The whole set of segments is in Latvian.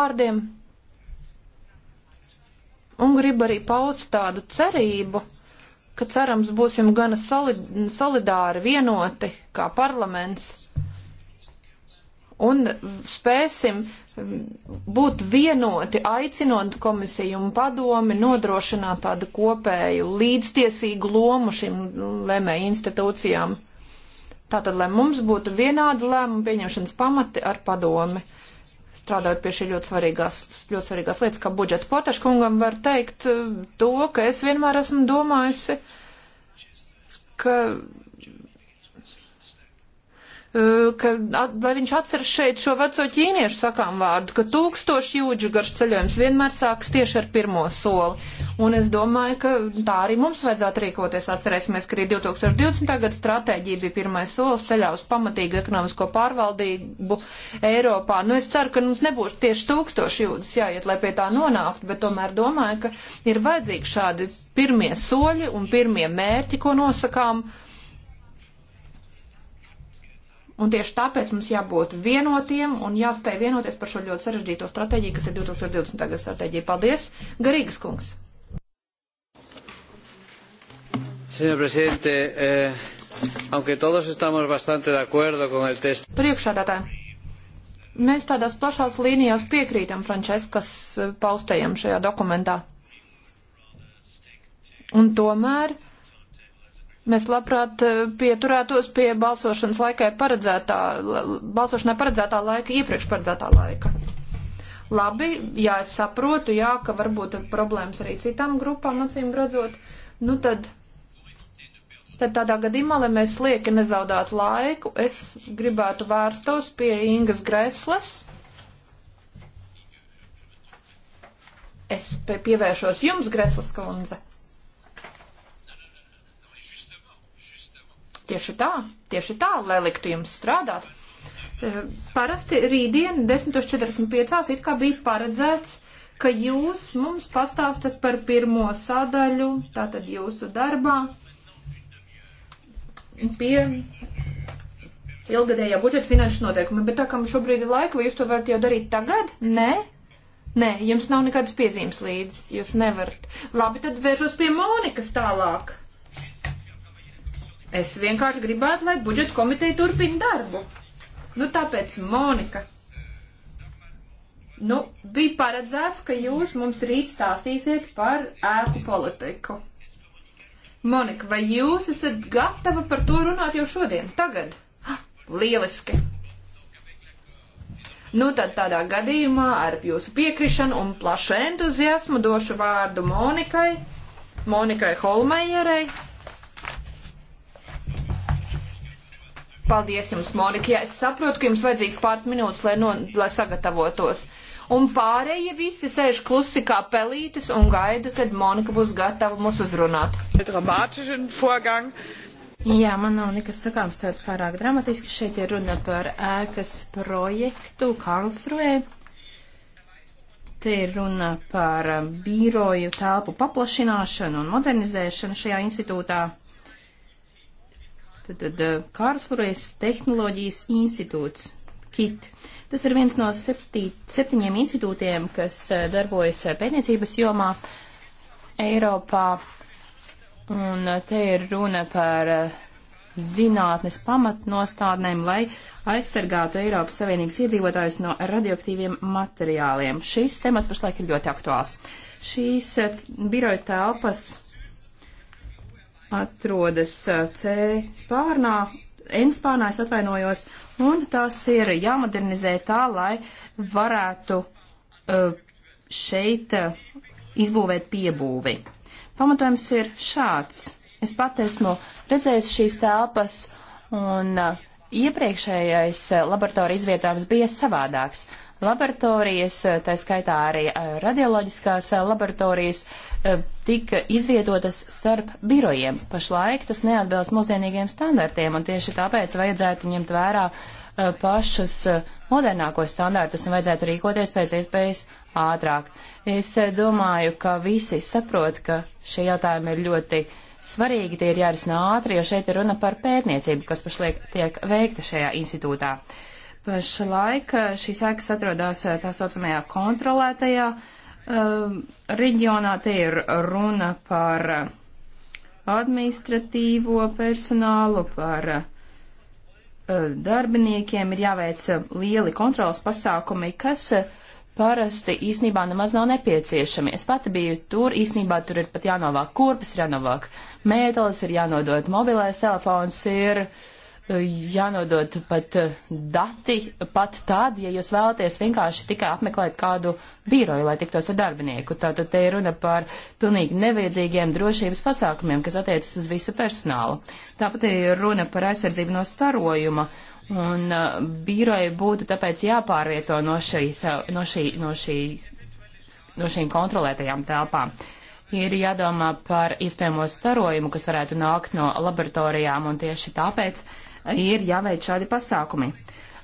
vārdiem. Un gribu arī paust tādu cerību, ka cerams būsim gana solid, solidāri, vienoti kā parlaments un spēsim būt vienoti, aicinot komisiju un padomi nodrošināt tādu kopēju līdztiesīgu lomu šīm lēmēju institūcijām. Tātad, lai mums būtu vienādi lēmumu pieņemšanas pamati ar padomi. Uh, strādājot pie šī ļoti svarīgās, ļoti svarīgās lietas, kā budžeta potaškungam var teikt eh, to, ka es vienmēr esmu domājusi, ka Eh, ka, at, lai viņš atceras šeit šo veco ķīniešu sakām vārdu, ka tūkstoši jūdžu garš ceļojums vienmēr sākas tieši ar pirmo soli. Un es domāju, ka tā arī mums vajadzētu rīkoties. Atcerēsimies, ka arī 2020. gada stratēģija bija pirmais solis ceļā uz pamatīgu ekonomisko pārvaldību Eiropā. Nu, es ceru, ka mums nebūs tieši tūkstoši jūdzes jāiet, lai pie tā nonāktu, bet tomēr domāju, ka ir vajadzīgi šādi pirmie soļi un pirmie mērķi, ko nosakām. Uh, Un tieši tāpēc mums jābūt vienotiem un jāspēj vienoties par šo ļoti sarežģīto stratēģiju, kas ir 2020. gada stratēģija. Paldies, Garīgas kungs! Señor presidente, eh, aunque todos estamos bastante de acuerdo con el texto. Priekšsēdētāji, mēs tādās plašās līnijās piekrītam Franceskas eh, paustajam šajā dokumentā. Un tomēr Mēs labprāt eh, pieturētos pie balsošanas laikai paredzētā, balsošanai paredzētā laika, iepriekš paredzētā laika. Labi, jā, es saprotu, jā, ka varbūt ir problēmas arī citām grupām, acīm redzot. Nu tad, tad tādā gadījumā, lai mēs lieki nezaudētu laiku, es gribētu vērstos pie Ingas Gresles. Es pievēršos jums, Greslas kundze. Tieši tā, tieši tā, lai liktu jums strādāt. Eh, parasti rītdien 10.45 it kā bija paredzēts, ka jūs mums pastāstat par pirmo sadaļu, tātad jūsu darbā pie ilgadējā budžeta finanšu noteikuma, bet tā kā mums šobrīd ir laika, vai jūs to varat jau darīt tagad? Nē? Nē, jums nav nekādas piezīmes līdzi, jūs nevarat. Labi, tad vēršos pie Monikas tālāk. Es vienkārši gribētu, lai budžeta komiteja turpina darbu. Nu, tāpēc, Monika, nu, bija paredzēts, ka jūs mums rīt stāstīsiet par ēku politiku. Monika, vai jūs esat gatava par to runāt jau šodien? Tagad? Ha, ah, lieliski! Nu, tad tādā gadījumā ar jūsu piekrišanu un plašu entuziasmu došu vārdu Monikai, Monikai Holmeierei Paldies jums, Monika. Jā, es saprotu, ka jums vajadzīgs pāris minūtes, lai, no, lai sagatavotos. Un pārējie visi sēž klusi kā pelītes un gaida, kad Monika būs gatava mūs uzrunāt. Jā, man nav nekas sakāms tāds pārāk dramatisks. Šeit ir runa par ēkas projektu Karlsruē. Te ir runa par um, bīroju telpu paplašināšanu un modernizēšanu šajā institūtā. Tad, tad eh, Kārslurēs tehnoloģijas institūts, KIT. Tas ir viens no septi, septiņiem institūtiem, kas eh, darbojas eh, pētniecības jomā Eiropā. Un te ir runa par zinātnes pamatnostādnēm, lai aizsargātu Eiropas Savienības iedzīvotājus no radioaktīviem materiāliem. Šīs temats pašlaik ir ļoti aktuāls. Šīs biroja telpas atrodas eh, C spārnā, N spārnā es atvainojos, un tās ir jāmodernizē tā, lai varētu eh, šeit eh, izbūvēt piebūvi. Pamatojums ir šāds. Es pat esmu redzējis šīs telpas, un iepriekšējais laboratorija izvietojums bija savādāks laboratorijas, tā skaitā arī eh, radioloģiskās eh, laboratorijas, eh, tika izvietotas starp birojiem. Pašlaik tas neatbilst mūsdienīgiem standartiem, un tieši tāpēc vajadzētu ņemt vērā pašus modernākos standartus un vajadzētu rīkoties pēc iespējas ātrāk. Es domāju, ka visi saprot, ka šie jautājumi ir ļoti svarīgi, tie ir jārisina ātri, jo šeit ir runa par pētniecību, kas pašlaik tiek veikta šajā institūtā. Uh, Pašlaik eh, šīs ēkas atrodas eh, tā saucamajā kontrolētajā uh, reģionā. Te ir runa par administratīvo personālu, par uh, darbiniekiem. Ir jāveic lieli kontrolas pasākumi, kas parasti īsnībā nemaz nav nepieciešami. Es pati biju tur, īsnībā tur ir pat jānovāk kurpes, jānovāk mētelis, ir jānodot mobilais telefons, ir. Uh, jānodod pat eh, dati, pat tad, ja jūs vēlaties vienkārši tikai apmeklēt kādu biroju, lai tiktos ar darbinieku. Tātad te ir runa par pilnīgi nevajadzīgiem drošības pasākumiem, kas attiecas uz visu personālu. Tāpat ir runa par aizsardzību no starojuma, un uh, eh, biroji būtu tāpēc jāpārvieto no, šīs, eh, no, šī, no, šī, no šīm kontrolētajām telpām. Ir jādomā par iespējamo starojumu, kas varētu nākt no laboratorijām, un tieši tāpēc uh, ir jāveic šādi pasākumi.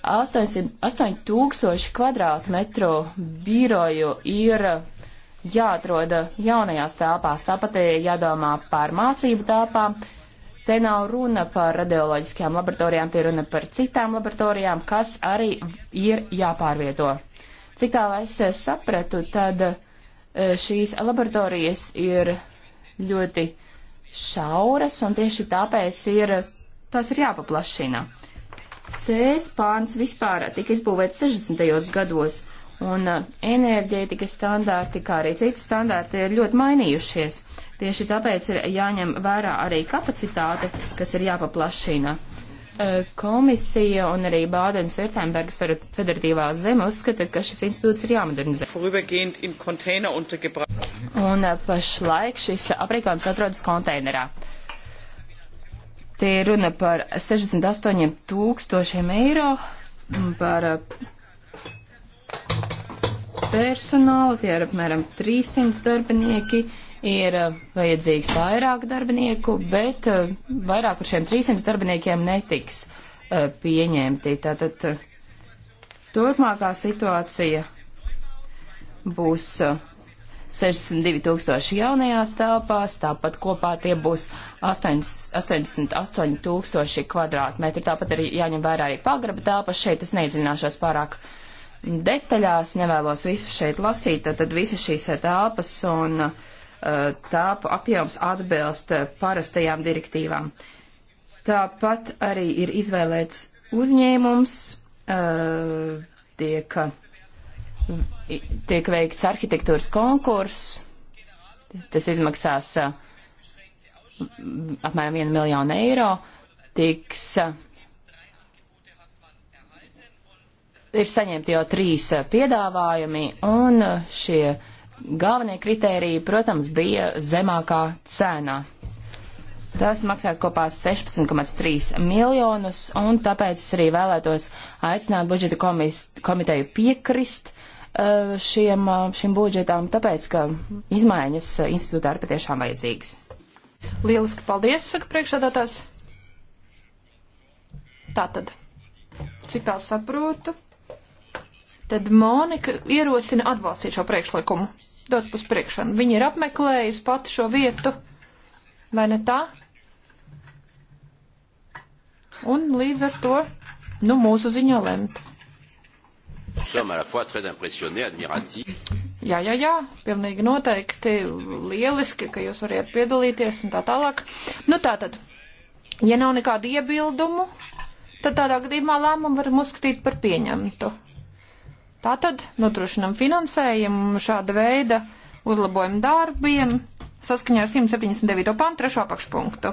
8000 kvadrātmetru biroju ir jāatrod jaunajās telpās, tāpat ir jādomā par mācību telpām. Te nav runa par radioloģiskajām laboratorijām, te runa par citām laboratorijām, kas arī ir jāpārvieto. Cik tālā es sapratu, tad e, šīs laboratorijas ir ļoti šauras, un tieši tāpēc ir tās ir jāpaplašina. Cēs pārnes vispār tika izbūvēts 60. gados, un uh, enerģētikas standārti, kā arī citi standārti, ir ļoti mainījušies. Tieši tāpēc ir jāņem vērā arī kapacitāte, kas ir jāpaplašina. Uh, komisija un arī Bādens Virtēmbergas federatīvā zeme uzskata, ka šis institūts ir jāmodernizē. Un uh, pašlaik šis aprīkojums atrodas konteinerā. Te ir runa par 68 tūkstošiem eiro, par uh, personālu, tie ir apmēram 300 darbinieki, ir uh, vajadzīgs vairāk darbinieku, bet uh, vairāk par šiem 300 darbiniekiem netiks pieņemti. Tātad turpmākā situācija būs 62 tūkstoši jaunajās telpās, tāpat kopā tie būs 88 tūkstoši kvadrātmetri. Tāpat arī jāņem vērā arī pagraba telpas. Šeit es neiedzināšos pārāk detaļās, nevēlos visu šeit lasīt, tad, tad visas šīs eh, telpas un uh, eh, tāpu apjoms atbilst eh, parastajām direktīvām. Tāpat arī ir izvēlēts uzņēmums, uh, tiek uh, tiek veikts arhitektūras konkurss. Tas izmaksās uh, apmēram 1 miljonu eiro. Tiks, uh, ir saņemti jau trīs uh, piedāvājumi, un šie galvenie kritēriji, protams, bija zemākā cena. Tas maksās kopā 16,3 miljonus, un tāpēc es arī vēlētos aicināt budžeta komiteju piekrist Eh, šiem, eh, šim budžetam, tāpēc, ka izmaiņas institūtā ir patiešām vajadzīgas. Lieliski paldies, saka priekšādātājs. Tātad, cik tā saprotu, tad Monika ierosina atbalstīt šo priekšlikumu. Dot pus priekšanu. Viņa ir apmeklējusi pati šo vietu, vai ne tā? Un līdz ar to, nu, mūsu ziņā lemt. Jā, jā, jā, pilnīgi noteikti lieliski, ka jūs varat piedalīties un tā tālāk. Nu tātad, ja nav nekādu iebildumu, tad tādā gadījumā lēmumu varam uzskatīt par pieņemtu. Tātad nodrošinam finansējumu šāda veida uzlabojumu darbiem saskaņā ar 179. pantu trešo apakšpunktu.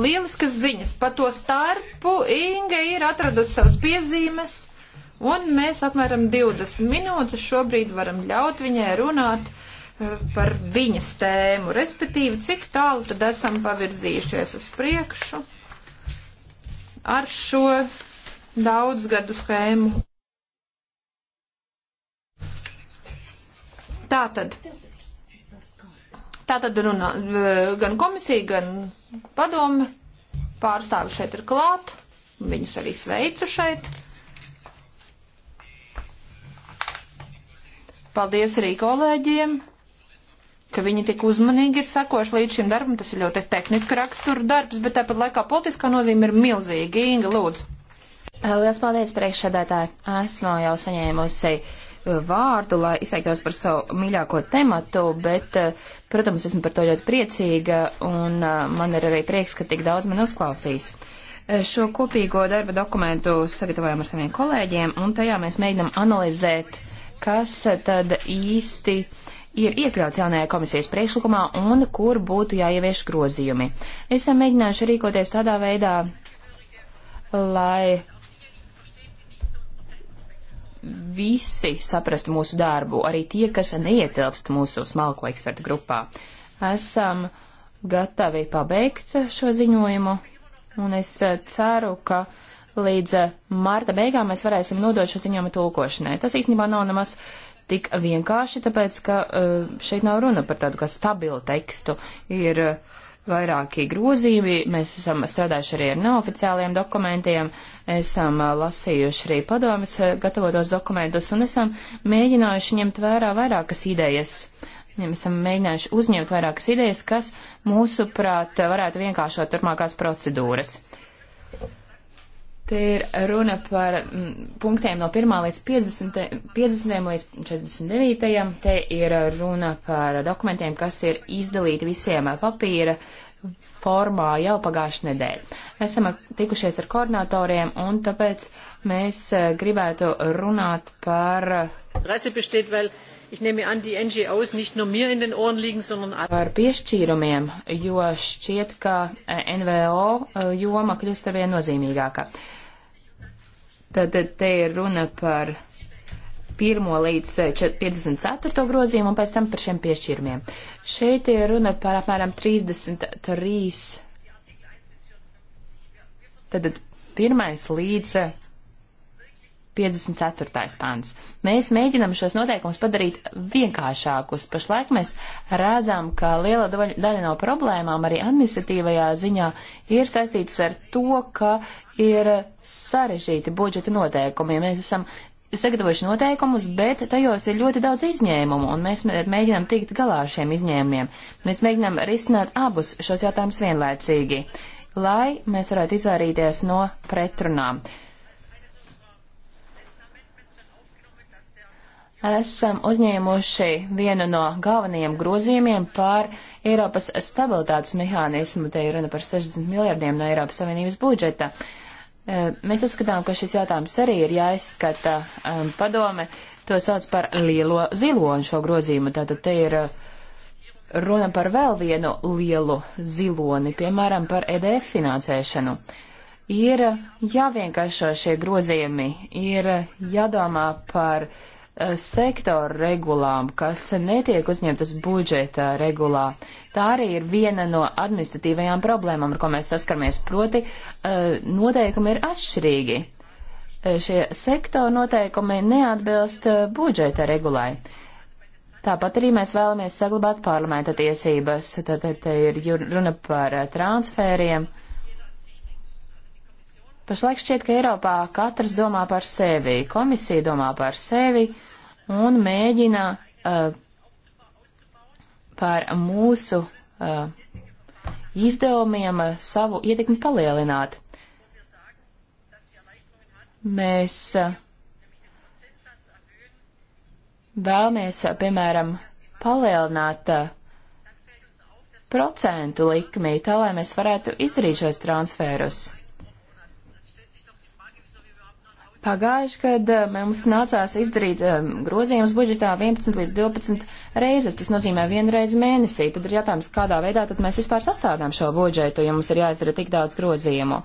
Lieliskas ziņas. Pa to starpu Inga ir atradusi savas piezīmes Un mēs apmēram 20 minūtes šobrīd varam ļaut viņai runāt eh, par viņas tēmu, respektīvi, cik tālu tad esam pavirzījušies uz priekšu ar šo daudzgadu schēmu. Tātad, tātad runā, eh, gan komisija, gan padome pārstāvi šeit ir klāt, viņus arī sveicu šeit. Paldies arī kolēģiem, ka viņi tik uzmanīgi ir sakoši līdz šim darbam. Tas ir ļoti tehniski rakstura darbs, bet tāpat laikā politiskā nozīme ir milzīga. Inga, lūdzu. Lielas paldies, priekšsēdētāji. Esmu jau saņēmusi uh, vārdu, lai izteiktos par savu mīļāko tematu, bet, uh, protams, esmu par to ļoti priecīga un uh, man ir arī prieks, ka tik daudz man uzklausīs. Šo kopīgo darba dokumentu sagatavojam ar saviem kolēģiem un tajā mēs mēģinam analizēt uh, kas tad īsti ir iekļauts jaunajā komisijas priekšlikumā un kur būtu jāievieš grozījumi. Esam mēģinājuši rīkoties tādā veidā, lai visi saprastu mūsu darbu, arī tie, kas neietilpst mūsu smalko ekspertu grupā. Esam gatavi pabeigt šo ziņojumu, un es ceru, ka līdz eh, marta beigām mēs varēsim nodot šo ziņojumu tulkošanai. Tas īstenībā nav nemaz tik vienkārši, tāpēc, ka eh, šeit nav runa par tādu kā stabilu tekstu. Ir eh, vairāki grozījumi, mēs esam strādājuši arī ar neoficiāliem dokumentiem, esam lasījuši arī padomjas gatavotos dokumentus un esam mēģinājuši ņemt vērā vairākas idejas. Mēs esam mēģinājuši uzņemt vairākas idejas, kas mūsuprāt varētu vienkāršot turpmākās procedūras. Uh, Te ir runa par m, mm, punktiem no 1 līdz 50, 50 līdz 49. Te ir runa par dokumentiem, kas ir izdalīti visiem papīra formā jau pagājušajā nedēļā. Esam ar, tikušies ar koordinatoriem, un tāpēc mēs eh, gribētu runāt par. Eh, par piešķīrumiem, jo šķiet, ka eh, NVO joma kļūst arvien nozīmīgāka. Uh, Tad te ir runa par 1 līdz 54 eh, grozījumu un pēc tam par šiem piešķirmiem. Šeit ir runa par apmēram 33. Tad pirmais līdz eh, 54. pants. Mēs mēģinam šos noteikumus padarīt vienkāršākus. Pašlaik mēs redzam, ka liela daļa no problēmām arī administratīvajā ziņā ir saistītas ar to, ka ir sarežģīti budžeta noteikumi. Mēs esam sagatavojuši noteikumus, bet tajos ir ļoti daudz izņēmumu, un mēs mēģinām tikt galā ar šiem izņēmumiem. Mēs mēģinām risināt abus šos jautājumus vienlaicīgi, lai mēs varētu izvairīties no pretrunām. Uh, esam uzņēmuši vienu no galvenajiem grozījumiem par Eiropas stabilitātes mehānismu, te ir runa par 60 miljardiem no Eiropas Savienības budžeta. E, mēs uzskatām, ka šis jautājums arī ir jāizskata e, padome, to sauc par lielo zilo un šo grozījumu, tātad te ir e, runa par vēl vienu lielu ziloni, piemēram, par EDF finansēšanu ir jāvienkāršo šie grozījumi, ir jādomā par Eh, sektoru regulām, kas netiek uzņemtas budžeta regulā. Tā arī ir viena no administratīvajām problēmām, ar ko mēs saskaramies, proti eh, noteikumi ir atšķirīgi. Eh, šie sektoru noteikumi neatbilst budžeta regulai. Tāpat arī mēs vēlamies saglabāt parlamenta tiesības. Tad te ir runa par transfēriem. Pašlaik šķiet, ka Eiropā katrs domā par sevi, komisija domā par sevi, uh, un mēģina uh, par mūsu uh, izdevumiem uh, savu ietekmi palielināt. Mēs uh, vēlamies, uh, piemēram, palielināt uh, procentu likmi, tā lai mēs varētu izdarīt šos transferus. Pagājuši, kad eh, mums nācās izdarīt eh, grozījumus budžetā 11 līdz 12 reizes, tas nozīmē vienu reizi mēnesī, tad ir jautājums, kādā veidā tad mēs vispār sastādām šo budžetu, ja mums ir jāizdara tik daudz grozījumu.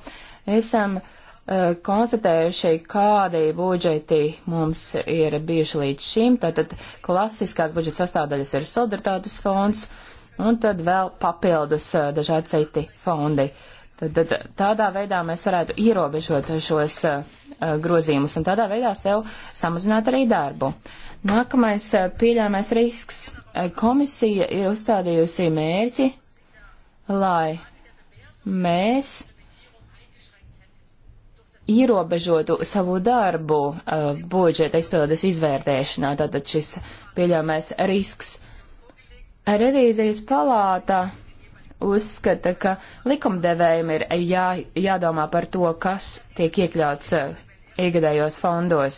Esam uh, konstatējuši, kādi budžeti mums ir bijuši līdz šim, tātad klasiskās budžeta sastāvdaļas ir solidaritātes fonds, un tad vēl papildus uh, dažādi citi fondi. Tad, tad tādā veidā mēs varētu ierobežot šos uh, Eh, grozījumus un tādā veidā sev samazināt arī darbu. Nākamais eh, pieļāmais risks. Eh, komisija ir uzstādījusi mērķi, lai mēs ierobežotu savu darbu uh, budžeta izpildes izvērtēšanā, tātad šis pieļaumais risks. Revīzijas palāta uzskata, ka likumdevējiem ir jā, jādomā par to, kas tiek iekļauts uh, iegadējos fondos.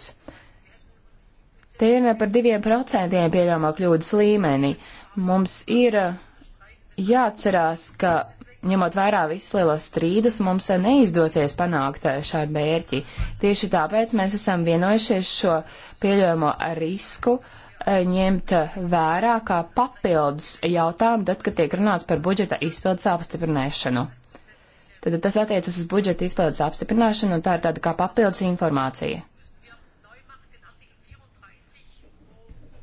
Te ir par diviem procentiem pieļaumā kļūdas līmenī. Mums ir eh, jāatcerās, ka ņemot vērā visus lielos strīdus, mums eh, neizdosies panākt eh, šādu mērķi. Tieši tāpēc mēs esam vienojušies šo pieļaujamo risku ņemt vērā kā papildus jautājumu, tad, kad tiek runāts par budžeta izpildes apstiprināšanu. Tad tas attiecas uz budžeta izpildes apstiprināšanu, un tā ir tāda kā papildus informācija.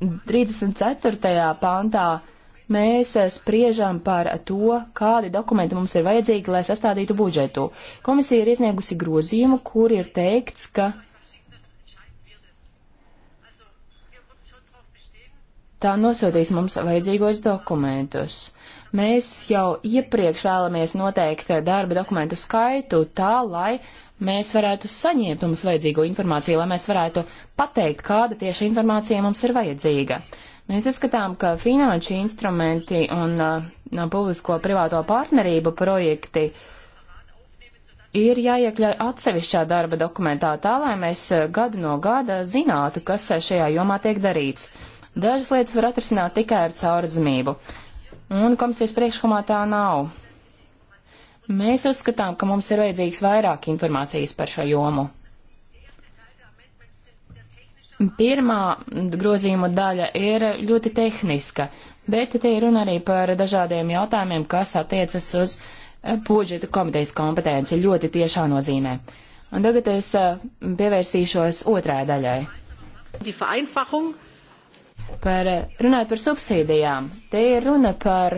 34. pantā mēs spriežam par to, kādi dokumenti mums ir vajadzīgi, lai sastādītu budžetu. Komisija ir iesniegusi grozījumu, kur ir teikts, ka tā nosūtīs mums vajadzīgos dokumentus. Mēs jau iepriekš vēlamies noteikt darba dokumentu skaitu tā, lai mēs varētu saņemt mums vajadzīgo informāciju, lai mēs varētu pateikt, kāda tieši informācija mums ir vajadzīga. Mēs uzskatām, ka finanšu instrumenti un uh, publisko privāto partnerību projekti ir jāiekļauj atsevišķā darba dokumentā tā, lai mēs uh, gadu no gada zinātu, kas uh, šajā jomā tiek darīts. Dažas lietas var atrisināt tikai ar caurdzamību un komisijas priekšlikumā tā nav. Mēs uzskatām, ka mums ir vajadzīgs vairāk informācijas par šo jomu. Pirmā grozījuma daļa ir ļoti tehniska, bet te ir runa arī par dažādiem jautājumiem, kas attiecas uz eh, budžeta komitejas kompetenci ļoti tiešā nozīmē. Un tagad es eh, pievērsīšos otrā daļai. Die Vereinfachung Par, runājot par subsīdijām, te ir runa par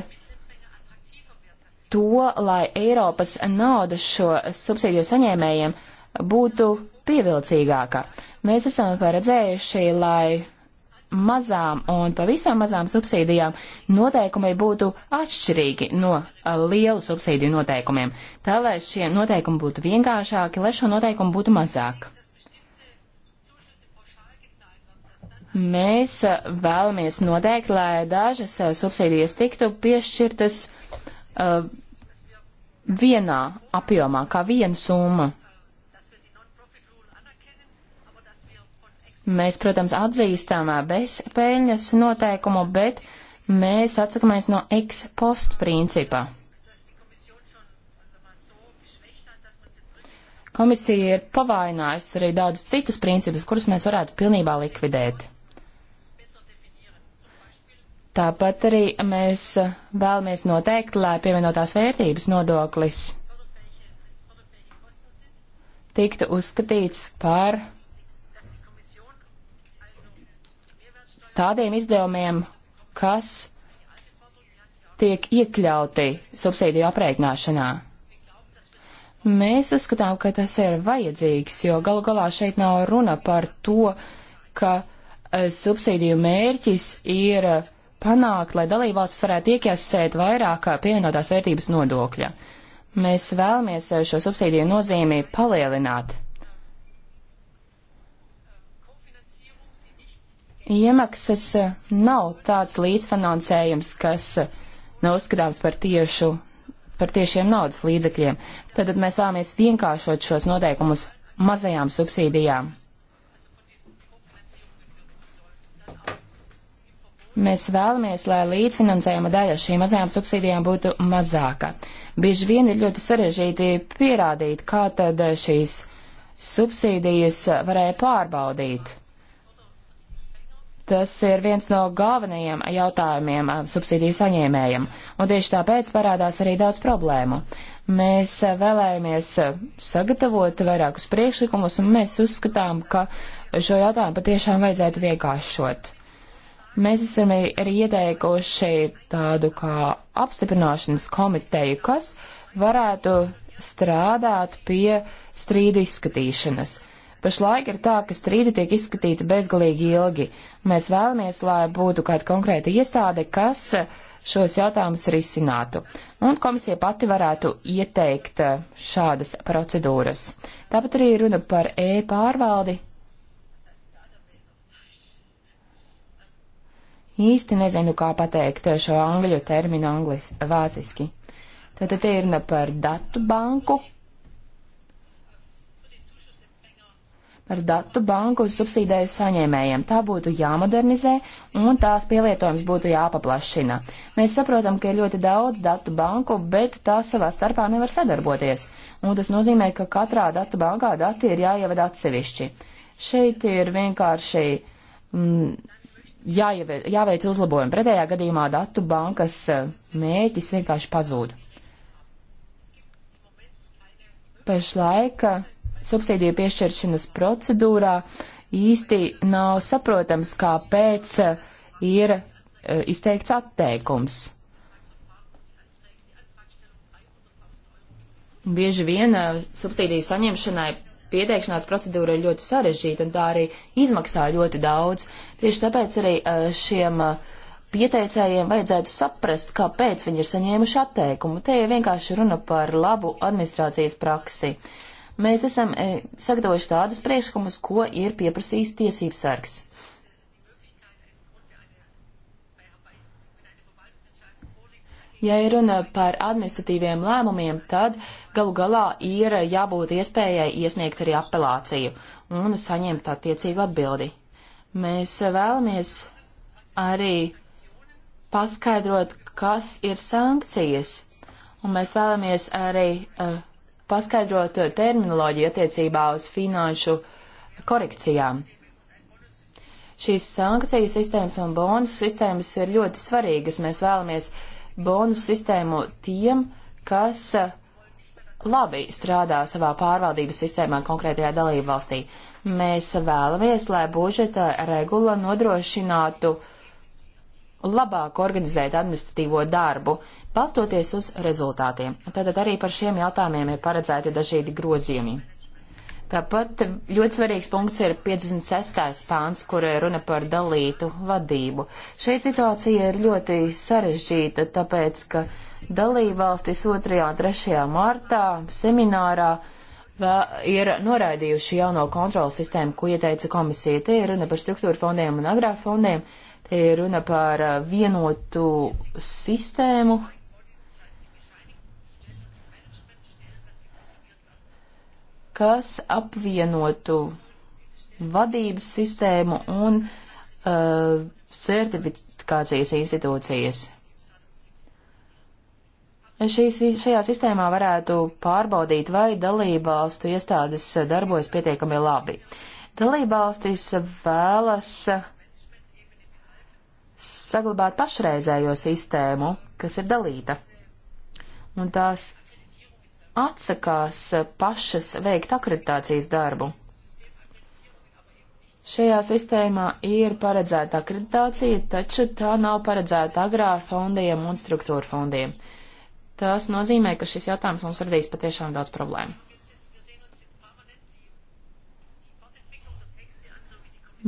to, lai Eiropas nauda šo subsīdiju saņēmējiem būtu pievilcīgāka. Mēs esam paredzējuši, lai mazām un pavisam mazām subsīdijām noteikumi būtu atšķirīgi no lielu subsīdiju noteikumiem, tā lai šie noteikumi būtu vienkāršāki, lai šo noteikumu būtu mazāk. Mēs eh, vēlamies noteikt, lai dažas eh, subsīdijas tiktu piešķirtas uh, vienā apjomā, kā viena summa. Mēs, protams, atzīstam bezpēļņas noteikumu, bet mēs atsakamies no ex post principa. Komisija ir pavainājusi arī daudz citus principus, kurus mēs varētu pilnībā likvidēt. Tāpat arī mēs vēlamies noteikt, lai pievienotās vērtības nodoklis tiktu uzskatīts par tādiem izdevumiem, kas tiek iekļauti subsīdiju aprēķināšanā. Mēs uzskatām, ka tas ir vajadzīgs, jo galu galā šeit nav runa par to, ka eh, subsīdiju mērķis ir uh, panākt, lai dalībvalstis varētu iekasēt vairāk pievienotās vērtības nodokļa. Mēs vēlamies šo subsīdiju nozīmi palielināt. Iemaksas nav tāds līdzfinansējums, kas nav uzskatāms par tiešu, par tiešiem naudas līdzekļiem. Tad mēs vēlamies vienkāršot šos noteikumus mazajām subsīdijām. Mēs vēlamies, lai līdzfinansējuma daļa šīm mazajām subsīdijām būtu mazāka. Bieži vien ir ļoti sarežģīti pierādīt, kā tad šīs subsīdijas varēja pārbaudīt. Tas ir viens no galvenajiem jautājumiem subsīdiju saņēmējiem, un tieši tāpēc parādās arī daudz problēmu. Mēs vēlējāmies sagatavot vairākus priekšlikumus, un mēs uzskatām, ka šo jautājumu patiešām vajadzētu vienkāršot. Mēs esam arī ieteikuši tādu kā apstiprināšanas komiteju, kas varētu strādāt pie strīdu izskatīšanas. Pašlaik ir tā, ka strīdi tiek izskatīti bezgalīgi ilgi. Mēs vēlamies, lai būtu kāda konkrēta iestāde, kas šos jautājumus risinātu. Un komisija pati varētu ieteikt šādas procedūras. Tāpat arī runa par e-pārvaldi Īsti nezinu, kā pateikt šo angļu terminu anglis, vāciski. Tātad te ir ne par datu banku. Par datu banku subsīdēju saņēmējiem. Tā būtu jāmodernizē un tās pielietojums būtu jāpaplašina. Mēs saprotam, ka ir ļoti daudz datu banku, bet tās savā starpā nevar sadarboties. Un tas nozīmē, ka katrā datu bankā dati ir jāievada atsevišķi. Šeit ir vienkārši. Mm, jāievē, jāveic uzlabojumi. Pretējā gadījumā datu bankas eh, mēķis vienkārši pazūd. Pašlaik eh, subsīdiju piešķiršanas procedūrā īsti nav saprotams, kāpēc eh, ir izteikts atteikums. Bieži vien subsīdiju saņemšanai pieteikšanās procedūra ir ļoti sarežģīta un tā arī izmaksā ļoti daudz. Tieši tāpēc arī šiem pieteicējiem vajadzētu saprast, kāpēc viņi ir saņēmuši atteikumu. Te ir vienkārši runa par labu administrācijas praksi. Mēs esam sagatavojuši tādus priekšlikumus, ko ir pieprasījis tiesības sargs. Ja ir runa par administratīviem lēmumiem, tad galu galā ir jābūt iespējai iesniegt arī apelāciju un saņemt attiecīgu atbildi. Mēs vēlamies arī paskaidrot, kas ir sankcijas, un mēs vēlamies arī uh, paskaidrot terminoloģiju attiecībā uz finanšu korekcijām šīs sankciju sistēmas un bonusu sistēmas ir ļoti svarīgas. Mēs vēlamies bonus sistēmu tiem, kas eh, labi strādā savā pārvaldības sistēmā konkrētajā dalību valstī. Mēs vēlamies, lai budžeta regula nodrošinātu labāk organizēt administratīvo darbu, balstoties uz rezultātiem. Tātad arī par šiem jautājumiem ir paredzēti dažādi grozījumi. Tāpat ļoti svarīgs punkts ir 56. pāns, kur runa par dalītu vadību. Šī situācija ir ļoti sarežģīta, tāpēc, ka dalībvalstis 2. un 3. martā seminārā ir noraidījuši jauno kontrolas sistēmu, ko ieteica komisija. Te ir runa par struktūra fondiem un agrāfondiem, te ir runa par vienotu sistēmu, kas apvienotu vadības sistēmu un uh, sertifikācijas institūcijas. Šī, šajā sistēmā varētu pārbaudīt, vai dalībvalstu iestādes darbojas pietiekami labi. Dalībvalstis vēlas saglabāt pašreizējo sistēmu, kas ir dalīta. Un tās atsakās eh, pašas veikt akreditācijas darbu. Šajā sistēmā ir paredzēta akreditācija, taču tā nav paredzēta agrā fondiem un struktūra fondiem. Tas nozīmē, ka šis jautājums mums radīs patiešām daudz problēmu.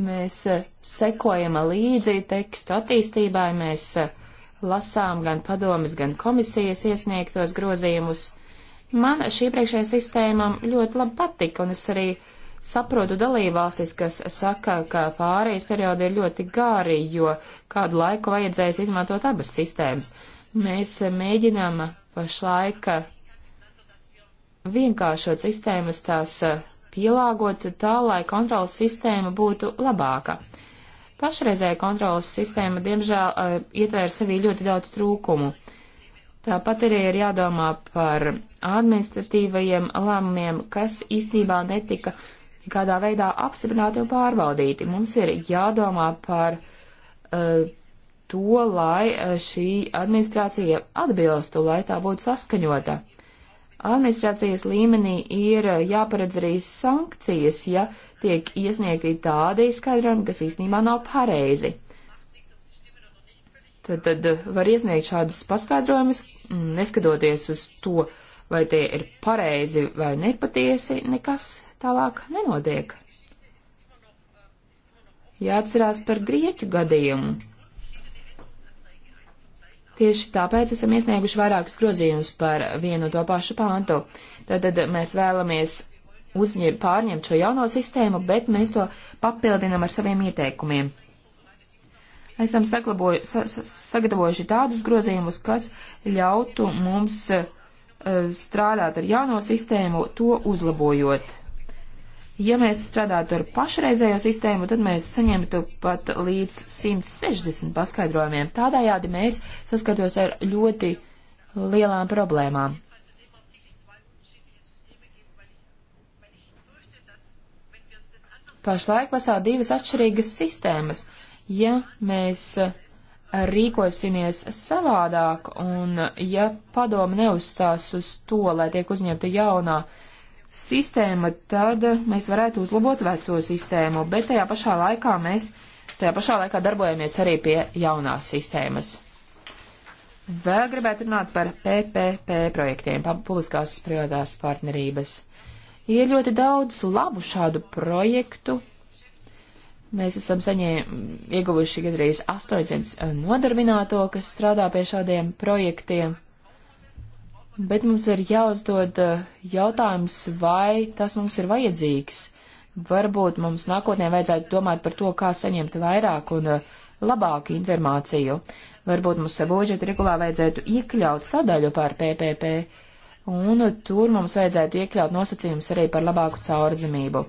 Mēs eh, sekojam līdzi tekstu attīstībai, mēs eh, lasām gan padomas, gan komisijas iesniegtos grozījumus. Man šī priekšējā sistēma ļoti labi patika, un es arī saprotu dalībvalstis, kas saka, ka pārējais periodi ir ļoti gāri, jo kādu laiku vajadzēs izmantot abas sistēmas. Mēs mēģinām pašlaik vienkāršot sistēmas tās pielāgot tā, lai kontrolas sistēma būtu labāka. Pašreizēja kontrolas sistēma, diemžēl, ietvēra sevī ļoti daudz trūkumu. Uh, Tāpat arī ir jādomā par administratīvajiem lēmumiem, kas īstenībā netika kādā veidā apstiprināti un pārbaudīti. Mums ir jādomā par uh, to, lai eh, šī administrācija atbilstu, lai tā būtu saskaņota. Administrācijas līmenī ir eh, jāparedz arī sankcijas, ja tiek iesniegti tādi skaidrojumi, kas īstenībā nav pareizi tad, tad eh, var iesniegt šādus paskaidrojumus, mm, neskatoties uz to, vai tie ir pareizi vai nepatiesi, nekas tālāk nenotiek. Jāatcerās par grieķu gadījumu. Tieši tāpēc esam iesnieguši vairākus grozījumus par vienu to pašu pāntu. Tātad mēs vēlamies uzņem, pārņemt šo jauno sistēmu, bet mēs to papildinam ar saviem ieteikumiem esam saglaboj, sa, sa, sagatavojuši tādus grozījumus, kas ļautu mums uh, strādāt ar jauno sistēmu, to uzlabojot. Ja mēs strādātu ar pašreizējo sistēmu, tad mēs saņemtu pat līdz 160 paskaidrojumiem. Tādējādi mēs saskartos ar ļoti lielām problēmām. Pašlaik pasā divas atšķirīgas sistēmas, Ja mēs eh, rīkosimies savādāk un ja padomi neuzstās uz to, lai tiek uzņemta jaunā sistēma, tad mēs varētu uzlabot veco sistēmu, bet tajā pašā laikā mēs tajā pašā laikā darbojamies arī pie jaunās sistēmas. Vēl gribētu runāt par PPP projektiem, publiskās privātās partnerības. Ir ļoti daudz labu šādu projektu, Mēs esam saņēmuši, ieguvuši gandrīz 800 nodarbināto, kas strādā pie šādiem projektiem. Bet mums ir jāuzdod eh, jautājums, vai tas mums ir vajadzīgs. Varbūt mums nākotnē vajadzētu domāt par to, kā saņemt vairāk un eh, labāku informāciju. Varbūt mums budžeta regulā vajadzētu iekļaut sadaļu par PPP un tur mums vajadzētu iekļaut nosacījumus arī par labāku caurdzamību.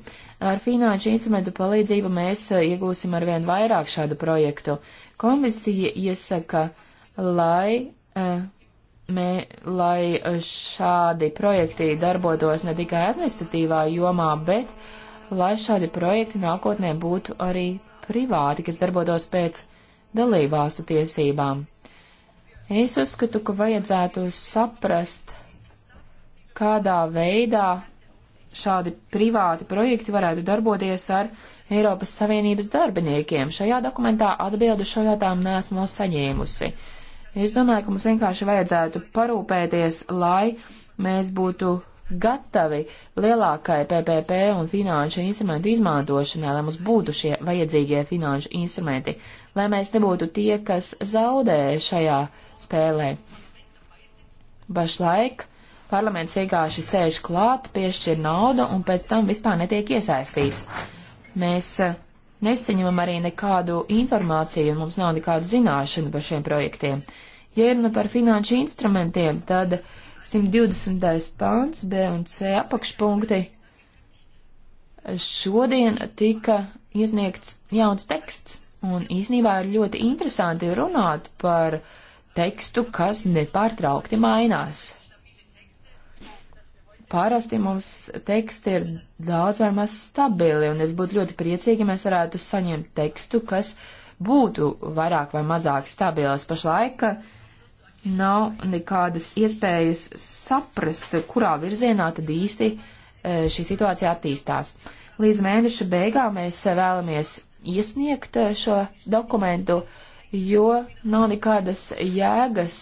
Ar finanšu instrumentu palīdzību mēs uh, iegūsim arvien vairāk šādu projektu. Komisija iesaka, lai, uh, mē, lai uh, šādi projekti darbotos ne tikai administratīvā jomā, bet lai šādi projekti nākotnē būtu arī privāti, kas darbotos pēc dalībvalstu tiesībām. Es uzskatu, ka vajadzētu saprast, kādā veidā šādi privāti projekti varētu darboties ar Eiropas Savienības darbiniekiem. Šajā dokumentā atbildu šo jautājumu neesmu saņēmusi. Es domāju, ka mums vienkārši vajadzētu parūpēties, lai mēs būtu gatavi lielākai PPP un finanšu instrumentu izmantošanai, lai mums būtu šie vajadzīgie finanšu instrumenti, lai mēs nebūtu tie, kas zaudē šajā spēlē. Pašlaik uh, parlaments vienkārši sēž klāt, piešķir naudu un pēc tam vispār netiek iesaistīts. Mēs e, nesaņemam arī nekādu informāciju un mums nav nekādu zināšanu par šiem projektiem. Ja runa par finanšu instrumentiem, tad 120. pāns B un C apakšpunkti šodien tika iesniegts jauns teksts, un īsnībā ir ļoti interesanti runāt par tekstu, kas nepārtraukti mainās. Parasti mums teksti ir daudz vai maz stabili, un es būtu ļoti priecīgi, ja mēs varētu saņemt tekstu, kas būtu vairāk vai mazāk stabils. Pašlaik nav nekādas iespējas saprast, kurā virzienā tad īsti e, šī situācija attīstās. Līdz mēneša beigām mēs vēlamies iesniegt e, šo dokumentu, jo nav nekādas jēgas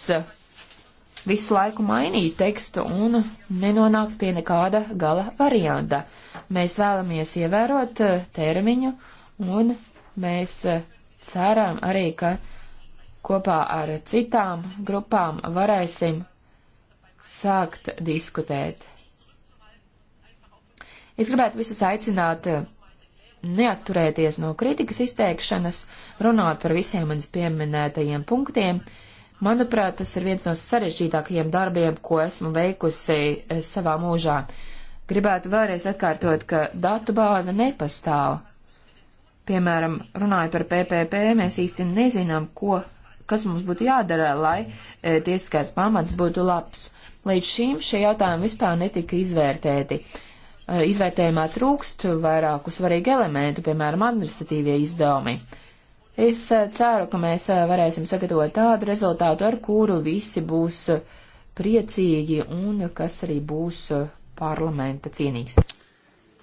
visu laiku mainīt tekstu un nenonākt pie nekāda gala varianta. Mēs vēlamies ievērot eh, termiņu un mēs eh, ceram arī, ka kopā ar citām grupām varēsim sākt diskutēt. Es gribētu visus aicināt eh, neatturēties no kritikas izteikšanas, runāt par visiem manis pieminētajiem punktiem. Uh, Manuprāt, tas ir viens no sarežģītākajiem darbiem, ko esmu veikusi eh, savā mūžā. Gribētu vēlreiz atkārtot, ka datu bāze nepastāv. Piemēram, runājot par PPP, mēs īsti nezinām, ko, kas mums būtu jādara, lai e, tiesiskais pamats būtu labs. Līdz šim šie jautājumi vispār netika izvērtēti. E, izvērtējumā trūkst vairāku svarīgu elementu, piemēram, administratīvie izdevumi. Es eh, ceru, ka mēs eh, varēsim sagatavot tādu rezultātu, ar kuru visi būs eh, priecīgi un kas arī būs parlamenta cienīgs.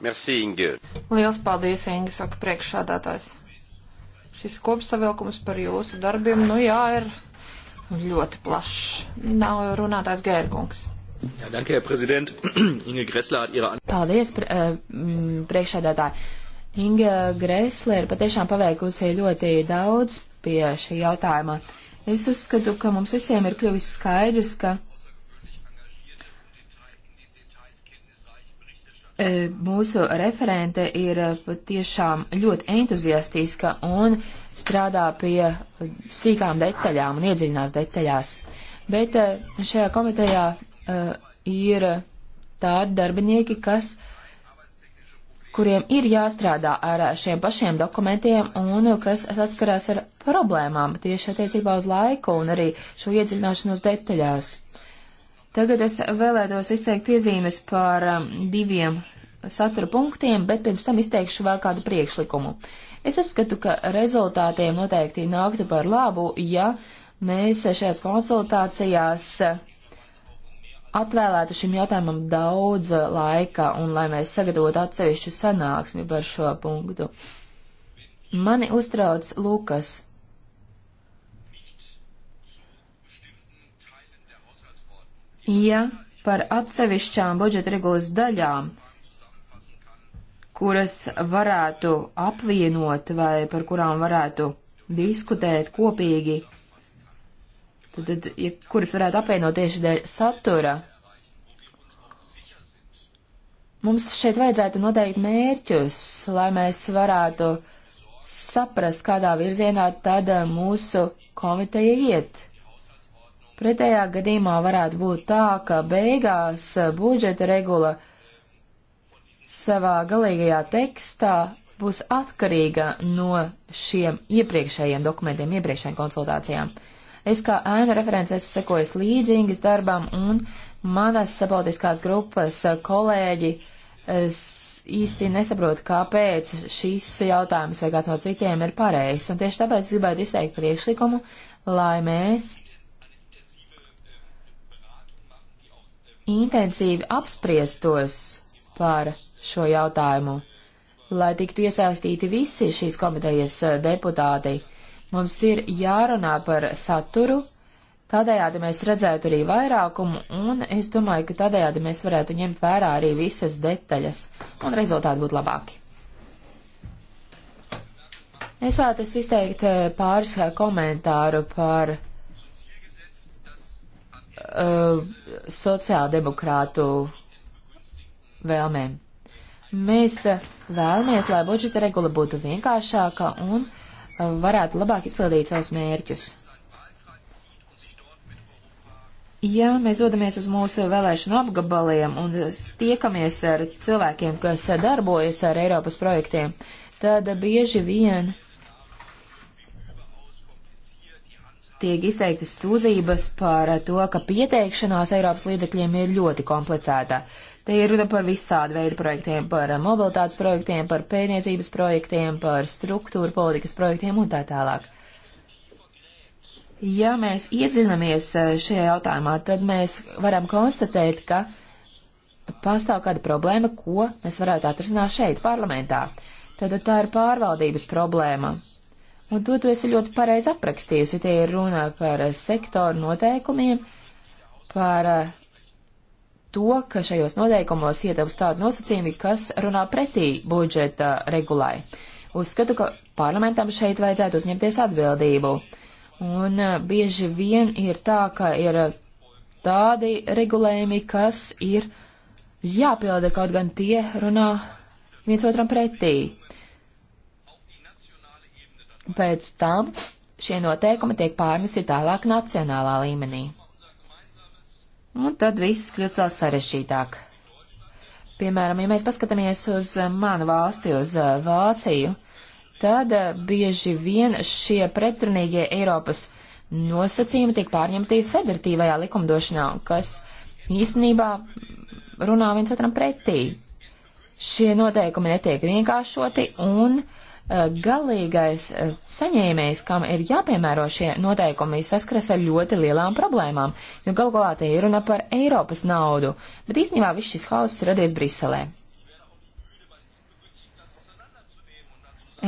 Merci, Inge. Liels paldies, Inge, saka priekšsādātājs. Šis kopsavilkums par jūsu darbiem, nu jā, ir ļoti plašs. Nav runātājs Gērkungs. Ja, danke, Herr Präsident. Inge Gressler hat ihre Antwort. Paldies, pr priekšsādātāji. Inga Gresle ir patiešām paveikusi ļoti daudz pie šī jautājuma. Es uzskatu, ka mums visiem ir kļuvis skaidrs, ka e, mūsu referente ir patiešām ļoti entuziastiska un strādā pie sīkām detaļām un iedziļinās detaļās. Bet e, šajā komitejā e, ir tādi darbinieki, kas uh, kuriem ir jāstrādā ar šiem pašiem dokumentiem un kas saskarās ar problēmām tieši attiecībā uz laiku un arī šo iedziļināšanos detaļās. Tagad es vēlētos izteikt piezīmes par um, diviem satura punktiem, bet pirms tam izteikšu vēl kādu priekšlikumu. Es uzskatu, ka rezultātiem noteikti nāktu par labu, ja mēs šajās konsultācijās uh, atvēlētu šim jautājumam daudz uh, laika un lai mēs sagatavotu atsevišķu sanāksmi par šo punktu. Mani uztrauc Lukas. Ja par atsevišķām budžeta regulas daļām, kuras varētu apvienot vai par kurām varētu diskutēt kopīgi, tad, tad ja, kuras varētu apvienot tieši dēļ satura. Mums šeit vajadzētu noteikt mērķus, lai mēs varētu saprast, kādā virzienā tad eh, mūsu komiteja iet. Pretējā gadījumā varētu būt tā, ka beigās eh, budžeta regula savā galīgajā tekstā būs atkarīga no šiem iepriekšējiem dokumentiem, iepriekšējiem konsultācijām. Uh, Es kā ēna referents esmu sekojis līdzīgas darbam, un manas sabaldiskās grupas eh, kolēģi īsti nesaprot, kāpēc šis jautājums vai kāds no citiem ir pareizs. Un tieši tāpēc gribētu izteikt priekšlikumu, lai mēs intensīvi apspriestos par šo jautājumu, lai tiktu iesaistīti visi šīs komitejas eh, deputāti, Mums ir jārunā par saturu, tādējādi mēs redzētu arī vairākumu, un es domāju, ka tādējādi mēs varētu ņemt vērā arī visas detaļas, un rezultāti būtu labāki. Es vēlētos izteikt eh, pāris eh, komentāru par uh, sociāldemokrātu vēlmēm. Mēs vēlamies, lai budžeta regula būtu vienkāršāka un uh, varētu labāk izpildīt savus mērķus. Ja mēs dodamies uz mūsu vēlēšanu apgabaliem un tiekamies ar cilvēkiem, kas darbojas ar Eiropas projektiem, tad bieži vien tiek izteiktas sūdzības par to, ka pieteikšanās Eiropas līdzekļiem ir ļoti komplicēta. Te ir runa par visādu veidu projektiem, par mobilitātes projektiem, par pēniecības projektiem, par struktūra politikas projektiem un tā tālāk. Ja mēs iedzinamies eh, šajā jautājumā, tad mēs varam konstatēt, ka pastāv kāda problēma, ko mēs varētu atrisināt šeit, parlamentā. Tātad tā ir pārvaldības problēma. Un to tu esi ļoti pareizi aprakstījusi, tie ir runā par sektoru noteikumiem, par eh, to, ka šajos noteikumos ietavs tādi nosacījumi, kas runā pretī budžeta regulai. Uzskatu, ka parlamentam šeit vajadzētu uzņemties atbildību. Un eh, bieži vien ir tā, ka ir tādi regulējumi, kas ir jāpilda, kaut gan tie runā viens otram pretī. Pēc tam šie noteikumi tiek pārnesti tālāk nacionālā līmenī un tad viss kļūst vēl sarešķītāk. Piemēram, ja mēs paskatāmies uz manu valsti, uz uh, Vāciju, tad uh, bieži vien šie pretrunīgie Eiropas nosacījumi tiek pārņemti federatīvajā likumdošanā, kas īstenībā runā viens otram pretī. Šie noteikumi netiek vienkāršoti un uh, Eh, galīgais eh, saņēmējs, kam ir jāpiemēro šie noteikumi, saskaras ar ļoti lielām problēmām, jo gal galā te ir runa par Eiropas naudu, bet īstenībā viss šis hauss radies Briselē.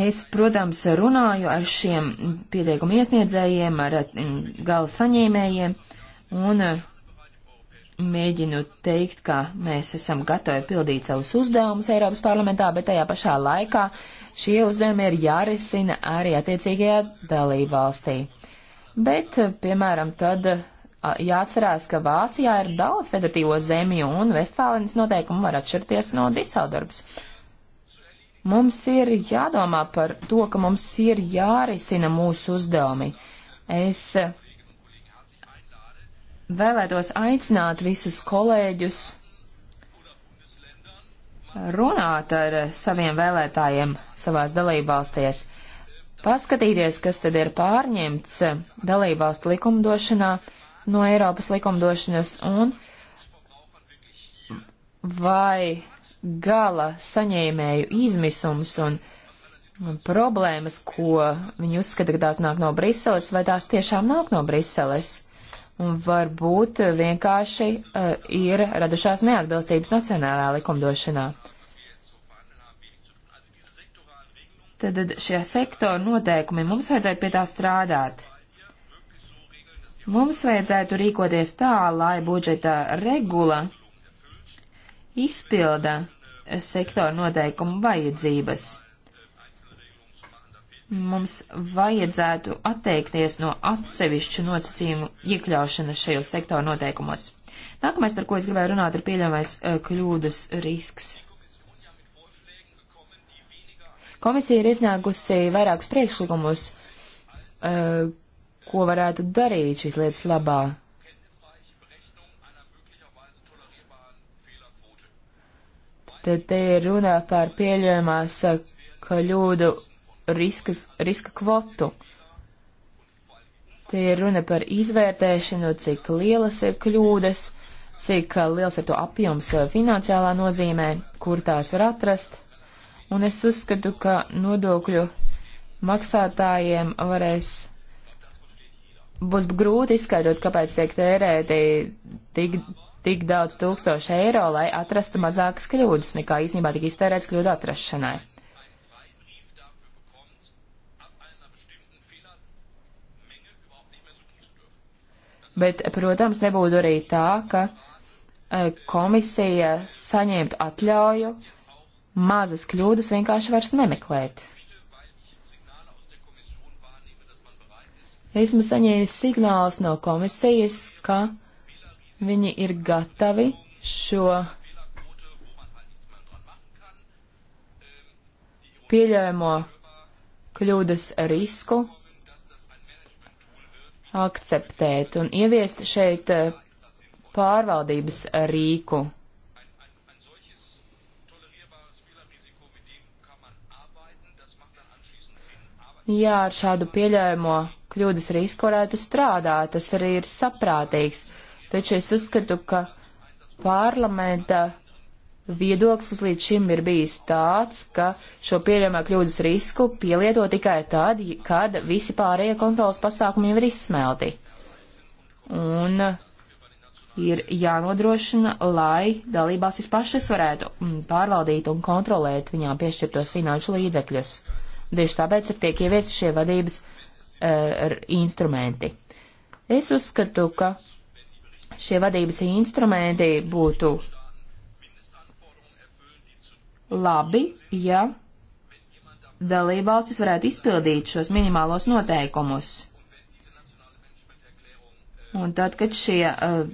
Es, protams, runāju ar šiem pieteikumu iesniedzējiem, ar mm, gala saņēmējiem, un uh, mēģinu teikt, ka mēs esam gatavi pildīt savus uzdevumus Eiropas parlamentā, bet tajā pašā laikā šie uzdevumi ir jārisina arī attiecīgajā dalībvalstī. Bet, piemēram, tad jāatcerās, ka Vācijā ir daudz federatīvo zemju un Vestfālenes noteikumi var atšķirties no Disaldarbas. Mums ir jādomā par to, ka mums ir jārisina mūsu uzdevumi. Es vēlētos aicināt visus kolēģus runāt ar saviem vēlētājiem savās dalībvalstīs, paskatīties, kas tad ir pārņemts dalībvalstu likumdošanā no Eiropas likumdošanas un vai gala saņēmēju izmisums un problēmas, ko viņi uzskata, ka tās nāk no Briseles, vai tās tiešām nāk no Briseles un varbūt vienkārši uh, ir radušās neatbilstības nacionālā likumdošanā. Tad šie sektoru noteikumi mums vajadzētu pie tā strādāt. Mums vajadzētu rīkoties tā, lai budžeta regula izpilda sektoru noteikumu vajadzības mums vajadzētu atteikties no atsevišķu nosacījumu iekļaušanas šajos sektoru noteikumos. Nākamais, par ko es gribēju runāt, ir pieļaujamais eh, kļūdas risks. Komisija ir iznākusi vairākus priekšlikumus, eh, ko varētu darīt šīs lietas labā. Tad te ir runa par pieļaujamās eh, kļūdu riskas, riska kvotu. Tie ir runa par izvērtēšanu, cik lielas ir kļūdas, cik liels ir to apjoms eh, finansiālā nozīmē, kur tās var atrast. Un es uzskatu, ka nodokļu maksātājiem varēs būs grūti izskaidrot, kāpēc tiek tērēti tik, tik daudz tūkstoši eiro, lai atrastu mazākas kļūdas, nekā īstenībā tika iztērēts kļūdu atrašanai. Bet, protams, nebūtu arī tā, ka e, komisija saņemtu atļauju mazas kļūdas vienkārši vairs nemeklēt. Esmu saņēmis signālus no komisijas, ka viņi ir gatavi šo pieļaujamo kļūdas risku akceptēt un ieviest šeit eh, pārvaldības rīku. Jā, ar šādu pieļaujamo kļūdas risku varētu strādāt, tas arī ir saprātīgs, taču es uzskatu, ka parlamenta viedoklis līdz šim ir bijis tāds, ka šo pieļaujamā kļūdas risku pielieto tikai tad, kad visi pārējie kontrolas pasākumi jau ir izsmelti. Un uh, ir jānodrošina, lai dalībāsis pašas varētu mm, pārvaldīt un kontrolēt viņām piešķirtos finanšu līdzekļus. Tieši tāpēc ir tiek ieviesti šie vadības uh, instrumenti. Es uzskatu, ka šie vadības instrumenti būtu labi, ja dalībvalstis varētu izpildīt šos minimālos noteikumus. Un tad, kad šie uh,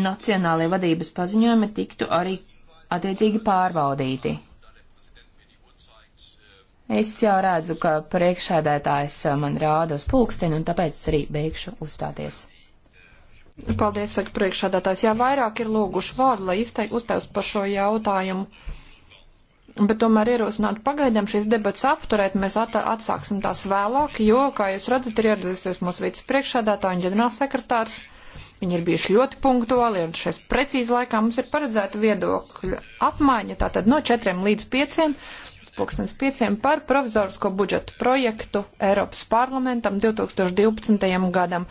nacionālie vadības paziņojumi tiktu arī attiecīgi pārbaudīti. Es jau redzu, ka priekšēdētājs uh, man rāda uz pulksteni, un tāpēc es arī beigšu uzstāties. Paldies, saka priekšādātājs. Jā, vairāk ir lūguši vārdu, lai uztevs par šo jautājumu. Bet tomēr ierosināt pagaidām šīs debats apturēt, mēs at atsāksim tās vēlāk, jo, kā jūs redzat, ir ieradusies mūsu vīdes priekšādātāja un ģenerālsekretārs. Viņi ir bijuši ļoti punktuāli, un šais precīzi laikā mums ir paredzēta viedokļa apmaiņa, tātad no 4 līdz 5, pulkstens 5 par provizorisko budžetu projektu Eiropas parlamentam 2012. gadam.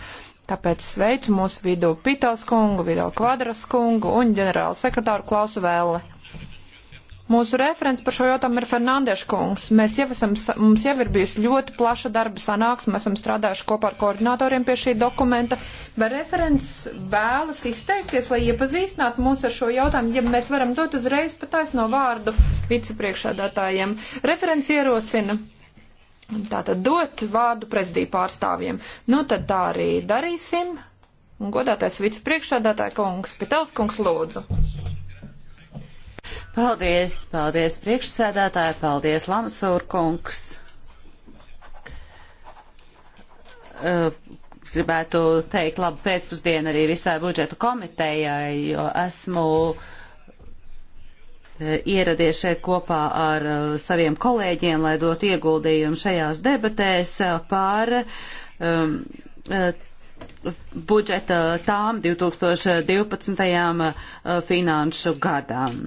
Tāpēc sveicu mūsu vidū Pitels kungu, Vidal Kvadras kungu un ģenerāla sekretāru Klausu Vēlle. Mūsu referents par šo jautājumu ir Fernandeša kungs. Mēs jau esam, mums jau ir bijusi ļoti plaša darba sanāksme, esam strādājuši kopā ar koordinatoriem pie šī dokumenta, bet referents vēlas izteikties, lai iepazīstinātu mūs ar šo jautājumu, ja mēs varam dot uzreiz pat aizno vārdu vicepriekšādātājiem. Referents ierosina Tātad dot vārdu prezidiju pārstāvjiem. Nu, tad tā arī darīsim. Un godātais vicepriekšādātāja kungs, Pitels kungs, lūdzu. Paldies, paldies priekšsēdētāji, paldies Lamsūr kungs. Uh, gribētu teikt labu pēcpusdienu arī visai budžetu komitejai, jo esmu uh, ieradies šeit kopā ar uh, saviem kolēģiem, lai dotu ieguldījumu šajās debatēs uh, par um, uh, budžeta tām 2012. finanšu gadām.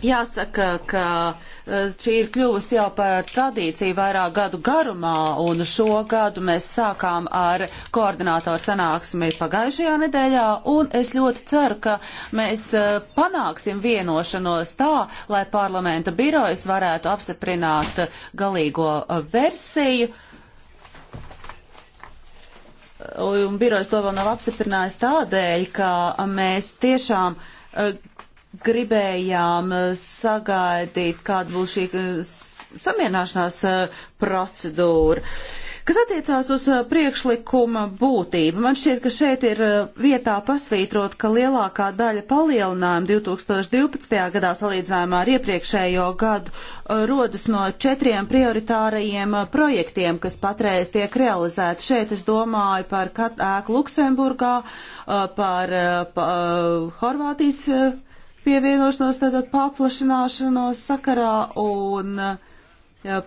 Jāsaka, ka e, šī ir kļuvusi jau par tradīciju vairāk gadu garumā, un šo gadu mēs sākām ar koordinātoru sanāksmi pagājušajā nedēļā, un es ļoti ceru, ka mēs e, panāksim vienošanos tā, lai parlamenta birojas varētu apstiprināt galīgo e, versiju. Un birojas to vēl nav apstiprinājis tādēļ, ka mēs tiešām gribējām eh, sagaidīt, kāda būs šī eh, samierināšanās eh, procedūra. Kas attiecās uz priekšlikuma būtību, man šķiet, ka šeit ir vietā pasvītrot, ka lielākā daļa palielinājumu 2012. gadā salīdzinājumā ar iepriekšējo gadu rodas no četriem prioritārajiem projektiem, kas patreiz tiek realizēti. Šeit es domāju par ēku Luksemburgā, par, par Horvātijas pievienošanos, tātad paplašināšanos sakarā un jā,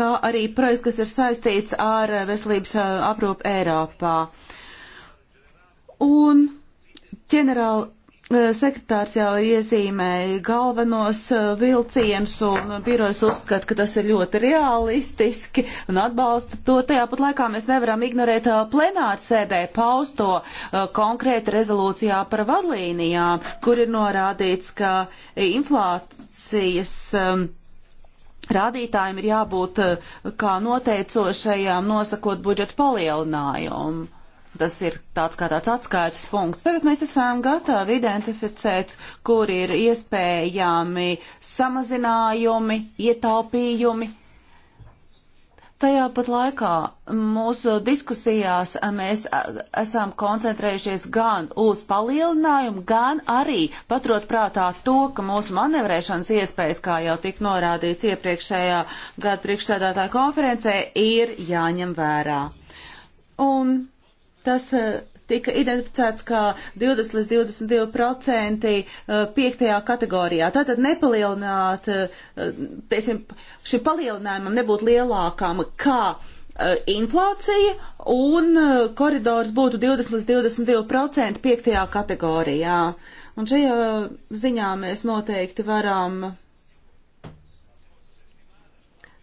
kā arī projekts, kas ir saistīts ar veselības aprūpu Eiropā. Un ģenerāla Eh, sekretārs jau iezīmēja galvenos eh, vilcienus un birojas uzskata, ka tas ir ļoti realistiski un atbalsta to. Tajā pat laikā mēs nevaram ignorēt eh, plenāru sēdē pausto konkrēti rezolūcijā par vadlīnijām, kur ir norādīts, ka inflācijas ehm, rādītājiem ir jābūt kā noteicošajām nosakot budžeta palielinājumu. Tas ir tāds kā tāds atskaites punkts. Tagad mēs esam gatavi identificēt, kur ir iespējami samazinājumi, ietaupījumi. Tajā pat laikā mūsu diskusijās mēs esam koncentrējušies gan uz palielinājumu, gan arī paturot prātā to, ka mūsu manevrēšanas iespējas, kā jau tika norādīts iepriekšējā gada priekšsēdētāja konferencē, ir jāņem vērā. Un Tas eh, tika identificēts kā 20 līdz 22 procenti eh, piektajā kategorijā. Tātad nepalielināt, eh, teiksim, šim palielinājumam nebūtu lielākam kā inflācija un koridors būtu 20 līdz 22 procenti piektajā kategorijā. Un šajā ziņā mēs noteikti varam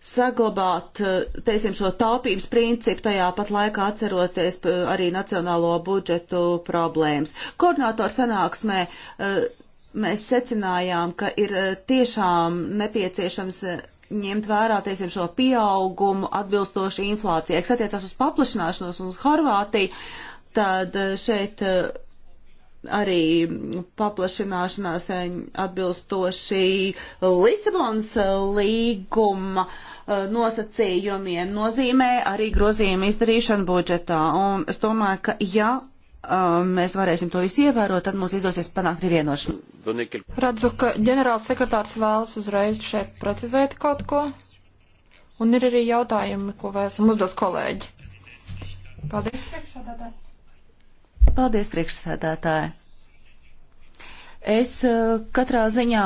saglabāt, eh, teiksim, šo taupības principu, tajā pat laikā atceroties eh, arī nacionālo budžetu problēmas. Koordinātoru sanāksmē eh, mēs secinājām, ka ir tiešām nepieciešams ņemt vērā tiesim, šo pieaugumu atbilstoši inflācijai, kas attiecās uz paplašināšanos un uz Horvātiju, tad šeit arī paplašināšanās atbilstoši Lisabonas līguma uh, nosacījumiem nozīmē arī grozījumu izdarīšanu budžetā. Un es domāju, ka ja uh, mēs varēsim to visu ievērot, tad mums izdosies panākt arī vienošanu. Redzu, ka ģenerāls sekretārs vēlas uzreiz šeit precizēt kaut ko. Un ir arī jautājumi, ko vēlas uzdos kolēģi. Paldies, priekšādātāji. Paldies, priekšsēdētāji. Es eh, katrā ziņā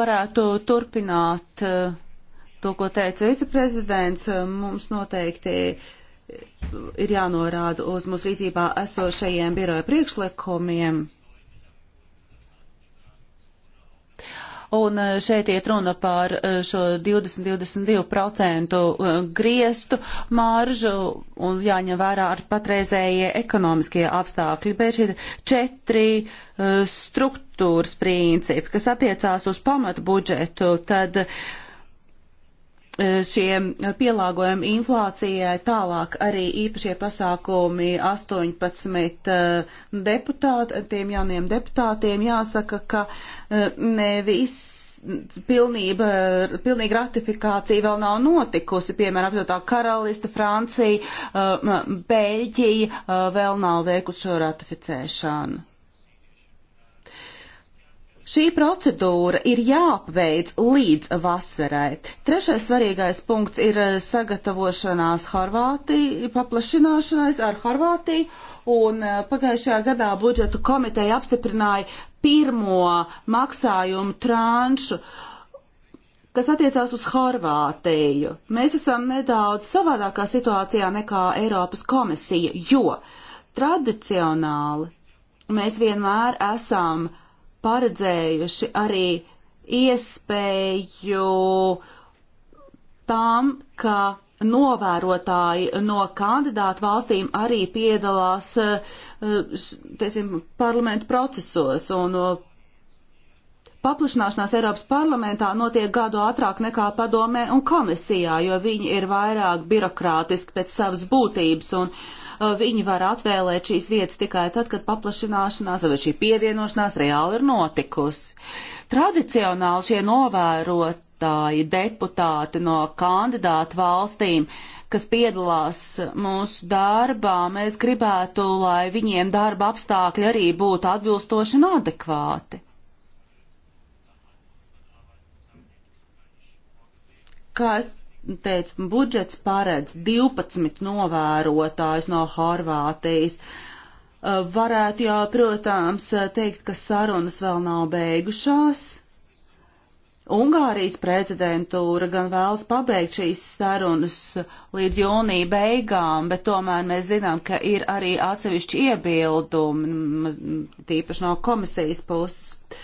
varētu turpināt eh, to, ko teica viceprezidents. Mums noteikti ir jānorāda uz mūsu rīcībā esošajiem biroja priekšlikumiem. Un eh, šeit iet runa par eh, šo 20-22% eh, griestu maržu un jāņem vērā ar patreizējie ekonomiskie apstākļi. Bet šie četri struktūras principi, kas attiecās uz pamatu budžetu, tad uh, E, šiem pielāgojumi inflācijai tālāk arī īpašie pasākumi 18 e, deputāti, tiem jauniem deputātiem jāsaka, ka e, nevis pilnība, pilnīga ratifikācija vēl nav notikusi. Piemēram, apvienotā karalista, Francija, Beļģija vēl nav veikusi šo ratificēšanu. Šī procedūra ir jāapveic līdz vasarai. Trešais svarīgais punkts ir eh, sagatavošanās Horvātiju, paplašināšanās ar Horvātiju, un eh, pagājušajā gadā budžetu komiteja apstiprināja pirmo maksājumu tranšu kas attiecās uz Horvātiju. Mēs esam nedaudz savādākā situācijā nekā Eiropas komisija, jo tradicionāli mēs vienmēr esam uh, paredzējuši arī iespēju tam, ka novērotāji no kandidātu valstīm arī piedalās, eh, teiksim, parlamentu procesos un eh, paplašināšanās Eiropas parlamentā notiek gadu ātrāk nekā padomē un komisijā, jo viņi ir vairāk birokrātiski pēc savas būtības un uh, Uh, viņi var atvēlēt šīs vietas tikai tad, kad paplašināšanās vai šī pievienošanās reāli ir notikusi. Tradicionāli šie novērotāji, deputāti no kandidātu valstīm kas piedalās mūsu darbā, mēs gribētu, lai viņiem darba apstākļi arī būtu atbilstoši un adekvāti. Kā es teicu, budžets paredz 12 novērotājus no Horvātijas. Uh, varētu jau, protams, uh, teikt, ka sarunas vēl nav beigušās. Ungārijas prezidentūra gan vēlas pabeigt šīs sarunas līdz jūnija beigām, bet tomēr mēs zinām, ka ir arī atsevišķi iebildumi, tīpaši no komisijas puses. Uh,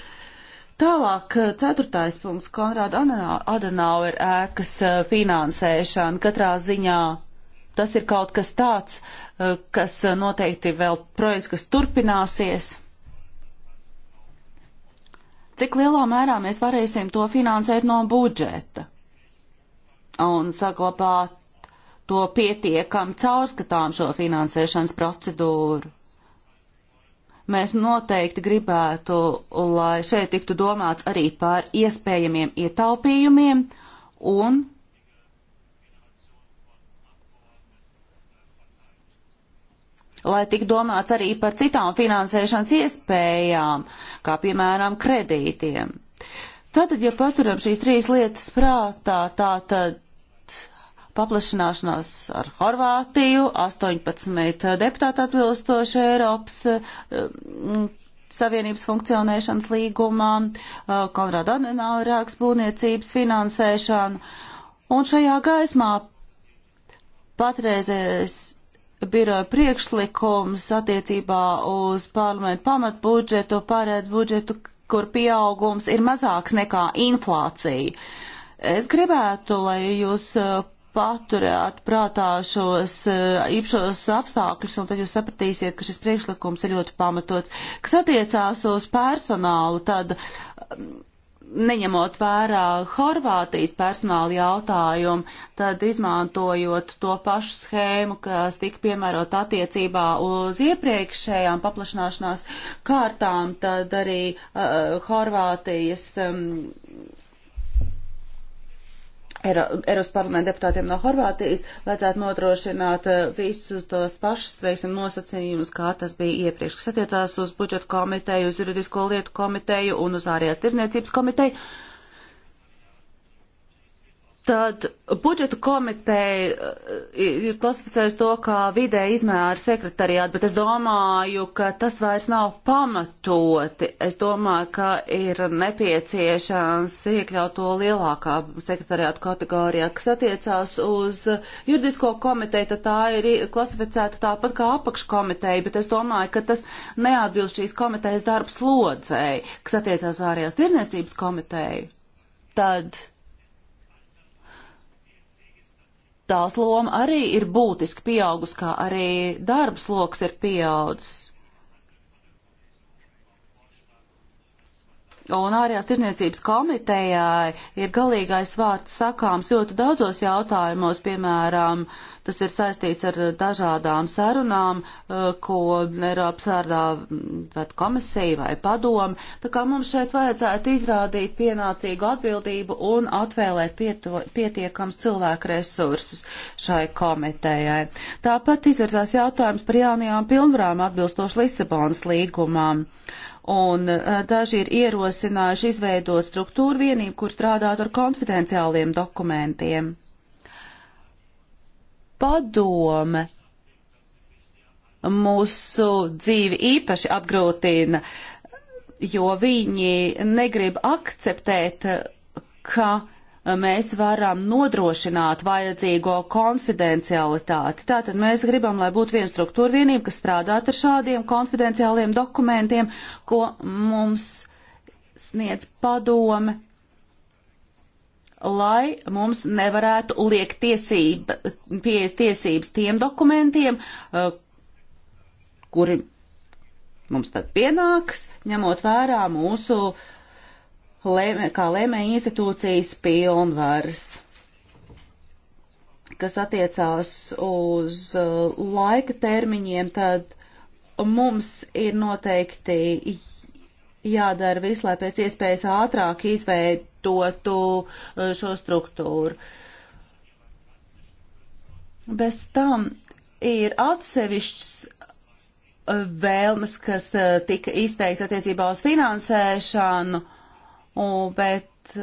Tālāk, eh, ceturtais punkts, Konrāda Adenauer ēkas eh, finansēšana katrā ziņā. Tas ir kaut kas tāds, eh, kas noteikti vēl projekts, kas turpināsies. Cik lielā mērā mēs varēsim to finansēt no budžeta un saglabāt to pietiekam caurskatām šo finansēšanas procedūru? Mēs noteikti gribētu, lai šeit tiktu domāts arī par iespējamiem ietaupījumiem un lai tik domāts arī par citām finansēšanas iespējām, kā piemēram kredītiem. Tātad, ja paturam šīs trīs lietas prātā, tātad paplašināšanās ar Horvātiju, 18 eh, deputāti atbilstoši Eiropas eh, Savienības funkcionēšanas līgumā, eh, Konrāda Adenauerāks būvniecības finansēšanu. Un šajā gaismā patreizējais biroja priekšlikums attiecībā uz parlamentu pamatbudžetu pārēdz budžetu, kur pieaugums ir mazāks nekā inflācija. Es gribētu, lai jūs paturēt prātā šos eh, īpašos apstākļus, un tad jūs sapratīsiet, ka šis priekšlikums ir ļoti pamatots. Kas attiecās uz personālu, tad mm, neņemot vērā Horvātijas personāla jautājumu, tad izmantojot to pašu schēmu, kas tika piemērot attiecībā uz iepriekšējām paplašanāšanās kārtām, tad arī uh, Horvātijas um, Eiropas parlamenta deputātiem no Horvātijas vajadzētu nodrošināt eh, visus tos pašus, teiksim, nosacījumus, kā tas bija iepriekš, kas attiecās uz budžetu komiteju, uz juridisko lietu komiteju un uz ārējās tirniecības komiteju. Tad budžetu komiteja uh, ir klasificējusi to kā vidē izmēra sekretariātu, bet es domāju, ka tas vairs nav pamatoti. Es domāju, ka ir nepieciešams iekļaut to lielākā sekretariātu kategorijā, kas attiecās uz juridisko komiteju, tad tā ir klasificēta tāpat kā apakškomiteja, bet es domāju, ka tas neatbilst šīs komitejas darbs lodzēji, kas attiecās ārējās tirniecības komiteju. Tad tās loma arī ir būtiski pieaugus, kā arī darbs loks ir pieaudzis. un ārējās tirniecības komitejai ir galīgais vārds sakāms ļoti daudzos jautājumos, piemēram, tas ir saistīts ar dažādām sarunām, eh, ko Eiropas ārdā mm, komisija vai padomi. Tā kā mums šeit vajadzētu izrādīt pienācīgu atbildību un atvēlēt pieto, pietiekams cilvēku resursus šai komitejai. Tāpat izvirzās jautājums par jaunajām pilnvarām atbilstoši Lisabonas līgumām. Uh, un eh, daži ir ierosinājuši izveidot struktūru vienību, kur strādātu ar konfidenciāliem dokumentiem. Padome mūsu dzīvi īpaši apgrūtina, jo viņi negrib akceptēt, ka uh, mēs varam nodrošināt vajadzīgo konfidencialitāti. Tātad mēs gribam, lai būtu viena struktūra vienība, kas strādātu ar šādiem konfidenciāliem dokumentiem, ko mums sniedz padome, lai mums nevarētu liekt tiesība, pieejas tiesības tiem dokumentiem, uh, kuri mums tad pienāks, ņemot vērā mūsu uh, lēmē, kā lēmēja institūcijas pilnvaras, kas attiecās uz uh, laika termiņiem, tad mums ir noteikti jādara viss, lai pēc iespējas ātrāk izveidotu uh, šo struktūru. Bez tam ir atsevišķs uh, vēlmes, kas tika izteikts attiecībā uz finansēšanu. Uh, Un, bet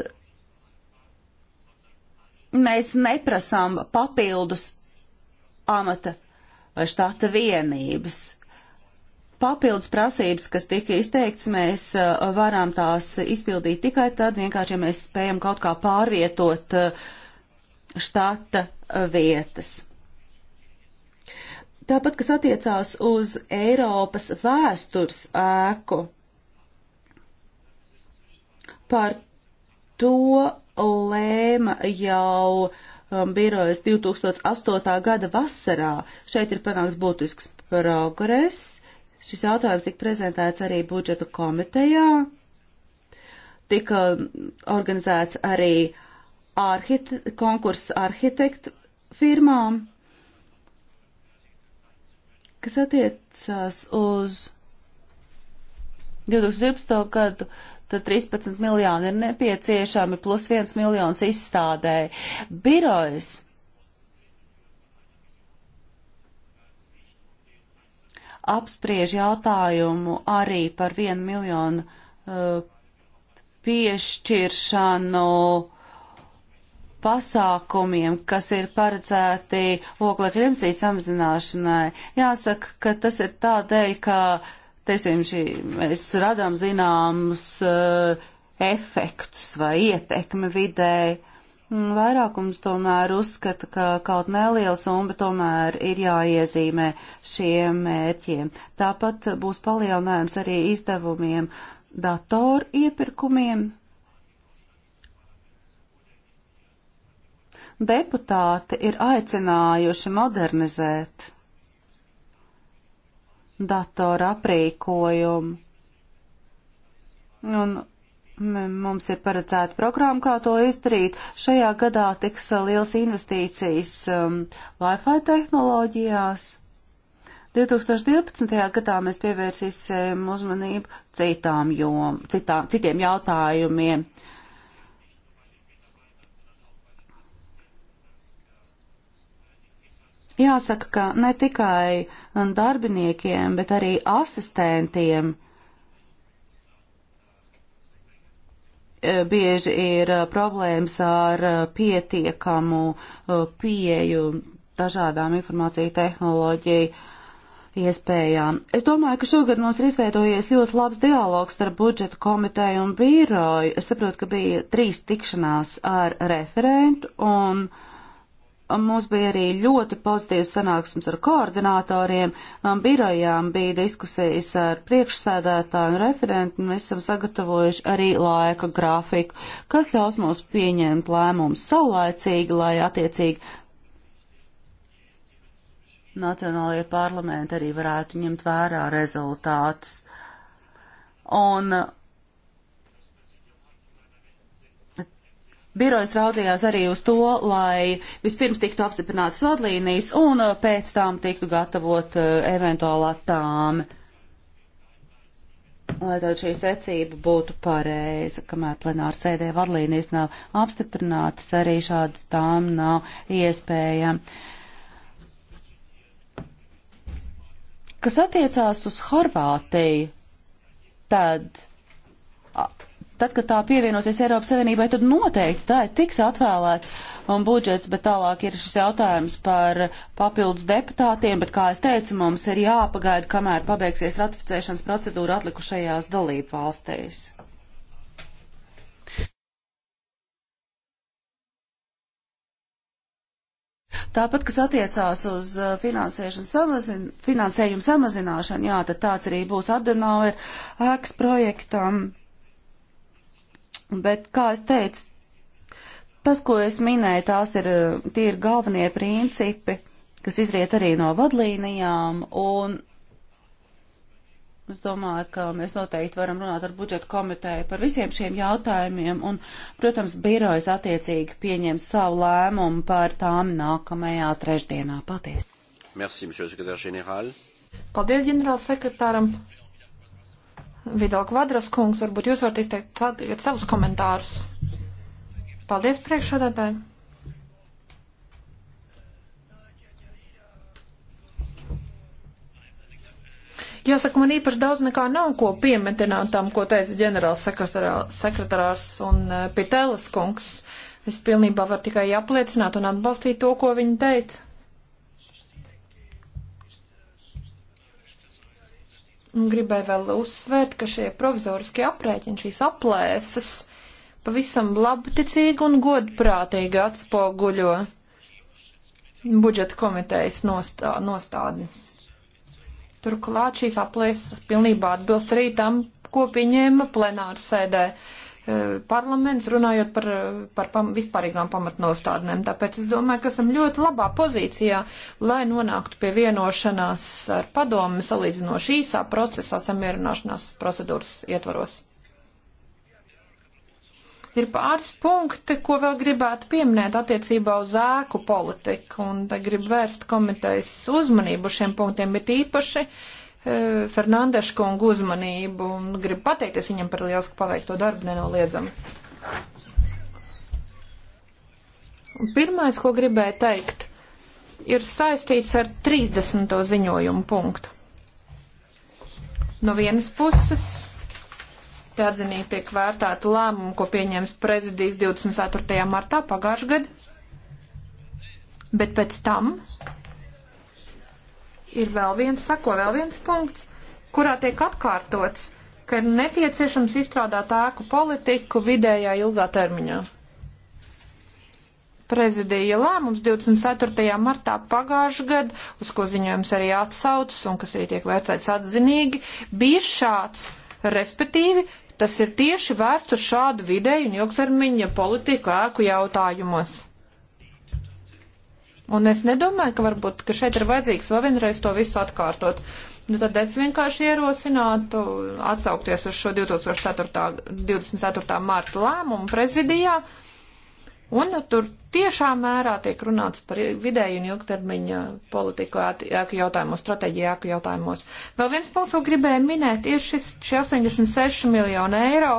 mēs neprasām papildus amata vai štata vienības. Papildus prasības, kas tika izteikts, mēs uh, varam tās izpildīt tikai tad, vienkārši, ja mēs spējam kaut kā pārvietot uh, štata uh, vietas. Tāpat, kas attiecās uz Eiropas vēstures ēku Par to lēma jau um, birojas 2008. gada vasarā. Šeit ir panāks būtisks progress. Šis jautājums tika prezentēts arī budžeta komitejā. Tika um, organizēts arī arhite konkurss arhitektu firmām, kas attiecās uz 2012. gadu tad 13 miljoni ir nepieciešami plus 1 miljons izstādēji. Birojas apspriež jautājumu arī par 1 miljonu uh, piešķiršanu pasākumiem, kas ir paredzēti oglekļa emisiju samazināšanai. Jāsaka, ka tas ir tādēļ, ka uh, teiksim, šī, mēs radām zināmus uh, efektus vai ietekmi vidē. Mm, vairākums tomēr uzskata, ka kaut neliela summa tomēr ir jāiezīmē šiem mērķiem. Tāpat būs palielinājums arī izdevumiem datoru iepirkumiem. Deputāti ir aicinājuši modernizēt datoru aprīkojumu. Un mums ir paredzēta programma, kā to izdarīt. Šajā gadā tiks liels investīcijas um, Wi-Fi tehnoloģijās. 2012. gadā mēs pievērsīsim uzmanību citām jom, citām, citiem jautājumiem. Jāsaka, ka ne tikai darbiniekiem, bet arī asistentiem e, bieži ir e, problēmas ar e, pietiekamu pieju dažādām informāciju tehnoloģiju iespējām. Es domāju, ka šogad mums ir izveidojies ļoti labs dialogs starp budžeta komiteju un bīroju. Es saprotu, ka bija trīs tikšanās ar referentu un uh, Mums bija arī ļoti pozitīvas sanāksmes ar koordinatoriem, birojām bija diskusijas ar priekšsēdētāju un referentu, un mēs esam sagatavojuši arī laika grafiku, kas ļaus mums pieņemt lēmumus saulēcīgi, lai attiecīgi nacionālajie parlamenti arī varētu ņemt vērā rezultātus. Un Birojas raudzījās arī uz to, lai vispirms tiktu apstiprinātas vadlīnijas un uh, pēc tām tiktu gatavot uh, eventuālā tām. Lai tad šī secība būtu pareiza, kamēr plenāra sēdē vadlīnijas nav apstiprinātas, arī šādas tām nav iespējams. Kas attiecās uz Horvātiju, tad tad, kad tā pievienosies Eiropas Savienībai, tad noteikti tā ir tiks atvēlēts un um, budžets, bet tālāk ir šis jautājums par papildus deputātiem, bet, kā es teicu, mums ir jāpagaida, kamēr pabeigsies ratificēšanas procedūra atlikušajās dalību valstīs. Tāpat, kas attiecās uz uh, samazin, finansējumu samazināšanu, jā, tad tāds arī būs Adenauer ēks projektam. Um, Bet, kā es teicu, tas, ko es minēju, tās ir, tie ir galvenie principi, kas izriet arī no vadlīnijām, un es domāju, ka mēs noteikti varam runāt ar budžetu komiteju par visiem šiem jautājumiem, un, protams, birojas attiecīgi pieņems savu lēmumu par tām nākamajā trešdienā. Paldies! Merci, Paldies ģenerālsekretāram! Vidal Kvadras kungs, varbūt jūs varat izteikt tagad savus komentārus. Paldies priekšsādātāji. Jāsaka, man īpaši daudz nekā nav ko piemetinātām, ko teica ģenerāls sekretārārs un eh, Pitēlis kungs. Es pilnībā varu tikai apliecināt un atbalstīt to, ko viņi teica. Gribēju vēl uzsvērt, ka šie provizoriskie aprēķini, šīs aplēses, pavisam labticīgi un godprātīgi atspoguļo budžeta komitejas nostā, nostādnes. Turklāt šīs aplēses pilnībā atbilst arī tam, ko pieņēma plenāra sēdē parlaments, runājot par, par pam, vispārīgām pamatnostādnēm. Tāpēc es domāju, ka esam ļoti labā pozīcijā, lai nonāktu pie vienošanās ar padomu salīdzinoši īsā procesā samierināšanās procedūras ietvaros. Ir pāris punkti, ko vēl gribētu pieminēt attiecībā uz ēku politiku, un gribu vērst komitejas uzmanību šiem punktiem, bet īpaši uh, E, Fernandešu kungu uzmanību un gribu pateikties viņam par lielisku paveikto darbu nenoliedzami. Pirmais, ko gribēju teikt, ir saistīts ar 30. ziņojumu punktu. No vienas puses, te atzinīgi tiek vērtāta lēmuma, ko pieņems prezidijas 24. martā pagājušajā gadā, bet pēc tam ir vēl viens, sako vēl viens punkts, kurā tiek atkārtots, ka ir nepieciešams izstrādāt ēku politiku vidējā ilgā termiņā prezidija lēmums 24. martā pagājušā gada, uz ko ziņojums arī atsaucas un kas arī tiek vērtēts atzinīgi, bija šāds, respektīvi, tas ir tieši vērsts uz šādu vidēju un ilgtermiņa politiku ēku jautājumos. Un es nedomāju, ka varbūt, ka šeit ir vajadzīgs vēl vienreiz to visu atkārtot. Nu, tad es vienkārši ierosinātu atsaukties uz šo 2004, 24. mārta lēmumu prezidijā, un nu, tur tiešā mērā tiek runāts par vidēju un ilgtermiņa politiku ēku jautājumu, stratēģiju ēku jautājumos. Vēl viens punkts, ko gribēju minēt, ir šis 86 miljonu eiro,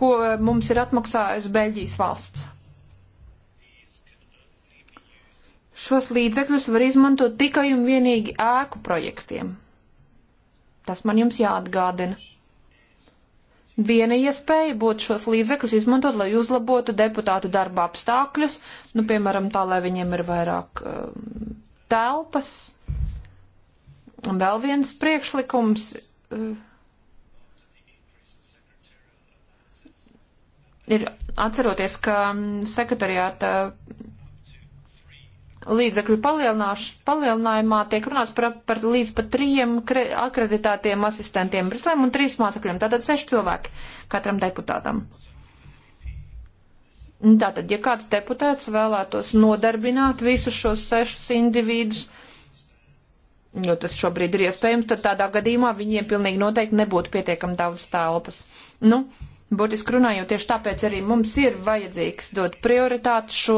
ko mums ir atmaksājusi Beļģijas valsts. Šos līdzekļus var izmantot tikai un vienīgi ēku projektiem. Tas man jums jāatgādina. Viena iespēja būtu šos līdzekļus izmantot, lai uzlabotu deputātu darba apstākļus, nu, piemēram, tā, lai viņiem ir vairāk uh, telpas. Un vēl viens priekšlikums. Uh, ir atceroties, ka mm, sekretariāta uh, līdzekļu palielinājumā tiek runāts par, par līdz pat trījiem akreditētiem asistentiem Brislēm un trīs māsakļiem, tātad seši cilvēki katram deputātam. Tātad, ja kāds deputāts vēlētos nodarbināt visus šos sešus individus, jo nu, tas šobrīd ir iespējams, tad tādā gadījumā viņiem pilnīgi noteikti nebūtu pietiekam daudz telpas. Nu, Burtiski runājot, tieši tāpēc arī mums ir vajadzīgs dot prioritāti šo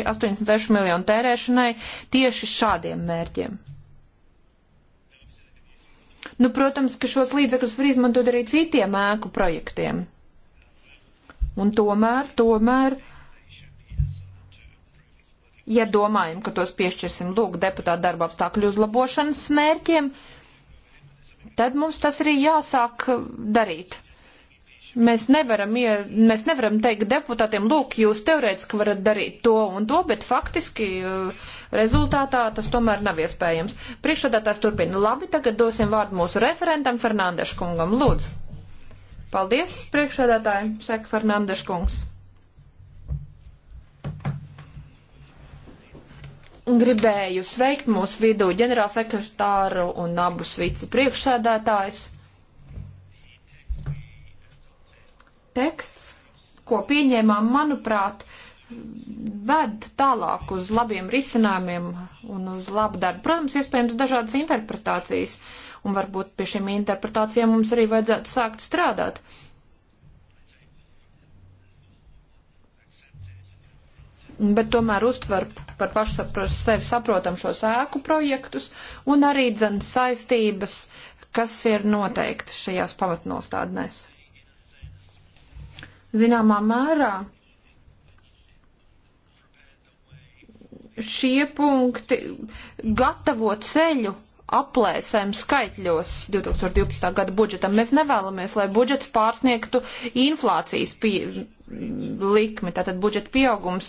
86 e, miljonu tērēšanai tieši šādiem mērķiem. Nu, protams, ka šos līdzekļus var izmantot arī citiem ēku projektiem. Un tomēr, tomēr, ja domājam, ka tos piešķirsim lūk deputātu darba apstākļu uzlabošanas mērķiem, tad mums tas arī jāsāk darīt Mēs nevaram, ier, mēs nevaram teikt deputātiem, lūk, jūs teorētiski varat darīt to un to, bet faktiski uh, rezultātā tas tomēr nav iespējams. Priekšsādātājs turpina. Labi, tagad dosim vārdu mūsu referentam Fernandeškungam. Lūdzu. Paldies, priekšsādātāji, saka Fernandeškungs. Gribēju sveikt mūsu vidū ģenerālsekretāru un abus vicepriekšsēdētājus teksts, ko pieņēmām, manuprāt, ved tālāk uz labiem risinājumiem un uz labu darbu. Protams, iespējams dažādas interpretācijas, un varbūt pie šiem interpretācijām mums arī vajadzētu sākt strādāt. bet tomēr uztver par pašsaprotu sevi saprotam šos ēku projektus un arī dzen saistības, kas ir noteikti šajās pamatnostādnēs zināmā mērā šie punkti gatavo ceļu aplēsēm skaitļos 2012. gada budžetam. Mēs nevēlamies, lai budžets pārsniegtu inflācijas pie, likmi, tātad budžeta pieaugums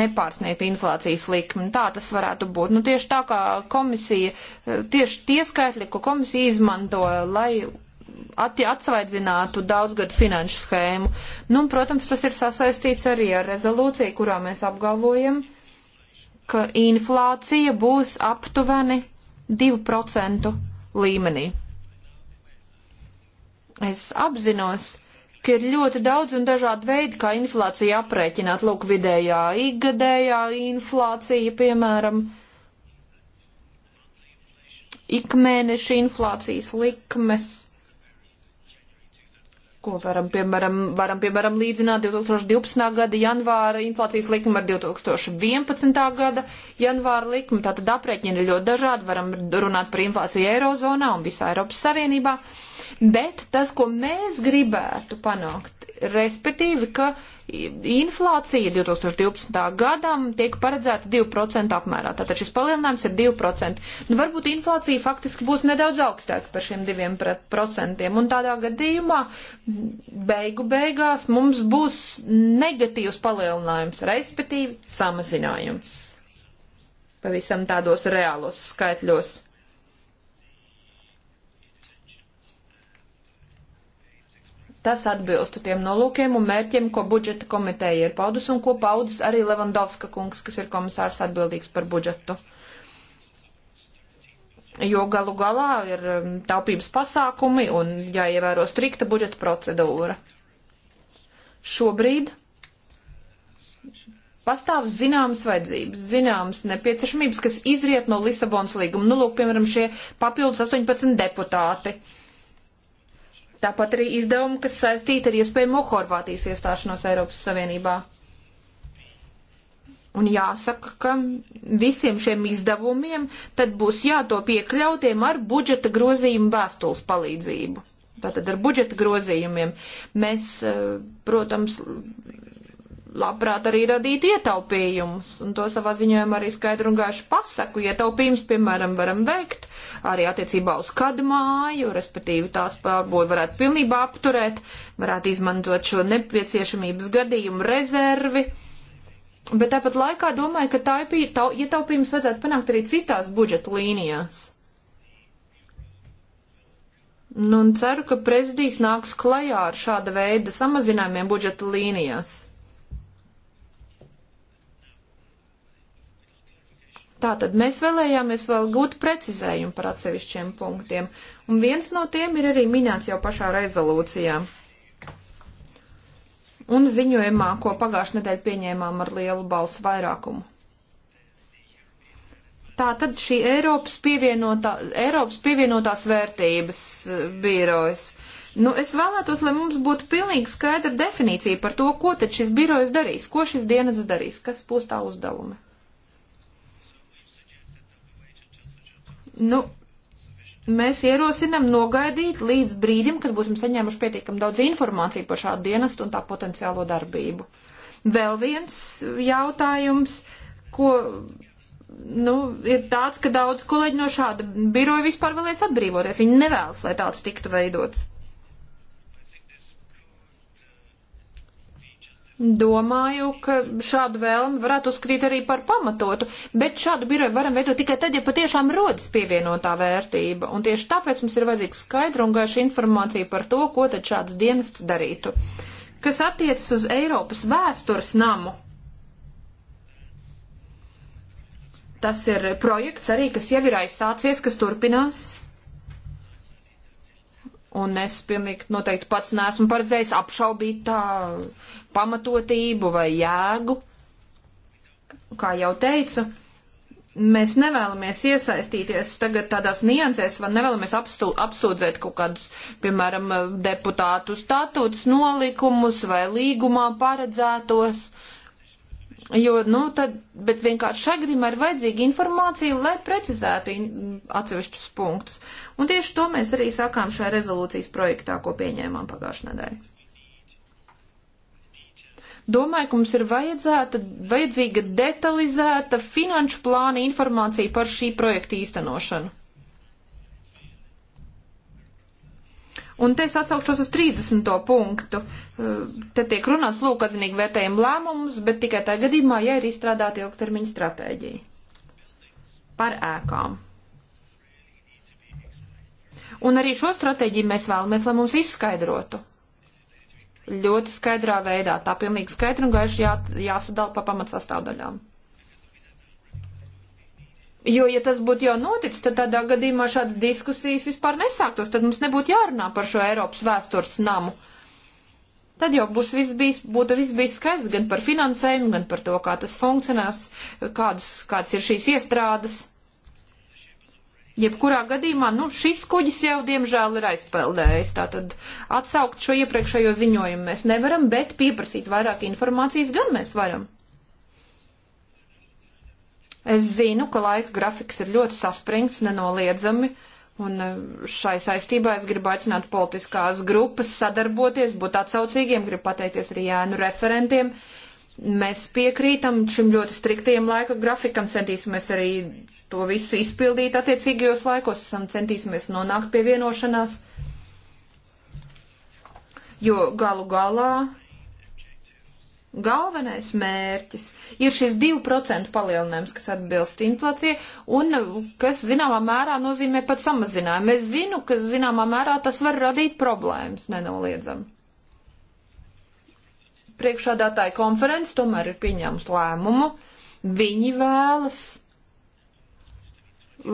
nepārsniegtu inflācijas likmi. Tā tas varētu būt. Nu, tieši tā kā komisija, tieši tie skaitļi, ko komisija izmanto, lai atsvaidzinātu daudzgadu finanšu schēmu. Nu, un, protams, tas ir sasaistīts arī ar rezolūciju, kurā mēs apgalvojam, ka inflācija būs aptuveni 2% līmenī. Es apzinos, ka ir ļoti daudz un dažādi veidi, kā inflācija aprēķināt. Lūk, vidējā ikgadējā inflācija, piemēram, ikmēneša inflācijas likmes ko varam, piemēram, varam, piemēram līdzināt 2012. gada janvāra inflācijas likmi ar 2011. gada janvāra likmi. Tātad aprēķini ir ļoti dažādi, varam runāt par inflāciju Eirozonā un visā Eiropas Savienībā. Bet tas, ko mēs gribētu panākt, respektīvi, ka uh, inflācija 2012. gadam tiek paredzēta 2% apmērā. Tātad šis palielinājums ir 2%. Nu, varbūt inflācija faktiski būs nedaudz augstāka par šiem 2%. Un tādā gadījumā beigu beigās mums būs negatīvs palielinājums, respektīvi samazinājums. Pavisam tādos reālos skaitļos. tas atbilstu tiem nolūkiem un mērķiem, ko budžeta komiteja ir paudus un ko paudus arī Levandovska kungs, kas ir komisārs atbildīgs par budžetu. Jo galu galā ir um, taupības pasākumi un jāievēro strikta budžeta procedūra. Šobrīd pastāv zināmas vajadzības, zināmas nepieciešamības, kas izriet no Lisabonas līguma. Nu, lūk, piemēram, šie papildus 18 deputāti. Uh, Tāpat arī izdevumi, kas saistīti ar iespējamo Horvātijas iestāšanos Eiropas Savienībā. Un jāsaka, ka visiem šiem izdevumiem tad būs jātop iekļautiem ar budžeta grozījumu vēstules palīdzību. Tātad ar budžeta grozījumiem mēs, eh, protams, labprāt arī radīt ietaupījumus, un to savā ziņojumā arī skaidru un gaišu pasaku. Ietaupījums, piemēram, varam veikt arī attiecībā uz kad māju, respektīvi tās pārbūvi varētu pilnībā apturēt, varētu izmantot šo nepieciešamības gadījumu rezervi. Bet tāpat laikā domāju, ka tā ir ietaupījums ja vajadzētu panākt arī citās budžeta līnijās. Nu, un ceru, ka prezidijs nāks klajā ar šāda veida samazinājumiem budžeta līnijās. Tātad mēs vēlējāmies vēl gūt precizējumu par atsevišķiem punktiem, un viens no tiem ir arī minēts jau pašā rezolūcijā. Un ziņojumā, ko pagājušajā nedēļā pieņēmām ar lielu balsu vairākumu. Tā tad šī Eiropas, pievienotā, Eiropas pievienotās vērtības eh, birojas. Nu, es vēlētos, lai mums būtu pilnīgi skaidra definīcija par to, ko tad šis birojs darīs, ko šis dienas darīs, kas būs tā uzdevumi. nu, mēs ierosinam nogaidīt līdz brīdim, kad būsim saņēmuši pietiekam daudz informāciju par šādu dienestu un tā potenciālo darbību. Vēl viens jautājums, ko, nu, ir tāds, ka daudz kolēģi no šāda biroja vispār vēlēs atbrīvoties. Viņi nevēlas, lai tāds tiktu veidots. Domāju, ka šādu vēlmu varētu uzskatīt arī par pamatotu, bet šādu biroju varam veidot tikai tad, ja patiešām rodas pievienotā vērtība. Un tieši tāpēc mums ir vajadzīga skaidra un gaiša informācija par to, ko tad šāds dienests darītu. Kas attiecas uz Eiropas vēstures namu, tas ir projekts arī, kas jau ir aizsācies, kas turpinās. Un es pilnīgi noteikti pats nesmu paredzējis apšaubīt tā pamatotību vai jēgu. Kā jau teicu, mēs nevēlamies iesaistīties tagad tādās niansēs, vai nevēlamies apstū, apsūdzēt kaut kādus, piemēram, deputātu statūtus, nolikumus vai līgumā paredzētos. Uh, Jo, nu, tad, bet vienkārši šai gadījumā ir vajadzīga informācija, lai precizētu atsevišķus punktus. Un tieši to mēs arī sakām šajā rezolūcijas projektā, ko pieņēmām pagājušajā nedēļā domāju, ka mums ir vajadzīga detalizēta finanšu plāna informācija par šī projekta īstenošanu. Un te es atsaukšos uz 30. punktu. Eh, te tiek runāts lūk atzinīgi vērtējam lēmumus, bet tikai tā gadījumā, ja ir izstrādāta ilgtermiņa stratēģija. Par ēkām. Un arī šo stratēģiju mēs vēlamies, lai mums izskaidrotu. Ļoti skaidrā veidā, tā pilnīgi skaidri un gaiši jā, jāsadala pa pamatsastāvdaļām. Jo, ja tas būtu jau noticis, tad tādā gadījumā šādas diskusijas vispār nesāktos, tad mums nebūtu jārunā par šo Eiropas vēstures namu. Tad jau būs viss bijis, būtu viss bijis skaidrs gan par finansējumu, gan par to, kā tas funkcionēs, kādas, kādas ir šīs iestrādes. Jebkurā gadījumā, nu, šis kuģis jau, diemžēl, ir aizpeldējis. Tātad atsaukt šo iepriekšējo ziņojumu mēs nevaram, bet pieprasīt vairāk informācijas gan mēs varam. Es zinu, ka laika grafiks ir ļoti saspringts, nenoliedzami, un e, šai saistībā es gribu aicināt politiskās grupas sadarboties, būt atsaucīgiem, gribu pateikties arī Jānu referentiem. Mēs piekrītam šim ļoti striktiem laika grafikam, centīsimies arī to visu izpildīt attiecīgajos laikos, esam centīsimies nonākt pie vienošanās, jo galu galā Galvenais mērķis ir šis 2% palielinājums, kas atbilst inflācijai un kas zināmā mērā nozīmē pat samazinājumu. Es zinu, ka zināmā mērā tas var radīt problēmas nenoliedzam. Priekšādātāja konferences tomēr ir pieņēmusi lēmumu. Viņi vēlas,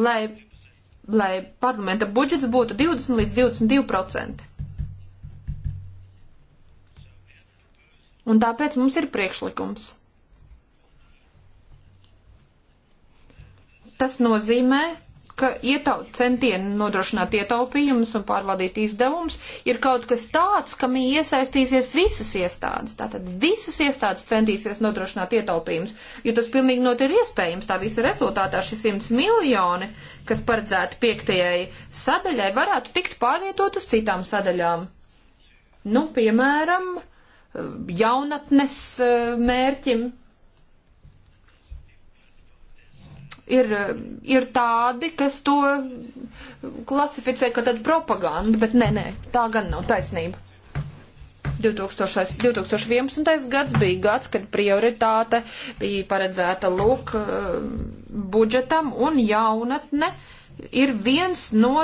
lai, lai parlamenta budžets būtu 20 līdz 22%. Un tāpēc mums ir priekšlikums. Tas nozīmē, ka ietau, centieni nodrošināt ietaupījumus un pārvaldīt izdevumus ir kaut kas tāds, kam iesaistīsies visas iestādes. Tātad visas iestādes centīsies nodrošināt ietaupījumus, jo tas pilnīgi not ir iespējams. Tā visa rezultātā šis 100 miljoni, kas paredzēti piektajai sadaļai, varētu tikt pārvietot uz citām sadaļām. Nu, piemēram, uh, jaunatnes e, mērķim. Ir, e, ir tādi, kas to klasificē kā tādu propagandu, bet nē, nē, tā gan nav taisnība. 2000, 2011. gads bija gads, kad prioritāte bija paredzēta lūk e, budžetam un jaunatne ir viens no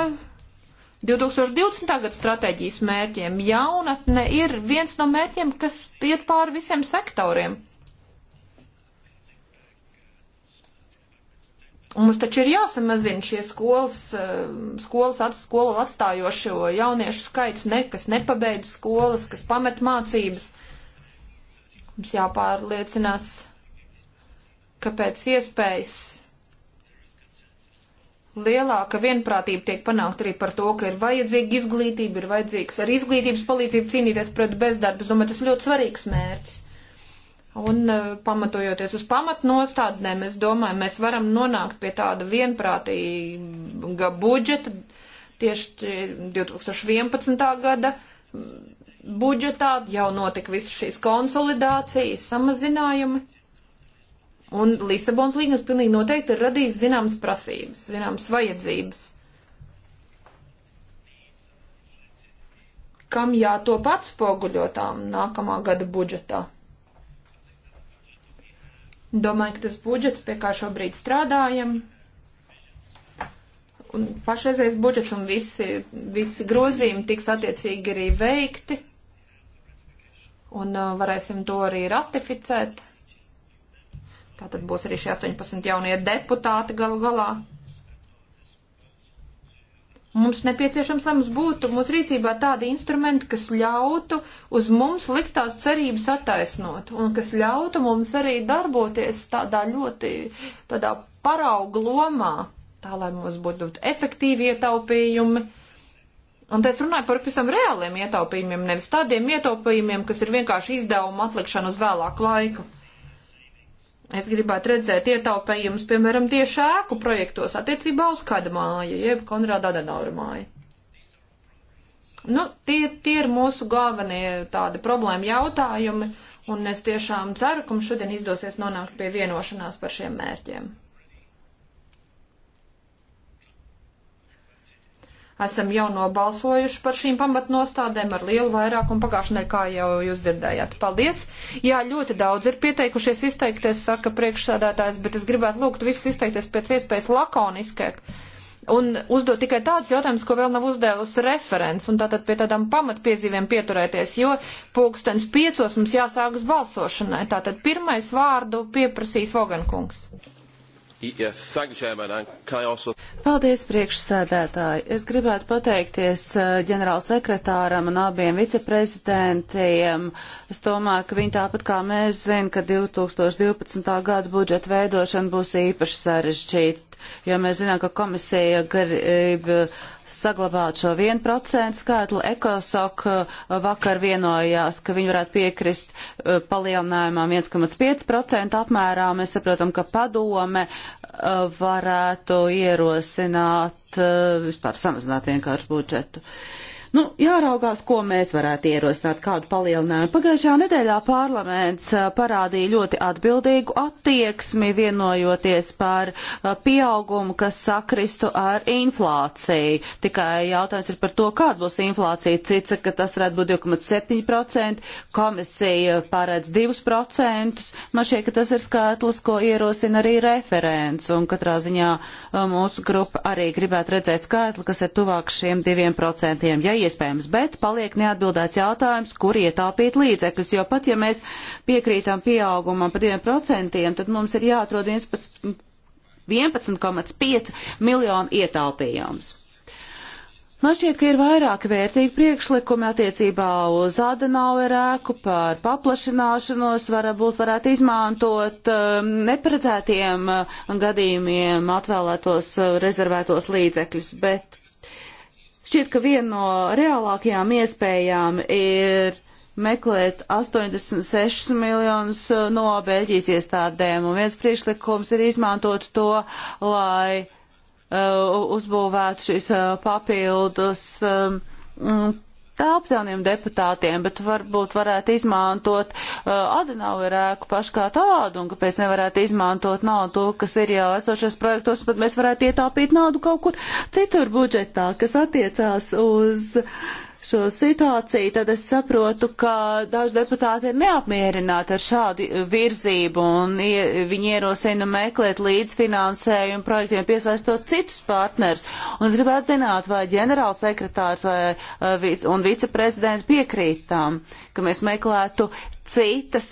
2020. gada stratēģijas mērķiem jaunatne ir viens no mērķiem, kas iet pāri visiem sektoriem. Un mums taču ir jāsamazina šie skolas, eh, skolas ats, skolu atstājošo jauniešu skaits, ne, kas nepabeidz skolas, kas pamet mācības. Mums jāpārliecinās, ka pēc iespējas lielāka vienprātība tiek panākt arī par to, ka ir vajadzīga izglītība, ir vajadzīgs ar izglītības palīdzību cīnīties pret bezdarbu. Es domāju, tas ir ļoti svarīgs mērķis. Un e, pamatojoties uz pamatnostādnēm, es domāju, mēs varam nonākt pie tāda vienprātīga budžeta tieši 2011. gada budžetā jau notika visas šīs konsolidācijas, samazinājumi. Un Lisabons līgums pilnīgi noteikti ir radījis zināmas prasības, zināmas vajadzības. Kam jātop atspoguļotām nākamā gada budžetā? Domāju, ka tas budžets, pie kā šobrīd strādājam, un pašreizējais budžets un visi, visi grozījumi tiks attiecīgi arī veikti, un uh, varēsim to arī ratificēt. Tātad būs arī šie 18 jaunie deputāti galu galā. Mums nepieciešams, lai mums būtu mūsu rīcībā tādi instrumenti, kas ļautu uz mums liktās cerības attaisnot un kas ļautu mums arī darboties tādā ļoti tādā parauga lomā, tā lai mums būtu efektīvi ietaupījumi. Un es runāju par visam reāliem ietaupījumiem, nevis tādiem ietaupījumiem, kas ir vienkārši izdevuma atlikšana uz vēlāku laiku. Es gribētu redzēt ietaupējumus, piemēram, tieši ēku projektos attiecībā uz kādu māju, jeb Konrāda Adenaura māju. Nu, tie, tie ir mūsu galvenie tādi problēma jautājumi, un es tiešām ceru, ka mums šodien izdosies nonākt pie vienošanās par šiem mērķiem. Esam jau nobalsojuši par šīm pamatnostādēm ar lielu vairākumu pagājušajā, kā jau jūs dzirdējāt. Paldies! Jā, ļoti daudz ir pieteikušies izteikties, saka priekšsādātājs, bet es gribētu lūgt visus izteikties pēc iespējas lakoniskāk un uzdot tikai tādus jautājumus, ko vēl nav uzdevusi referents, un tātad pie tādām pamatpiezīmēm pieturēties, jo pulkstens piecos mums jāsākas balsošanai. Tātad pirmais vārdu pieprasīs Vogankungs. Yeah, you, Chairman, also... Paldies, priekšsēdētāji. Es gribētu pateikties uh, ģenerālsekretāram un abiem viceprezidentiem. Es domāju, ka viņi tāpat kā mēs zina, ka 2012. gada budžeta veidošana būs īpaši sarežģīta, jo mēs zinām, ka komisija grib saglabāt šo 1% skaitli. Ekosok uh, vakar vienojās, ka viņi varētu piekrist uh, palielinājumam 1,5% apmērā. Mēs saprotam, ka padome uh, varētu ierosināt vispār samazināt vienkārši budžetu. Uh, Nu, jāraugās, ko mēs varētu ierosināt, kādu palielinājumu. Pagājušajā nedēļā parlaments parādīja ļoti atbildīgu attieksmi, vienojoties par pieaugumu, kas sakristu ar inflāciju. Tikai jautājums ir par to, kāda būs inflācija. Cica, ka tas varētu būt 2,7%, komisija paredz 2%. Man šķiet, ka tas ir skaitlis, ko ierosina arī referents, un katrā ziņā mūsu grupa arī gribētu redzēt skaitli, kas ir tuvāk šiem 2%. Ja iespējams, bet paliek neatbildēts jautājums, kur ietaupīt līdzekļus, jo pat ja mēs piekrītam pieaugumam par 2%, tad mums ir jāatrod 11,5 11, miljonu ietaupījums. Man šķiet, ka ir vairāk vērtīgi priekšlikumi attiecībā uz Adenauer ēku par paplašināšanos, varbūt varētu izmantot um, neparedzētiem uh, gadījumiem atvēlētos uh, rezervētos līdzekļus, bet Šķiet, ka viena no reālākajām iespējām ir meklēt 86 miljonus uh, no Beļģijas iestādēm, un viens priekšlikums ir izmantot to, lai uh, uzbūvētu šīs uh, papildus um, telpas jauniem deputātiem, bet varbūt varētu izmantot uh, Adenauer ēku pašu kā tādu, un kāpēc nevarētu izmantot naudu, kas ir jau esošos projektos, un tad mēs varētu ietaupīt naudu kaut kur citur budžetā, kas attiecās uz. Uh, šo situāciju, tad es saprotu, ka daži deputāti ir neapmierināti ar šādu virzību un viņi ierosina meklēt līdzfinansējumu projektiem, piesaistot citus partners. Un es gribētu zināt, vai ģenerālsekretārs vai, un viceprezidenti piekrīt tam, ka mēs meklētu citas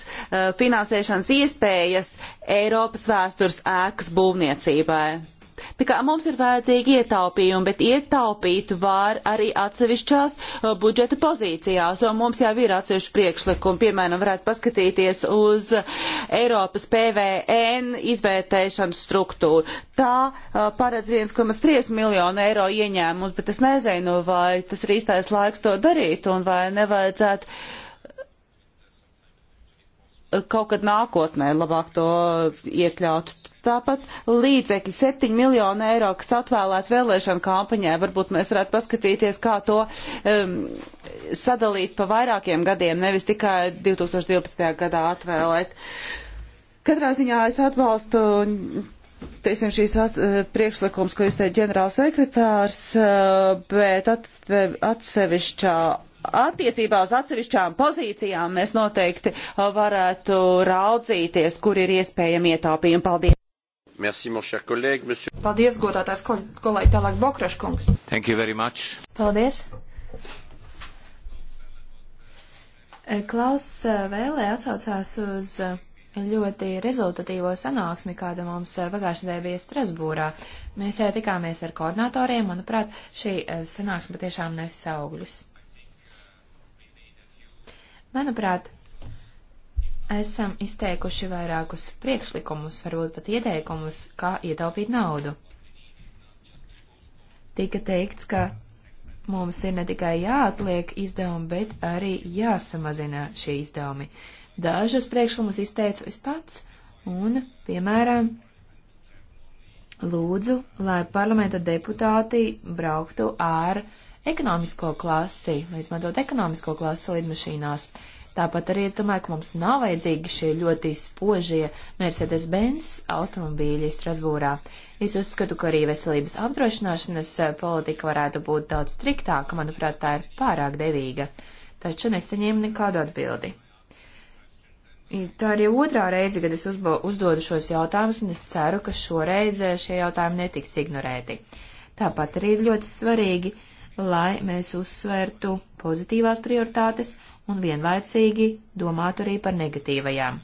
finansēšanas iespējas Eiropas vēstures ēkas būvniecībai. Tā kā mums ir vajadzīgi ietaupījumi, bet ietaupīt var arī atsevišķās uh, budžeta pozīcijās, un mums jau ir atsevišķi priekšlikumi, piemēram, varētu paskatīties uz Eiropas PVN izvērtēšanas struktūru. Tā uh, paredz 1,3 miljonu eiro ieņēmums, bet es nezinu, vai tas ir īstais laiks to darīt, un vai nevajadzētu kaut kad nākotnē labāk to iekļaut. Tāpat līdzekļi 7 miljonu eiro, kas atvēlēt vēlēšanu kampaņai, varbūt mēs varētu paskatīties, kā to um, sadalīt pa vairākiem gadiem, nevis tikai 2012. gadā atvēlēt. Katrā ziņā es atbalstu Teiksim, šīs at, eh, priekšlikums, ko izteica ģenerāls sekretārs, eh, bet atsevišķā attiecībā uz atsevišķām pozīcijām mēs noteikti uh, varētu raudzīties, kur ir iespējami ietaupījumi. Paldies! Merci, mon cher collègue, monsieur. Paldies, godātās kol kolēģi, tālāk Bokraškungs. Thank you very much. Paldies. Klaus uh, vēlē atsaucās uz uh, ļoti rezultatīvo sanāksmi, kāda mums pagājušajā nedēļā bija Strasbūrā. Mēs tikāmies ar koordinatoriem, manuprāt, šī sanāksme patiešām nes augļus. Manuprāt, esam izteikuši vairākus priekšlikumus, varbūt pat ieteikumus, kā ietaupīt naudu. Tika teikts, ka mums ir ne tikai jāatliek izdevumi, bet arī jāsamazina šie izdevumi. Dažus priekšlikumus izteicu es pats, un, piemēram, lūdzu, lai parlamenta deputāti brauktu ar uh, ekonomisko klasi, lai izmantot ekonomisko klasi lidmašīnās. Tāpat arī es domāju, ka mums nav vajadzīgi šie ļoti spožie Mercedes-Benz automobīļi Strasbūrā. Es uzskatu, ka arī veselības apdrošināšanas politika varētu būt daudz striktāka, manuprāt, tā ir pārāk devīga. Taču nesaņēmu nekādu atbildi. Tā arī otrā reize, kad es uzbo, uzdodu šos jautājumus, un es ceru, ka šoreiz eh, šie jautājumi netiks ignorēti. Tāpat arī ir ļoti svarīgi uh, lai mēs uzsvērtu pozitīvās prioritātes un vienlaicīgi domātu arī par negatīvajām.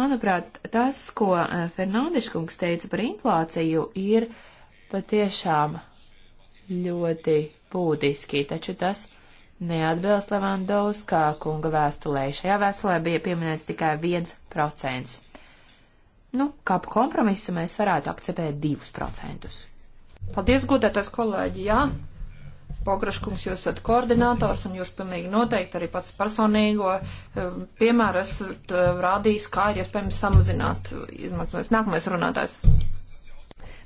Manuprāt, tas, ko eh, Fernandeškungs teica par inflāciju, ir patiešām ļoti būtiski, taču tas neatbilst Levandovskā kunga vēstulē. Šajā vēstulē bija pieminēts tikai 1%. Nu, kā kompromisu mēs varētu akceptēt 2%. Paldies, godētais kolēģi, jā. Pokraškungs, jūs esat koordinators un jūs pilnīgi noteikti arī pats personīgo eh, piemēru esat eh, rādījis, kā ir iespējams samazināt izmaksas. Nākamais runātājs.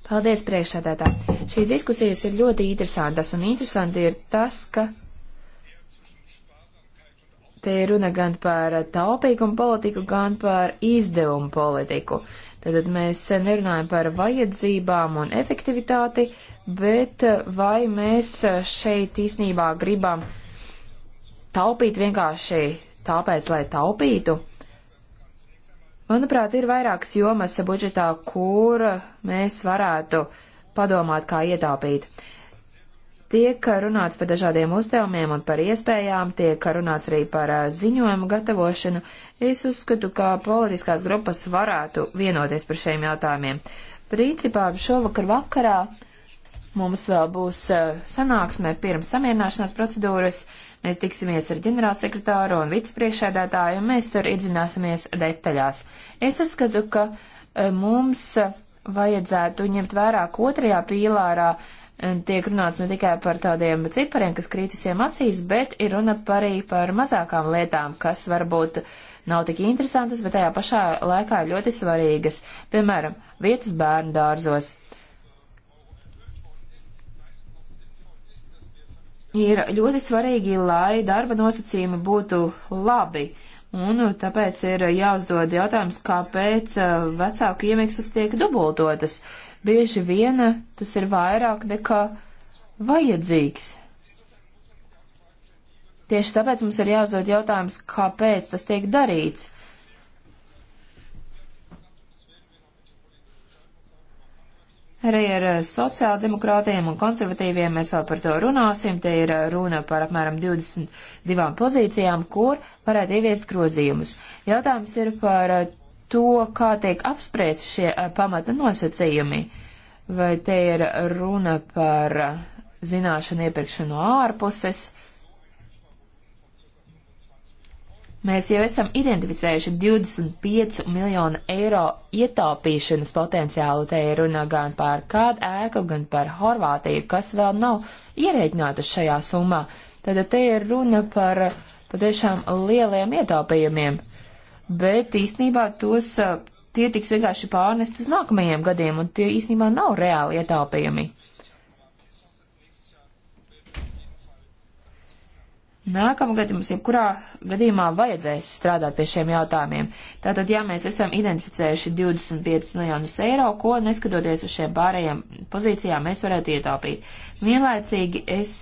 Paldies, priekšsēdētā. Šīs diskusijas ir ļoti interesantas un interesanti ir tas, ka te ir runa gan par taupīgumu politiku, gan par izdevumu politiku. Uh, Tātad mēs nerunājam par vajadzībām un efektivitāti, bet vai mēs šeit īsnībā gribam taupīt vienkārši tāpēc, lai taupītu? Manuprāt, ir vairākas jomas budžetā, kur mēs varētu padomāt, kā ietaupīt. Tiek runāts par dažādiem uzdevumiem un par iespējām, tiek runāts arī par ziņojumu gatavošanu. Es uzskatu, ka politiskās grupas varētu vienoties par šiem jautājumiem. Principā šovakar vakarā mums vēl būs sanāksme pirms samierināšanās procedūras. Mēs tiksimies ar ģenerālsekretāru un vicepriekšēdētāju, un mēs tur iedzināsimies detaļās. Es uzskatu, ka mums vajadzētu ņemt vērā otrajā pīlārā tiek runāts ne tikai par tādiem cipariem, kas krīt visiem acīs, bet ir runa arī par mazākām lietām, kas varbūt nav tik interesantas, bet tajā pašā laikā ļoti svarīgas. Piemēram, vietas bērnu dārzos. Ir ļoti svarīgi, lai darba nosacījumi būtu labi, un tāpēc ir jāuzdod jautājums, kāpēc eh, vecāku iemaksas tiek dubultotas. Uh, bieži viena eh, tas ir vairāk nekā vajadzīgs. Tieši tāpēc mums ir jāuzdod jautājums, kāpēc tas tiek darīts. Arī ar eh, sociāldemokrātiem un konservatīviem mēs vēl par to runāsim. Te ir eh, runa par apmēram 22 pozīcijām, kur varētu ieviest grozījumus. Jautājums ir par to, kā tiek apspriesti šie eh, pamata nosacījumi. Vai te ir runa par eh, zināšanu iepirkšanu ārpuses? Mēs jau esam identificējuši 25 miljonu eiro ietaupīšanas potenciālu. Te ir runa gan par kādu ēku, gan par Horvātiju, kas vēl nav ierēķināta šajā summā. Tad te ir runa par patiešām lieliem ietaupījumiem bet īsnībā tos, tie tiks vienkārši pārnest uz nākamajiem gadiem, un tie īsnībā nav reāli ietaupījumi. Nākamgad mums jebkurā gadījumā vajadzēs strādāt pie šiem jautājumiem. Tātad, ja mēs esam identificējuši 25 miljonus eiro, ko neskatoties uz šiem pārējiem pozīcijām mēs varētu ietaupīt. Vienlaicīgi es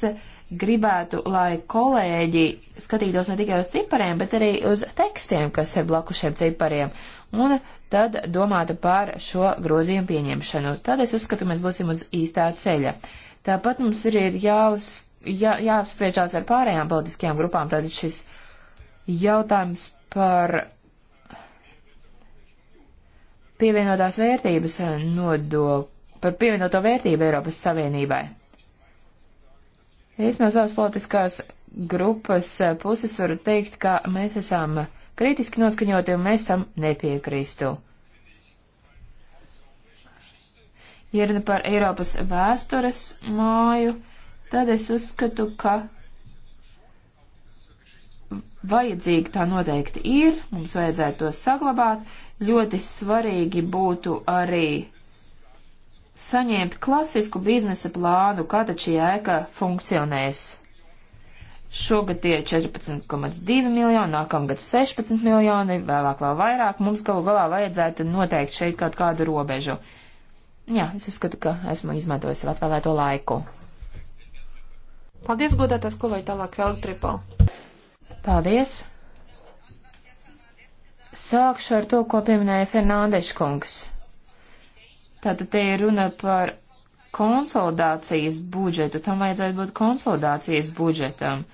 gribētu, lai kolēģi skatītos ne tikai uz cipariem, bet arī uz tekstiem, kas ir blaku šiem cipariem, un tad domātu par šo grozījumu pieņemšanu. Tad es uzskatu, mēs būsim uz īstā ceļa. Tāpat mums ir, ir jāuz, jā, jāapspriežās ar pārējām politiskajām grupām, tad šis jautājums par pievienotās vērtības nodokli, par pievienoto vērtību Eiropas Savienībai. Es no savas politiskās grupas eh, puses varu teikt, ka mēs esam kritiski noskaņoti un mēs tam nepiekristu. Ja runa par Eiropas vēstures māju, tad es uzskatu, ka vajadzīga tā noteikti ir, mums vajadzētu to saglabāt. Ļoti svarīgi būtu arī saņemt klasisku biznesa plānu, kā tad šī ēka funkcionēs. Šogad tie ir 14,2 miljoni, nākamgad 16 miljoni, vēlāk vēl vairāk. Mums galu galā vajadzētu noteikt šeit kaut kādu robežu. Jā, es uzskatu, ka esmu izmantojis sev atvēlēto laiku. Paldies, godātās kolēģi, tālāk vēl tripal. Paldies. Sākšu ar to, ko pieminēja Fernandeša kungs. Tātad te ir runa par konsolidācijas budžetu, tam vajadzētu būt konsolidācijas budžetam.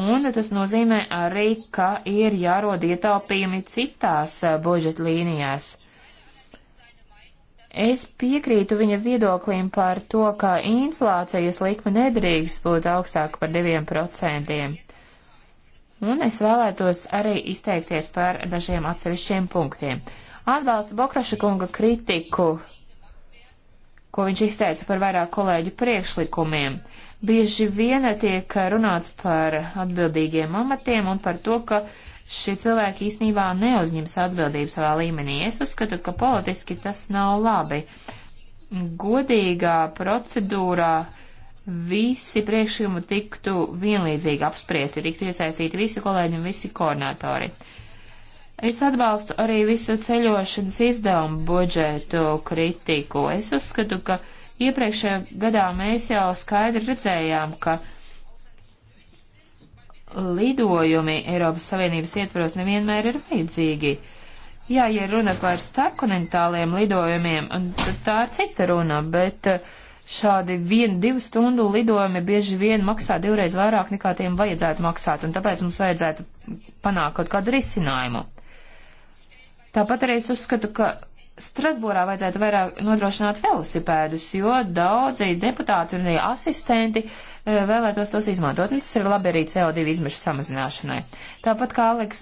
Un tas nozīmē arī, ka ir jārod ietaupījumi citās budžeta līnijās. Es piekrītu viņa viedoklim par to, ka inflācijas likme nedrīkst būt augstāka par 2%. Un es vēlētos arī izteikties par dažiem atsevišķiem punktiem. Atbalstu Bokraša kunga kritiku ko viņš izteica par vairāk kolēģu priekšlikumiem. Bieži vien tiek runāts par atbildīgiem amatiem un par to, ka šie cilvēki īsnībā neuzņems atbildību savā līmenī. Es uzskatu, ka politiski tas nav labi. Godīgā procedūrā visi priekšlikumi tiktu vienlīdzīgi apspriesti, tiktu iesaistīti visi kolēģi un visi koordinatori. Uh, Es atbalstu arī visu ceļošanas izdevumu budžetu kritiku. Es uzskatu, ka iepriekšējā gadā mēs jau skaidri redzējām, ka lidojumi Eiropas Savienības ietvaros nevienmēr ir vajadzīgi. Jā, ja runa par starpkontinentāliem lidojumiem, tad tā ir cita runa, bet eh, šādi vienu, divu stundu lidojumi bieži vien maksā divreiz vairāk nekā tiem vajadzētu maksāt, un tāpēc mums vajadzētu panākt kaut kādu risinājumu. Tāpat arī es uzskatu, ka Strasbūrā vajadzētu vairāk nodrošināt velosipēdus, jo daudzi deputāti un arī asistenti e, vēlētos tos izmantot. Un tas ir labi arī CO2 izmešu samazināšanai. Tāpat kā Aleks.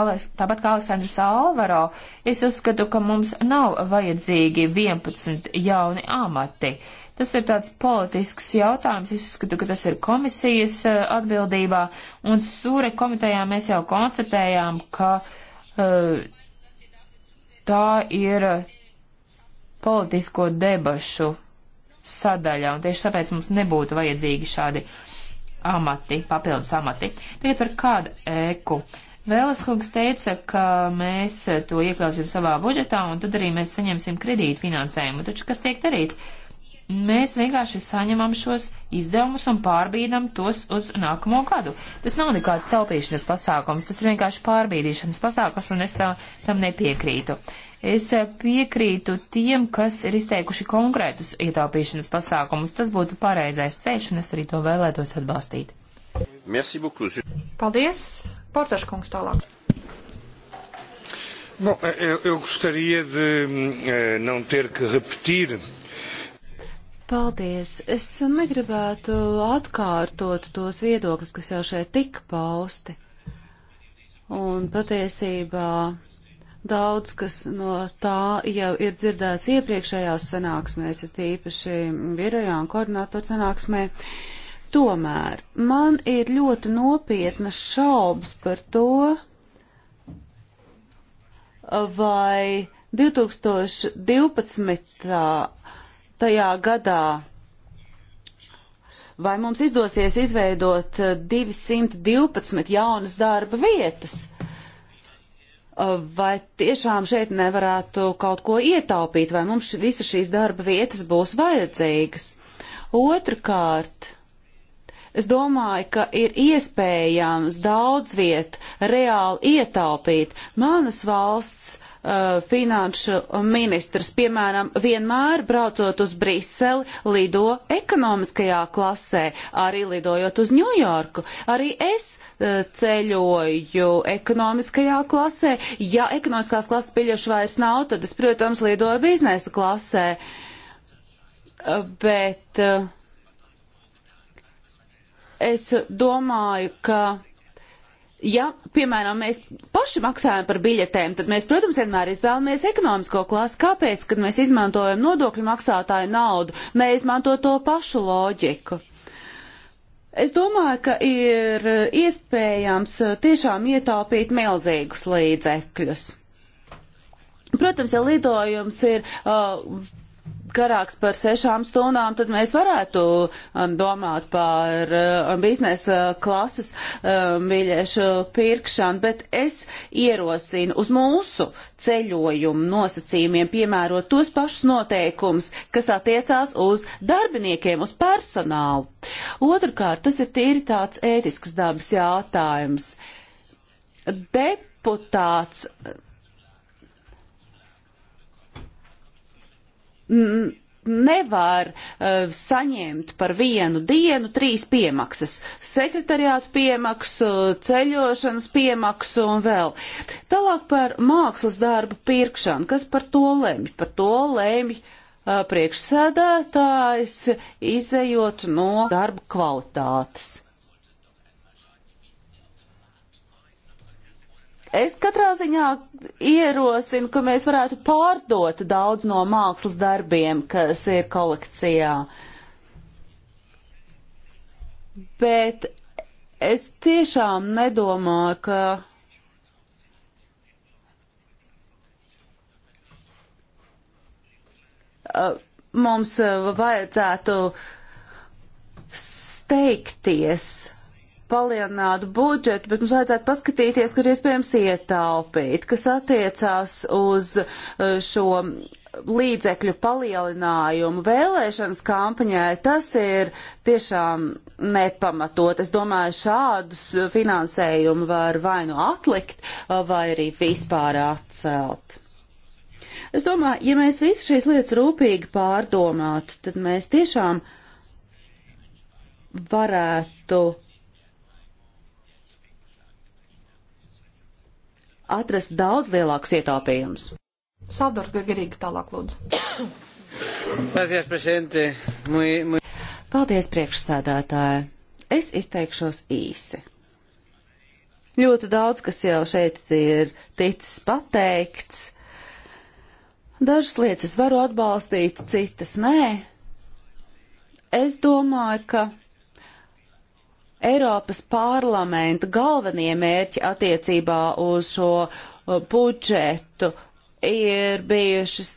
Aleks, tāpat kā Aleksandrs Alvaro, es uzskatu, ka mums nav vajadzīgi 11 jauni amati. Tas ir tāds politisks jautājums. Es uzskatu, ka tas ir komisijas e, atbildībā, un Sūre komitejā mēs jau konstatējām, ka uh, Eh, tā ir politisko debašu sadaļa, un tieši tāpēc mums nebūtu vajadzīgi šādi amati, papildus amati. Tagad par kādu ēku. Vēleskungs teica, ka mēs to iekļausim savā budžetā, un tad arī mēs saņemsim kredītu finansējumu. Taču kas tiek darīts? Mēs vienkārši saņemam šos izdevumus un pārbīdam tos uz nākamo gadu. Tas nav nekāds taupīšanas pasākums, tas ir vienkārši pārbīdīšanas pasākums, un es tā, tam nepiekrītu. Es eh, piekrītu tiem, kas ir izteikuši konkrētus ietaupīšanas pasākumus. Tas būtu pareizais ceļš, un es arī to vēlētos atbalstīt. Merci beaucoup. Paldies. Portaškungs tālāk. Bom, eh, eu, eu gostaria de eh, não ter que repetir eh, Paldies! Es negribētu atkārtot tos viedokļus, kas jau šeit tika pausti. Un patiesībā daudz, kas no tā jau ir dzirdēts iepriekšējās sanāksmēs, ir tīpaši virojā un koordinātoru sanāksmē. Tomēr man ir ļoti nopietnas šaubas par to, vai 2012 gadā vai mums izdosies izveidot 212 eh, jaunas darba vietas? Eh, vai tiešām šeit nevarētu kaut ko ietaupīt, vai mums visa šīs darba vietas būs vajadzīgas? Otrakārt, es domāju, ka ir iespējams daudz viet reāli ietaupīt. Manas valsts Uh, finanšu ministrs, piemēram, vienmēr braucot uz Briseli, lido ekonomiskajā klasē, arī lidojot uz Ņujorku. Arī es uh, ceļoju ekonomiskajā klasē. Ja ekonomiskās klases biļešu vairs nav, tad es, protams, lidoju biznesa klasē. Uh, bet uh, es domāju, ka ja, piemēram, mēs paši maksājam par biļetēm, tad mēs, protams, vienmēr izvēlamies ekonomisko klasu. Kāpēc, kad mēs izmantojam nodokļu maksātāju naudu, neizmanto to pašu loģiku? Es domāju, ka ir iespējams uh, tiešām ietaupīt milzīgus līdzekļus. Protams, ja lidojums ir uh, garāks par sešām stundām, tad mēs varētu um, domāt par uh, um, biznesa klases biļešu um, pirkšanu, bet es ierosinu uz mūsu ceļojumu nosacījumiem piemērot tos pašus noteikumus, kas attiecās uz darbiniekiem, uz personālu. Otrkārt, tas ir tīri tāds ētisks dabas jautājums. Deputāts nevar uh, saņemt par vienu dienu trīs piemaksas - sekretariātu piemaksu, ceļošanas piemaksu un vēl. Tālāk par mākslas darbu pirkšanu. Kas par to lemj? Par to lemj uh, priekšsēdētājs, izējot no darba kvalitātes. Es katrā ziņā ierosinu, ka mēs varētu pārdot daudz no mākslas darbiem, kas ir kolekcijā. Bet es tiešām nedomāju, ka. Mums vajadzētu steigties palielinātu budžetu, bet mums vajadzētu paskatīties, kur iespējams ietaupīt, kas attiecās uz eh, šo līdzekļu palielinājumu vēlēšanas kampaņai, tas ir tiešām nepamatot. Es domāju, šādus finansējumu var vai nu atlikt, eh, vai arī vispār atcelt. Es domāju, ja mēs visu šīs lietas rūpīgi pārdomātu, tad mēs tiešām varētu atrast daudz lielākus ietaupījumus. Sādors Gagarīga tālāk lūdzu. Paldies, prezidente. Muy, muy... Paldies, priekšsēdētāji. Es izteikšos īsi. Ļoti daudz, kas jau šeit ir ticis pateikts. Dažas lietas varu atbalstīt, citas nē. Es domāju, ka Eiropas parlamenta galvenie mērķi attiecībā uz šo uh, budžetu ir bijušas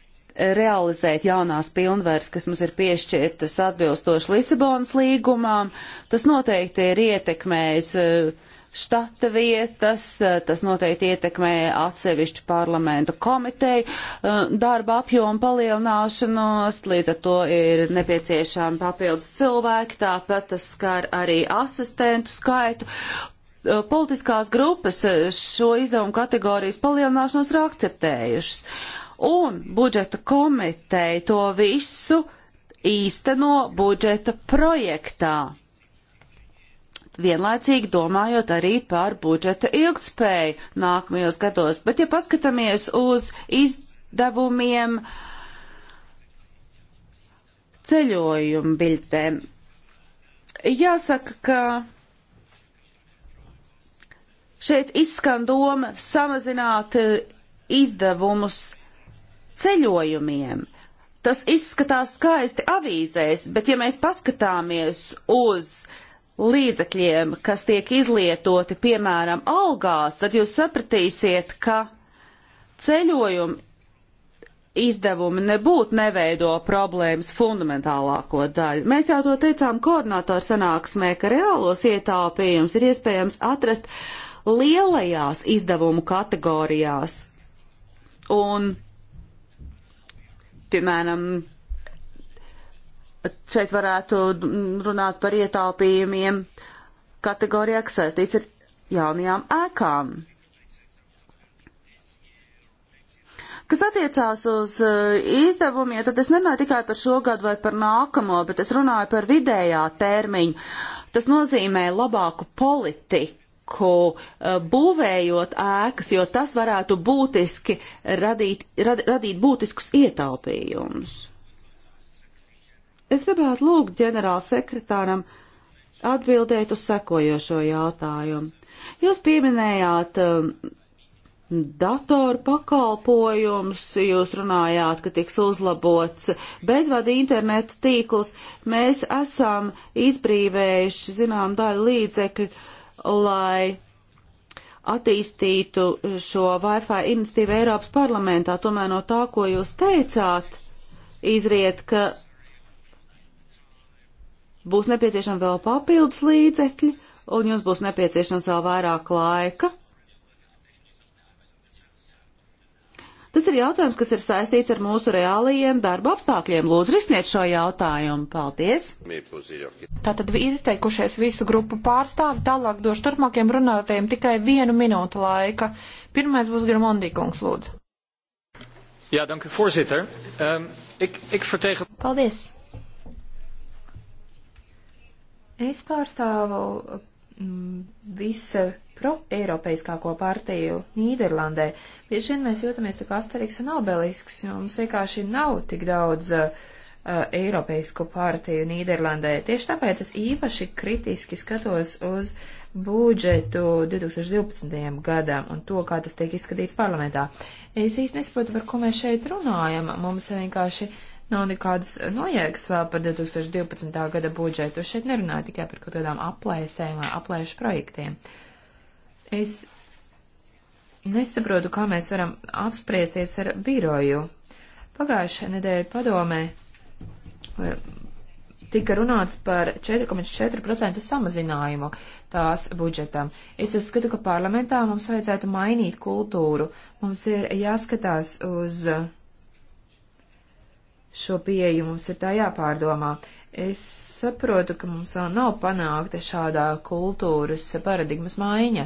realizēt jaunās pilnvaras, kas mums ir piešķirtas atbilstoši Lisabonas līgumām. Tas noteikti ir ietekmējis uh, štata vietas, eh, tas noteikti ietekmē atsevišķu parlamentu komiteju eh, darba apjomu palielināšanos, līdz ar to ir nepieciešami papildus cilvēki, tāpat tas skar arī asistentu skaitu. Eh, politiskās grupas šo izdevumu kategorijas palielināšanos ir akceptējušas. Un budžeta komiteja to visu īsteno budžeta projektā vienlaicīgi domājot arī par budžeta ilgtspēju nākamajos gados. Bet, ja paskatāmies uz izdevumiem ceļojumu biļtēm, jāsaka, ka šeit izskan doma samazināt eh, izdevumus ceļojumiem. Tas izskatās skaisti avīzēs, bet ja mēs paskatāmies uz uh, līdzekļiem, kas tiek izlietoti, piemēram, algās, tad jūs sapratīsiet, ka ceļojumi izdevumi nebūtu neveido problēmas fundamentālāko daļu. Mēs jau to teicām koordinātoru sanāksmē, ka reālos ietāpījums ir iespējams atrast lielajās izdevumu kategorijās. Un, piemēram, šeit varētu runāt par ietaupījumiem kategorijā, kas saistīts ar jaunajām ēkām. Kas attiecās uz eh, izdevumiem, tad es nerunāju tikai par šo gadu vai par nākamo, bet es runāju par vidējā termiņu. Tas nozīmē labāku politiku, eh, būvējot ēkas, jo tas varētu būtiski radīt, rad, radīt būtiskus ietaupījumus. Es gribētu lūgt ģenerāla sekretāram atbildēt uz sekojošo jautājumu. Jūs pieminējāt um, datoru pakalpojums, jūs runājāt, ka tiks uzlabots bezvada internetu tīkls. Mēs esam izbrīvējuši, zinām, daļu līdzekļu, lai attīstītu šo Wi-Fi iniciatīvu Eiropas parlamentā. Tomēr no tā, ko jūs teicāt, izriet, ka būs nepieciešami vēl papildus līdzekļi, un jums būs nepieciešams vēl vairāk laika. Tas ir jautājums, kas ir saistīts ar mūsu reālajiem darba apstākļiem. Lūdzu, risniet šo jautājumu. Paldies! Tātad ir izteikušies visu grupu pārstāvi. Tālāk došu turpmākiem runātajiem tikai vienu minūtu laika. Pirmais būs Grimondīkungs, lūdzu. Jā, danku, voorzitter. Um, ik, ik vertegen... Paldies! Es pārstāvu mm, visu pro-eiropeiskāko partiju Nīderlandē. Bieži vien mēs jūtamies tā kā Asteriks un Obelisks, jo mums vienkārši nav tik daudz uh, eiropeisku partiju Nīderlandē. Tieši tāpēc es īpaši kritiski skatos uz budžetu 2012. gadam un to, kā tas tiek izskatīts parlamentā. Es īsti nesaprotu, par ko mēs šeit runājam. Mums vienkārši Nav nekādas nojēgas vēl par 2012. gada budžetu. Šeit nerunāju tikai par kaut kādām aplēsēm vai aplēšu projektiem. Es nesaprotu, kā mēs varam apspriesties ar biroju. Pagājušajā nedēļā padomē eh, tika runāts par 4,4% samazinājumu tās budžetam. Es uzskatu, ka parlamentā mums vajadzētu mainīt kultūru. Mums ir jāskatās uz šo pieeju mums ir tā jāpārdomā. Es saprotu, ka mums vēl nav panākta šādā kultūras paradigmas maiņa.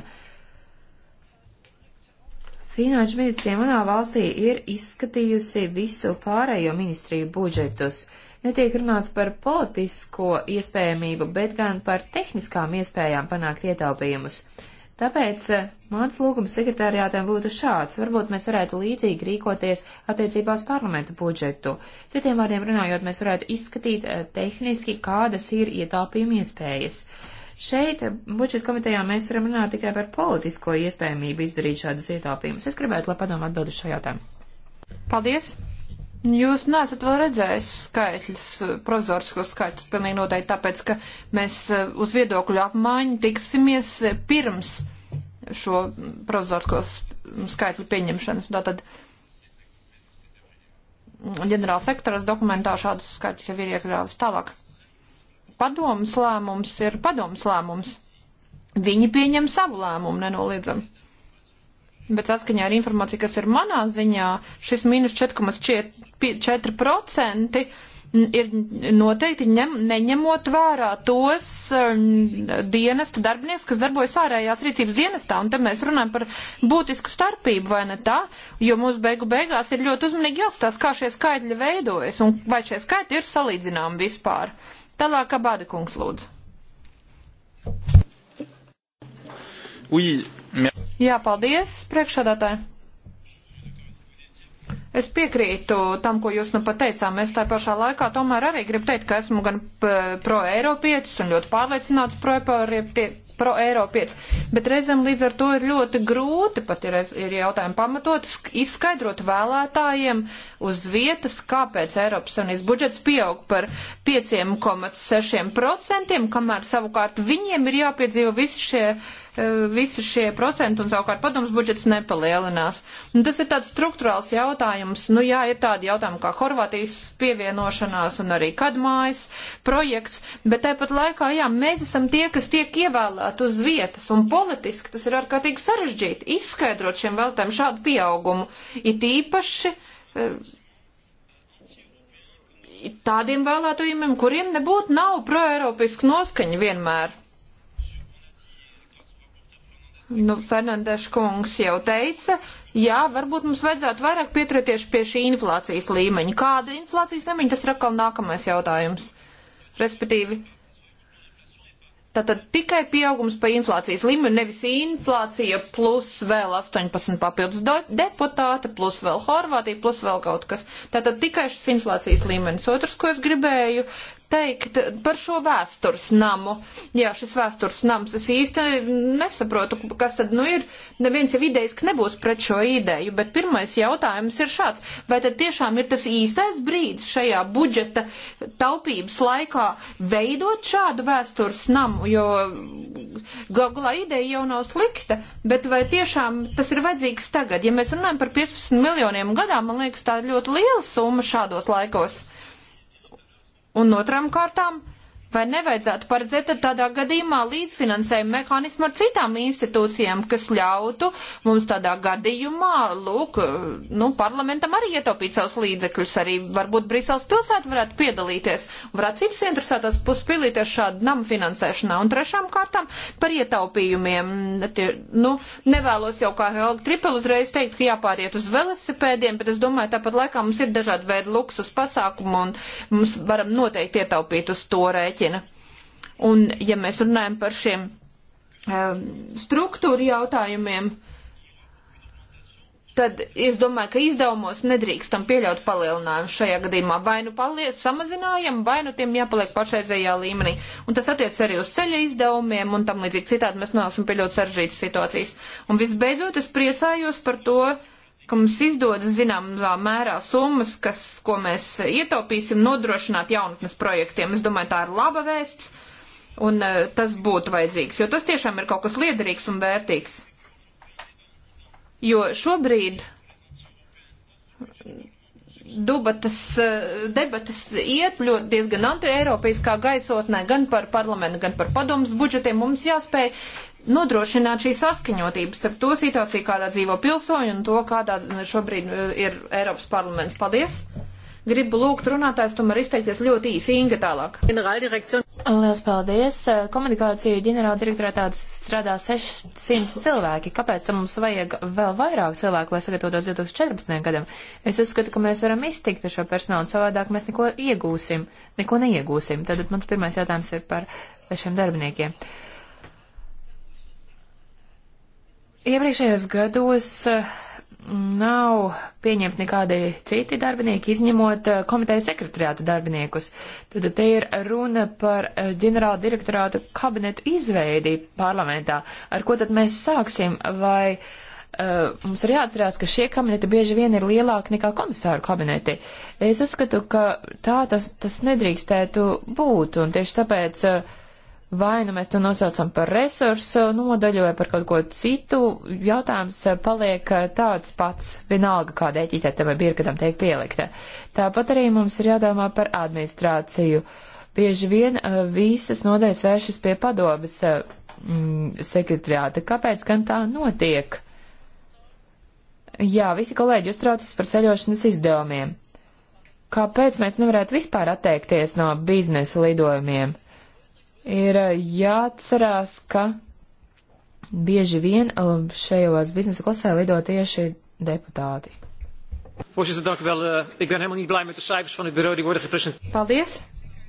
Finanšu ministrija manā valstī ir izskatījusi visu pārējo ministriju budžetus. Netiek runāts par politisko iespējamību, bet gan par tehniskām iespējām panākt ietaupījumus. Tāpēc eh, mans lūgums sekretārijātēm būtu šāds. Varbūt mēs varētu līdzīgi rīkoties attiecībā uz parlamenta budžetu. Citiem vārdiem runājot, mēs varētu izskatīt eh, tehniski, kādas ir ietaupījuma iespējas. Šeit eh, budžeta komitejā mēs varam runāt tikai par politisko iespējamību izdarīt šādas ietaupījumus. Es gribētu, lai padomu atbildu šo jautājumu. Paldies! Jūs nesat vēl redzējis skaitļus, prozoriskos skaitļus, pilnīgi noteikti, tāpēc, ka mēs eh, uz viedokļu apmaiņu tiksimies eh, pirms šo prozoriskos skaitļu pieņemšanas. Tātad mm, ģenerāla sektoras dokumentā šādus skaitļus jau ir iekļāvis tālāk. Padomas lēmums ir padomas lēmums. Viņi pieņem savu lēmumu nenoliedzami. Bet saskaņā ar informāciju, kas ir manā ziņā, šis mīnus 4,4% ir noteikti ņem, neņemot vērā tos um, dienesta darbiniekus, kas darbojas ārējās rīcības dienestā. Un te mēs runājam par būtisku starpību, vai ne tā? Jo mums beigu beigās ir ļoti uzmanīgi jāskatās, kā šie skaitļi veidojas un vai šie skaitļi ir salīdzināmi vispār. Tālāk abādi kungs lūdzu. Oui, merci. Jā, paldies, priekšsādātāji. Es piekrītu tam, ko jūs nu pateicām. Es tā pašā laikā tomēr arī gribu teikt, ka esmu gan pro-eiropietis un ļoti pārliecināts pro-eiropietis. Bet reizēm līdz ar to ir ļoti grūti, pat ir, ir jautājumi pamatot, izskaidrot vēlētājiem uz vietas, kāpēc Eiropas Savienības budžets pieaug par 5,6%, kamēr savukārt viņiem ir jāpiedzīvo visi šie Eh, visi šie procenti un savukārt padoms budžets nepalielinās. Un nu, tas ir tāds struktūrāls jautājums. Nu jā, ir tādi jautājumi kā Horvātijas pievienošanās un arī kadmājas projekts, bet tāpat laikā, jā, mēs esam tie, kas tiek ievēlēti uz vietas un politiski tas ir ārkārtīgi sarežģīti izskaidrot šiem veltēm šādu pieaugumu. It īpaši eh, tādiem vēlētājiem, kuriem nebūtu nav proeiropisku noskaņu vienmēr. Nu, Fernandeša kungs jau teica, jā, varbūt mums vajadzētu vairāk pieturēties pie šī inflācijas līmeņa. Kāda inflācijas līmeņa, tas ir atkal nākamais jautājums. Respektīvi, tātad tikai pieaugums pa inflācijas līmeni, nevis inflācija plus vēl 18 papildus deputāti, plus vēl Horvātija, plus vēl kaut kas. Tātad tikai šis inflācijas līmenis. Otrs, ko es gribēju teikt par šo vēstures namu. Jā, šis vēstures nams, es īsti nesaprotu, kas tad nu ir. Neviens jau idejas, ka nebūs pret šo ideju, bet pirmais jautājums ir šāds. Vai tad tiešām ir tas īstais brīdis šajā budžeta taupības laikā veidot šādu vēstures namu, jo galā ideja jau nav slikta, bet vai tiešām tas ir vajadzīgs tagad? Ja mēs runājam par 15 miljoniem gadā, man liekas, tā ir ļoti liela summa šādos laikos. Un otram kārtām Vai nevajadzētu paredzēt tādā gadījumā līdzfinansējumu mehānismu ar citām institūcijām, kas ļautu mums tādā gadījumā, lūk, nu, parlamentam arī ietaupīt savus līdzekļus, arī varbūt Briseles pilsēta varētu piedalīties, varētu citas interesētās puses pilīties šādu namu finansēšanā. Un trešām kārtām par ietaupījumiem. Tie, nu, nevēlos jau kā Helga Tripel uzreiz teikt, ka jāpāriet uz velosipēdiem, bet es domāju, tāpat laikā mums ir dažādi veidi luksus pasākumu un mums varam noteikti ietaupīt uz to rēķinu rēķina. Un, ja mēs runājam par šiem um, struktūra jautājumiem, tad es domāju, ka izdevumos nedrīkstam pieļaut palielinājumu šajā gadījumā. Vai nu paliec samazinājam, vai nu tiem jāpaliek pašreizējā līmenī. Un tas attiec arī uz ceļa izdevumiem un tam līdzīgi citādi mēs nonāksim pie ļoti saržītas situācijas. Un visbeidzot, es priecājos par to, uh, ka mums izdodas zināmā mērā summas, kas, ko mēs ietaupīsim, nodrošināt jaunatnes projektiem. Es domāju, tā ir laba vēsts, un eh, tas būtu vajadzīgs, jo tas tiešām ir kaut kas liederīgs un vērtīgs. Jo šobrīd dubatas eh, debatas iet ļoti diezgan antieiropeiskā gaisotnē, gan par parlamentu, gan par padomus budžetiem. Mums jāspēj nodrošināt šī saskaņotība starp to situāciju, kādā dzīvo pilsoņi un to, kādā šobrīd uh, ir Eiropas parlaments. Paldies! Gribu lūgt runātājs tomēr izteikties ļoti īsi Inga tālāk. Liels paldies! Uh, komunikāciju ģenerāldirektorātā strādā 600 cilvēki. Kāpēc tam mums vajag vēl vairāk cilvēku, lai sagatavotos 2014. gadam? Es uzskatu, ka mēs varam iztikt ar šo personālu, savādāk mēs neko iegūsim, neko neiegūsim. Tātad mans pirmais jautājums ir par šiem darbiniekiem. Uh, Iepriekšējos gados eh, nav pieņemti nekādi citi darbinieki, izņemot eh, komitejas sekretariātu darbiniekus. Tad te ir runa par eh, ģenerāla direktorāta kabinetu izveidi parlamentā. Ar ko tad mēs sāksim? Vai uh, mums ir jāatcerās, ka šie kabineti bieži vien ir lielāki nekā komisāru kabineti? Es uzskatu, ka tā tas, tas nedrīkstētu būt, un tieši tāpēc. Uh, Vai nu mēs to nosaucam par resursu nodaļu vai par kaut ko citu, jautājums eh, paliek eh, tāds pats, vienalga kādai ķītētam vai birkadam tiek pielikta. Tāpat arī mums ir jādomā par administrāciju. Bieži vien eh, visas nodaļas vēršas pie padomas mm, sekretariāta. Kāpēc gan tā notiek? Jā, visi kolēģi uztraucas par ceļošanas izdevumiem. Kāpēc mēs nevarētu vispār atteikties no biznesa lidojumiem? ir eh, jāatcerās, ka bieži vien eh, šajos biznesa klasē lido tieši deputāti. Voorzitter, dank u wel. Eh, ik ben helemaal niet blij met de cijfers van het bureau die worden gepresenteerd. Paldies.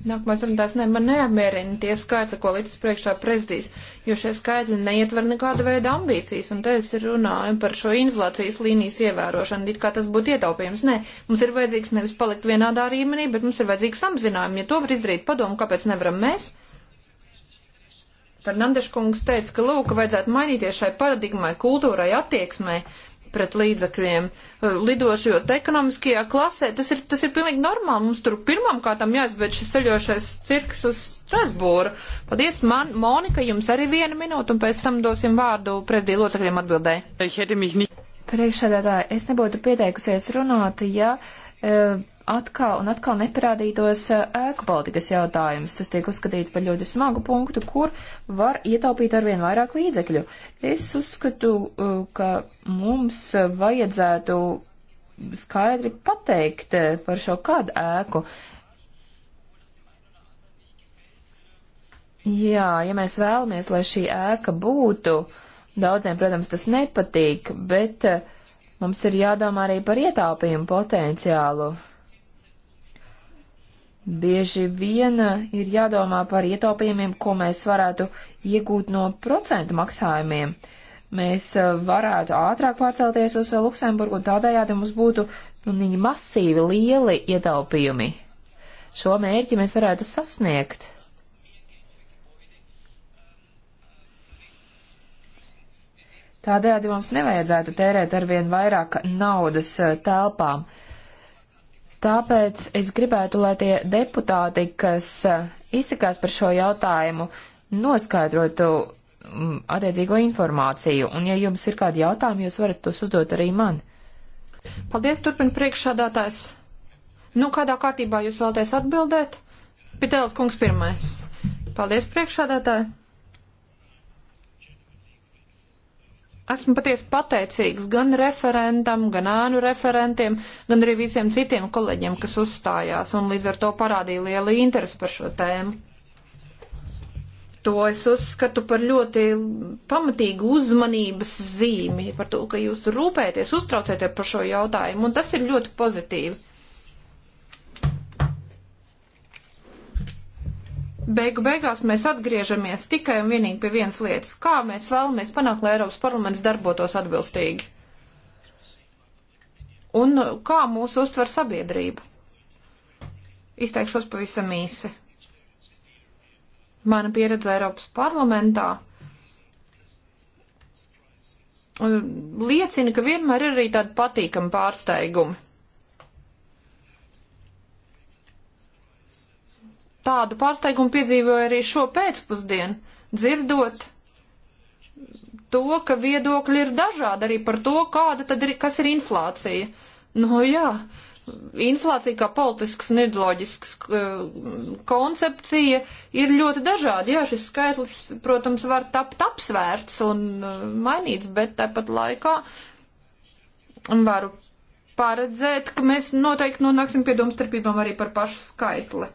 Nākamais runātājs ne, man neapmierina tie skaitļi, ko līdz priekšā prezidijas, jo šie skaitļi neietver nekāda veida ambīcijas, un te es runāju par šo inflācijas līnijas ievērošanu, it kā tas būtu ietaupījums. Nē, mums ir vajadzīgs nevis palikt vienādā līmenī, bet mums ir vajadzīgs samazinājumi. Ja to var izdarīt padomu, kāpēc nevaram mēs? Fernandeša kungs teica, ka lūk, vajadzētu mainīties šai paradigmai, kultūrai, attieksmai pret līdzakļiem. Eh, Lidošajot ekonomiskajā klasē, tas ir, tas ir pilnīgi normāli. Mums tur pirmām kārtām jāizbeidz šis ceļošais cirks uz Strasbūru. Paldies, man, Monika, jums arī viena minūte, un pēc tam dosim vārdu prezidiju locekļiem atbildēji. Priekšsēdētāji, es nebūtu pieteikusies runāt, ja. Uh, atkal un atkal neparādītos eh, ēku politikas jautājums. Tas tiek uzskatīts par ļoti smagu punktu, kur var ietaupīt arvien vairāk līdzekļu. Es uzskatu, eh, ka mums vajadzētu skaidri pateikt eh, par šo kādu ēku. Jā, ja mēs vēlamies, lai šī ēka būtu, daudziem, protams, tas nepatīk, bet mums ir jādomā arī par ietaupījumu potenciālu Bieži vien uh, ir jādomā par ietaupījumiem, ko mēs varētu iegūt no procentu maksājumiem. Mēs uh, varētu ātrāk pārcelties uz uh, Luksemburgu un tādējādi mums būtu nu, masīvi lieli ietaupījumi. Šo mērķi mēs varētu sasniegt. Tādējādi mums nevajadzētu tērēt arvien vairāk naudas telpām. Uh, Tāpēc es gribētu, lai tie deputāti, kas uh, izsakās par šo jautājumu, noskaidrotu mm, attiecīgo informāciju, un ja jums ir kādi jautājumi, jūs varat tos uzdot arī man. Paldies, turpin priekšādātājs. Nu, kādā kārtībā jūs vēlaties atbildēt? Pitēls kungs pirmais. Paldies, priekšādātāji. Esmu patiesi pateicīgs gan referentam, gan ānu referentiem, gan arī visiem citiem kolēģiem, kas uzstājās un līdz ar to parādīja lielu interesi par šo tēmu. To es uzskatu par ļoti pamatīgu uzmanības zīmi, par to, ka jūs rūpēties, uztraucieties par šo jautājumu, un tas ir ļoti pozitīvi. Beigu beigās mēs atgriežamies tikai un vienīgi pie vienas lietas - kā mēs vēlamies panākt, lai Eiropas parlaments darbotos atbilstīgi. Un uh, kā mūs uztver sabiedrība? Izteikšos pavisam īsi. Mana pieredze Eiropas parlamentā uh, liecina, ka vienmēr ir arī tādi patīkami pārsteigumi. Tādu pārsteigumu piedzīvoju arī šo pēcpusdienu, dzirdot to, ka viedokļi ir dažādi arī par to, kāda tad ir, kas ir inflācija. Nu jā, inflācija kā politisks un ideoloģisks koncepcija ir ļoti dažāda. Jā, šis skaitlis, protams, var tapt apsvērts un e, mainīts, bet tāpat laikā varu paredzēt, ka mēs noteikti nonāksim pie domstarpībām arī par pašu skaitli.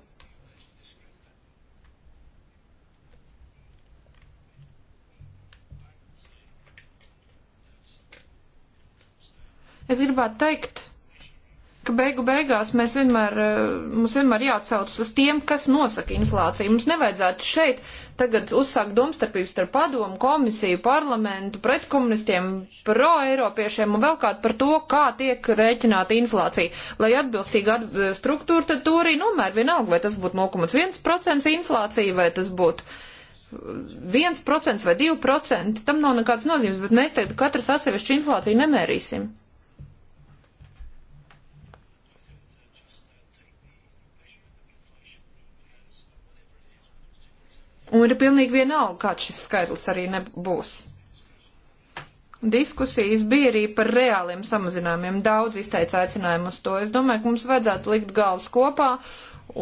Es gribētu teikt, ka beigu beigās mēs vienmēr, eh, mums vienmēr jāatsauc uz tiem, kas nosaka inflāciju. Mums nevajadzētu šeit tagad uzsākt domstarpības starp padomu, komisiju, parlamentu, pretkomunistiem, pro-eiropiešiem un vēl kādu par to, kā tiek rēķināta inflācija. Lai atbilstīga at struktūra, tad to arī nomēr vienalga, vai tas būtu 0,1% inflācija, vai tas būtu. 1% eh, vai 2% tam nav nekādas nozīmes, bet mēs tagad katrs atsevišķu inflāciju nemērīsim. Un ir pilnīgi vienalga, kāds šis skaitlis arī nebūs. Diskusijas bija arī par reāliem samazinājumiem. Daudz izteica aicinājumu uz to. Es domāju, ka mums vajadzētu likt galvas kopā,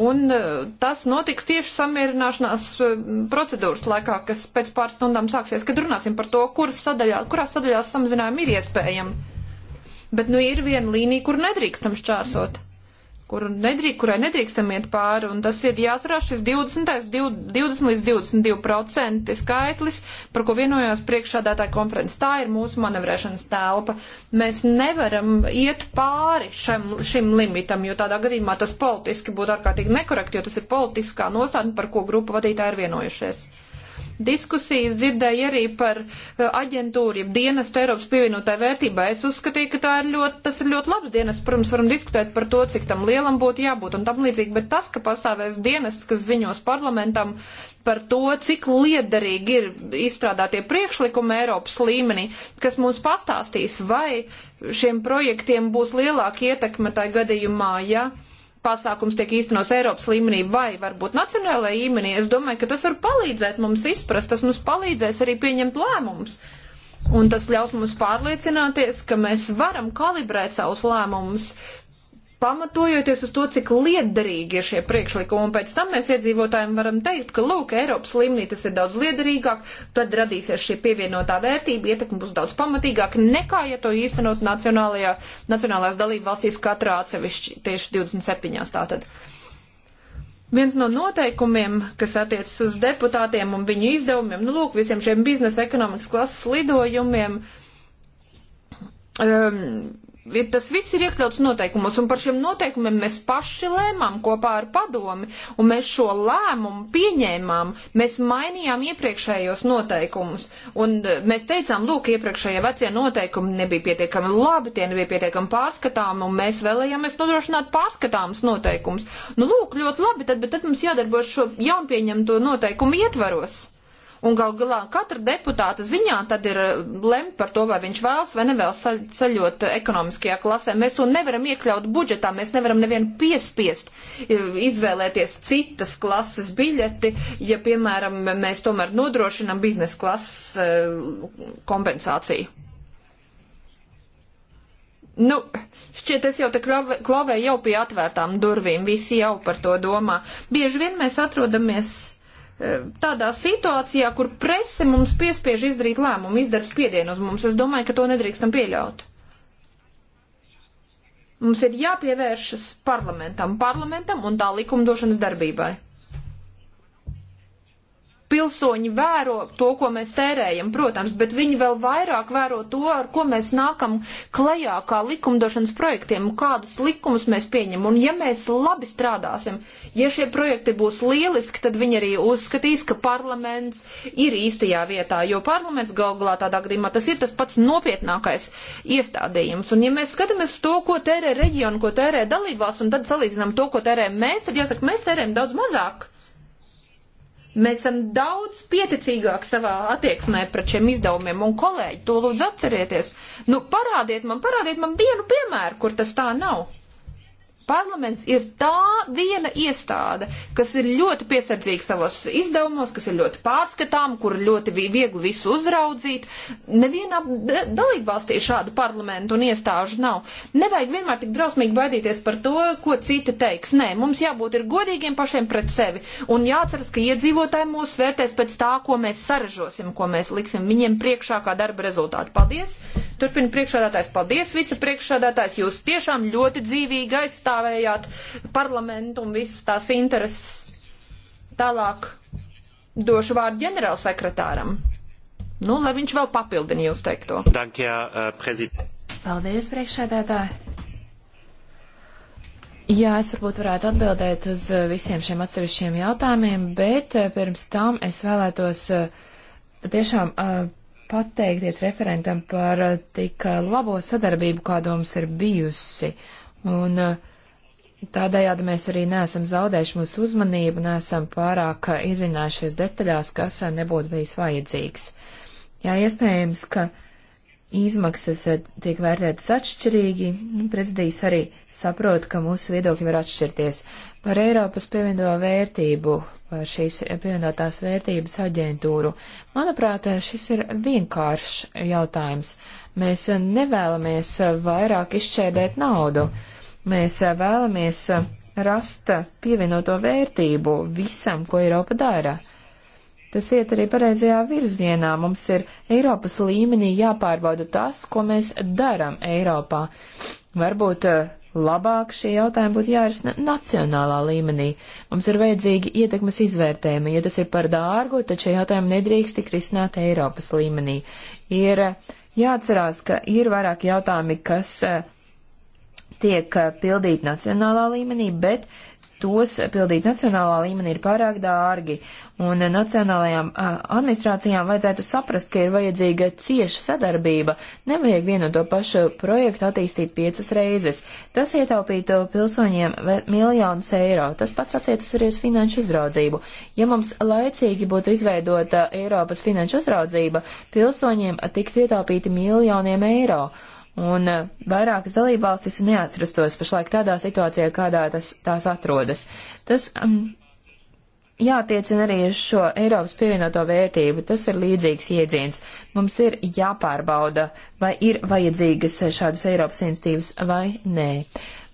un e, tas notiks tieši samierināšanās e, procedūras laikā, kas pēc pāris stundām sāksies, kad runāsim par to, kuras sadaļā, kurās sadaļās samazinājumi ir iespējami. Bet nu ir viena līnija, kur nedrīkstam šķērsot kur nedrīk, kurai nedrīkstam iet pāri, un tas ir jāatcerās šis 20, 20 līdz 22 procenti skaitlis, par ko vienojās priekšādātāja konferences. Tā ir mūsu manevrēšanas telpa. Mēs nevaram iet pāri šem, šim limitam, jo tādā gadījumā tas politiski būtu ārkārtīgi nekorekti, jo tas ir politiskā nostādne, par ko grupu vadītāji ir vienojušies diskusijas dzirdēju arī par eh, aģentūru, ja dienestu Eiropas pievienotā vērtībā. Es uzskatīju, ka tā ir ļoti, tas ir ļoti labs dienests. Protams, varam diskutēt par to, cik tam lielam būtu jābūt un tam līdzīgi, bet tas, ka pastāvēs dienests, kas ziņos parlamentam par to, cik liederīgi ir izstrādātie priekšlikumi Eiropas līmenī, kas mums pastāstīs, vai šiem projektiem būs lielāka ietekme tajā gadījumā, ja pasākums tiek īstenots Eiropas līmenī vai varbūt nacionālajā līmenī, es domāju, ka tas var palīdzēt mums izprast, tas mums palīdzēs arī pieņemt lēmumus. Un tas ļaus mums pārliecināties, ka mēs varam kalibrēt savus lēmumus pamatojoties uz to, cik liederīgi ir šie priekšlikumi, un pēc tam mēs iedzīvotājiem varam teikt, ka, lūk, Eiropas līmenī tas ir daudz liederīgāk, tad radīsies šī pievienotā vērtība, ietekme būs daudz pamatīgāk nekā, ja to īstenot nacionālajā, nacionālās dalību valstīs katrā atsevišķi tieši 27. tātad. Viens no noteikumiem, kas attiecas uz deputātiem un viņu izdevumiem, nu lūk, visiem šiem biznesa ekonomikas klases lidojumiem, um, ir, tas viss ir iekļauts noteikumos, un par šiem noteikumiem mēs paši lēmām kopā ar padomi, un mēs šo lēmumu pieņēmām, mēs mainījām iepriekšējos noteikumus, un e, mēs teicām, lūk, iepriekšējie vecie noteikumi nebija pietiekami labi, tie nebija pietiekami pārskatāmi, un mēs vēlējāmies nodrošināt pārskatāmus noteikumus. Nu, lūk, ļoti labi, tad, bet tad mums jādarbojas šo jaunpieņemto noteikumu ietvaros. Un gal galā katra deputāta ziņā tad ir eh, lemt par to, vai viņš vēlas vai nevēlas ceļot eh, ekonomiskajā klasē. Mēs to nevaram iekļaut budžetā, mēs nevaram nevienu piespiest eh, izvēlēties citas klases biļeti, ja, piemēram, mēs tomēr nodrošinam biznesa klases kompensāciju. Nu, šķiet, es jau te klavēju jau pie atvērtām durvīm, visi jau par to domā. Bieži vien mēs atrodamies tādā situācijā, kur prese mums piespiež izdarīt lēmumu, izdara spiedienu uz mums. Es domāju, ka to nedrīkstam pieļaut. Mums ir jāpievēršas parlamentam, parlamentam un tā likumdošanas darbībai pilsoņi vēro to, ko mēs tērējam, protams, bet viņi vēl vairāk vēro to, ar ko mēs nākam klajā kā likumdošanas projektiem, kādus likumus mēs pieņem. Un ja mēs labi strādāsim, ja šie projekti būs lieliski, tad viņi arī uzskatīs, ka parlaments ir īstajā vietā, jo parlaments gal galā tādā gadījumā tas ir tas pats nopietnākais iestādījums. Un ja mēs skatāmies uz to, ko tērē reģionu, ko tērē dalībās, un tad salīdzinām to, ko tērē mēs, tad jāsaka, mēs tērējam daudz mazāk Mēs esam daudz pieticīgāki savā attieksmē pret šiem izdevumiem, un kolēģi, to lūdzu atcerieties. Nu, parādiet man, parādiet man vienu piemēru, kur tas tā nav. Parlaments ir tā viena iestāde, kas ir ļoti piesardzīga savos izdevumos, kas ir ļoti pārskatām, kur ļoti viegli visu uzraudzīt. Nevienā dalībvalstī šādu parlamentu un iestāžu nav. Nevajag vienmēr tik drausmīgi baidīties par to, ko citi teiks. Nē, mums jābūt ir godīgiem pašiem pret sevi un jāceras, ka iedzīvotāji mūs vērtēs pēc tā, ko mēs saražosim, ko mēs liksim viņiem priekšā kā darba rezultātu. Paldies! Turpin priekšādātājs, paldies, vicepriekšādātājs, jūs tiešām ļoti dzīvīgi aizstāvjat aizstāvējāt parlamentu un visas tās intereses. Tālāk došu vārdu ģenerālsekretāram. Nu, lai viņš vēl papildina jūs teikto. Dankie, uh, Paldies, priekšsēdētāji. Jā, es varbūt varētu atbildēt uz uh, visiem šiem atsevišķiem jautājumiem, bet uh, pirms tam es vēlētos uh, patiešām uh, pateikties referentam par tik labo sadarbību, kāda mums ir bijusi. Un uh, Tādējādi mēs arī neesam zaudējuši mūsu uzmanību, neesam pārāk izrunājušies detaļās, kas nebūtu bijis vajadzīgs. Jā, iespējams, ka izmaksas eh, tiek vērtētas atšķirīgi, nu, prezidijas arī saprot, ka mūsu viedokļi var atšķirties par Eiropas pievienoto vērtību, par šīs pievienotās vērtības aģentūru. Manuprāt, šis ir vienkāršs jautājums. Mēs nevēlamies vairāk izšķēdēt naudu. Mm Mēs eh, vēlamies eh, rast pievienoto vērtību visam, ko Eiropa dara. Tas iet arī pareizajā virzienā. Mums ir Eiropas līmenī jāpārbauda tas, ko mēs darām Eiropā. Varbūt eh, labāk šie jautājumi būtu jārisina nacionālā līmenī. Mums ir vajadzīgi ietekmes izvērtējumi. Ja tas ir par dārgu, tad šie jautājumi nedrīkst tik risināt Eiropas līmenī. Ir jāatcerās, ka ir vairāk jautājumi, kas tiek eh, pildīti nacionālā līmenī, bet tos pildīt nacionālā līmenī ir pārāk dārgi, un nacionālajām eh, administrācijām vajadzētu saprast, ka ir vajadzīga cieša sadarbība. Nevajag vienu to pašu projektu attīstīt piecas reizes. Tas ietaupītu pilsoņiem miljonus eiro. Tas pats attiecas arī uz finanšu uzraudzību. Ja mums laicīgi būtu izveidota Eiropas finanšu uzraudzība, pilsoņiem tiktu ietaupīti miljoniem eiro Un eh, vairākas dalībvalstis neatrastos pašlaik tādā situācijā, kādā tas, tās atrodas. Tas um, jātiecina arī uz šo Eiropas pievienoto vērtību. Tas ir līdzīgs iedziens. Mums ir jāpārbauda, vai ir vajadzīgas šādas Eiropas institīvas vai nē.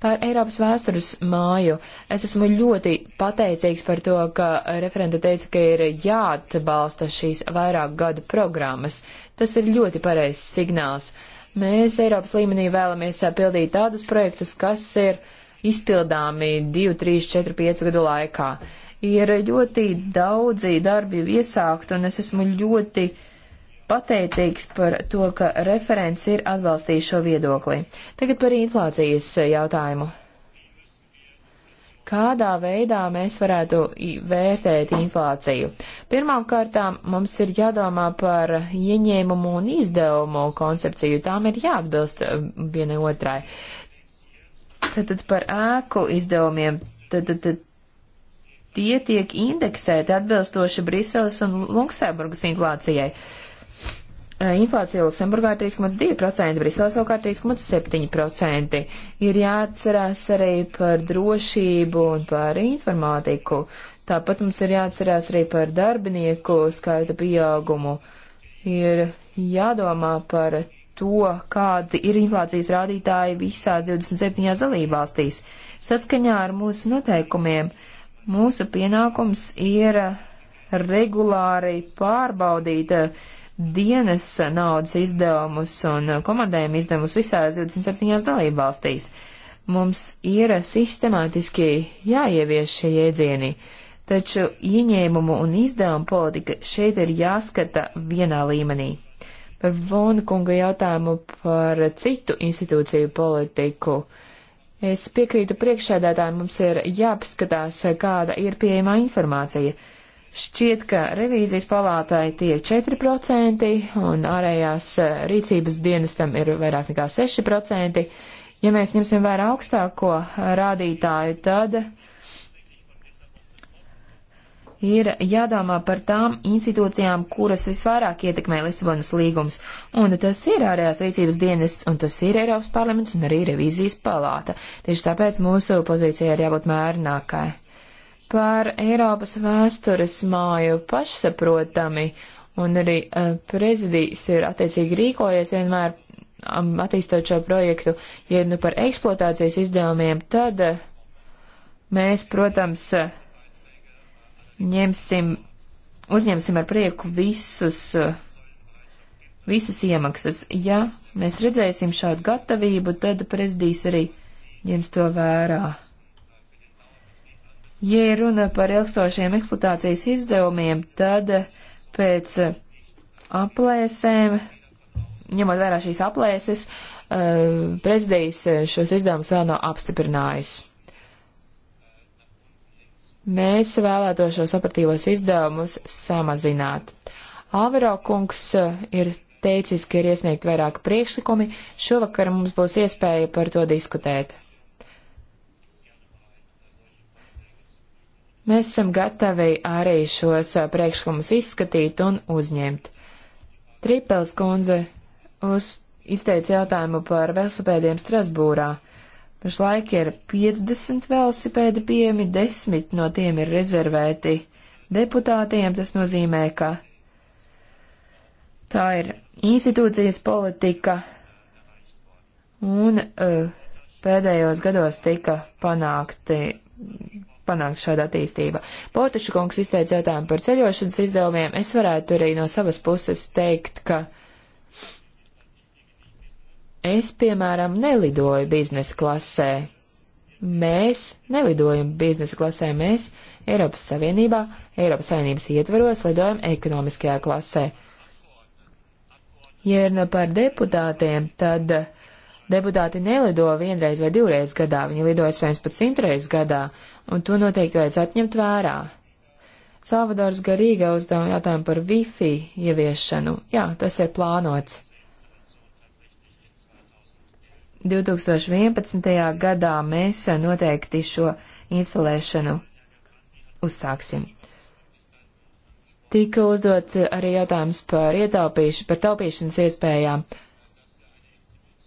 Par Eiropas vēstures māju es esmu ļoti pateicīgs par to, ka referenta teica, ka ir jāatbalsta šīs vairāk gadu programmas. Tas ir ļoti pareizs signāls. Uh, Mēs Eiropas līmenī vēlamies pildīt tādus projektus, kas ir izpildāmi 2, 3, 4, 5 gadu laikā. Ir ļoti daudzi darbi iesākt, un es esmu ļoti pateicīgs par to, ka referents ir atbalstījis šo viedokli. Tagad par inflācijas jautājumu kādā veidā mēs varētu vērtēt inflāciju. Pirmkārt, mums ir jādomā par ieņēmumu un izdevumu koncepciju. Tām ir jāatbilst e, vienai otrai. Tad par ēku izdevumiem. Tad, tad, tad, tie tiek indeksēti atbilstoši Briseles un Luksemburgas inflācijai. Uh, Eh, inflācija Luksemburgā ir 3,2%, Briselē savukārt 3,7%. Ir jāatcerās arī par drošību un par informātiku. Tāpat mums ir jāatcerās arī par darbinieku skaita pieaugumu. Ir jādomā par to, kādi ir inflācijas rādītāji visās 27 dalībvalstīs. Saskaņā ar mūsu noteikumiem mūsu pienākums ir regulāri pārbaudīt uh, dienas naudas izdevumus un komandējuma izdevumus visās 27 dalībvalstīs. Mums ir sistemātiski jāievieš šie jēdzieni, taču ieņēmumu un izdevumu politika šeit ir jāskata vienā līmenī. Par Vona kunga jautājumu par citu institūciju politiku. Es piekrītu priekšsēdētājiem, mums ir jāpaskatās, kāda ir pieejamā informācija. Šķiet, ka revīzijas palātai tie 4% un ārējās eh, rīcības dienestam ir vairāk nekā 6%. Ja mēs ņemsim vērā augstāko rādītāju, tad ir jādomā par tām institūcijām, kuras visvairāk ietekmē Lisabonas līgums. Un tas ir ārējās rīcības dienests, un tas ir Eiropas parlaments un arī revīzijas palāta. Tieši tāpēc mūsu pozīcija ir jābūt mērnākai par Eiropas vēstures māju pašsaprotami, un arī uh, prezidijs ir attiecīgi rīkojies vienmēr um, attīstot šo projektu. Ja nu par eksploatācijas izdevumiem, tad uh, mēs, protams, uh, ņemsim, uzņemsim ar prieku visus, visas iemaksas. Ja mēs redzēsim šādu gatavību, tad prezidijs arī ņems to vērā. Ja runa par ilgstošiem eksploatācijas izdevumiem, tad pēc aplēsēm, ņemot vērā šīs aplēses, eh, prezidijs šos izdevumus vēl nav apstiprinājis. Mēs vēlētos šos operatīvos izdevumus samazināt. Alvaro kungs eh, ir teicis, ka ir iesniegt vairāk priekšlikumi. Šovakar mums būs iespēja par to diskutēt. Mēs esam gatavi arī šos uh, priekšlikumus izskatīt un uzņemt. Tripels kundze uz izteica jautājumu par velosipēdiem Strasbūrā. Pašlaik ir 50 velosipēdi pieejami, 10 no tiem ir rezervēti deputātiem. Tas nozīmē, ka tā ir institūcijas politika un uh, pēdējos gados tika panākti panākt šāda attīstība. Portaša kungs izteica jautājumu par ceļošanas izdevumiem. Es varētu arī no savas puses teikt, ka es, piemēram, nelidoju biznesa klasē. Mēs nelidojam biznesa klasē, mēs Eiropas Savienībā, Eiropas Savienības ietveros lidojam ekonomiskajā klasē. Ja ir nu par deputātiem, tad uh, Deputāti nelido vienreiz vai divreiz gadā, viņi lido iespējams pat simtreiz gadā, un to noteikti vajadzētu ņemt vērā. Salvadors Garīga uzdeva jautājumu par Wi-Fi ieviešanu. Jā, tas ir plānots. 2011. gadā mēs noteikti šo instalēšanu uzsāksim. Tika uzdot arī jautājums par ietaupīšanu, par taupīšanas iespējām. Uh,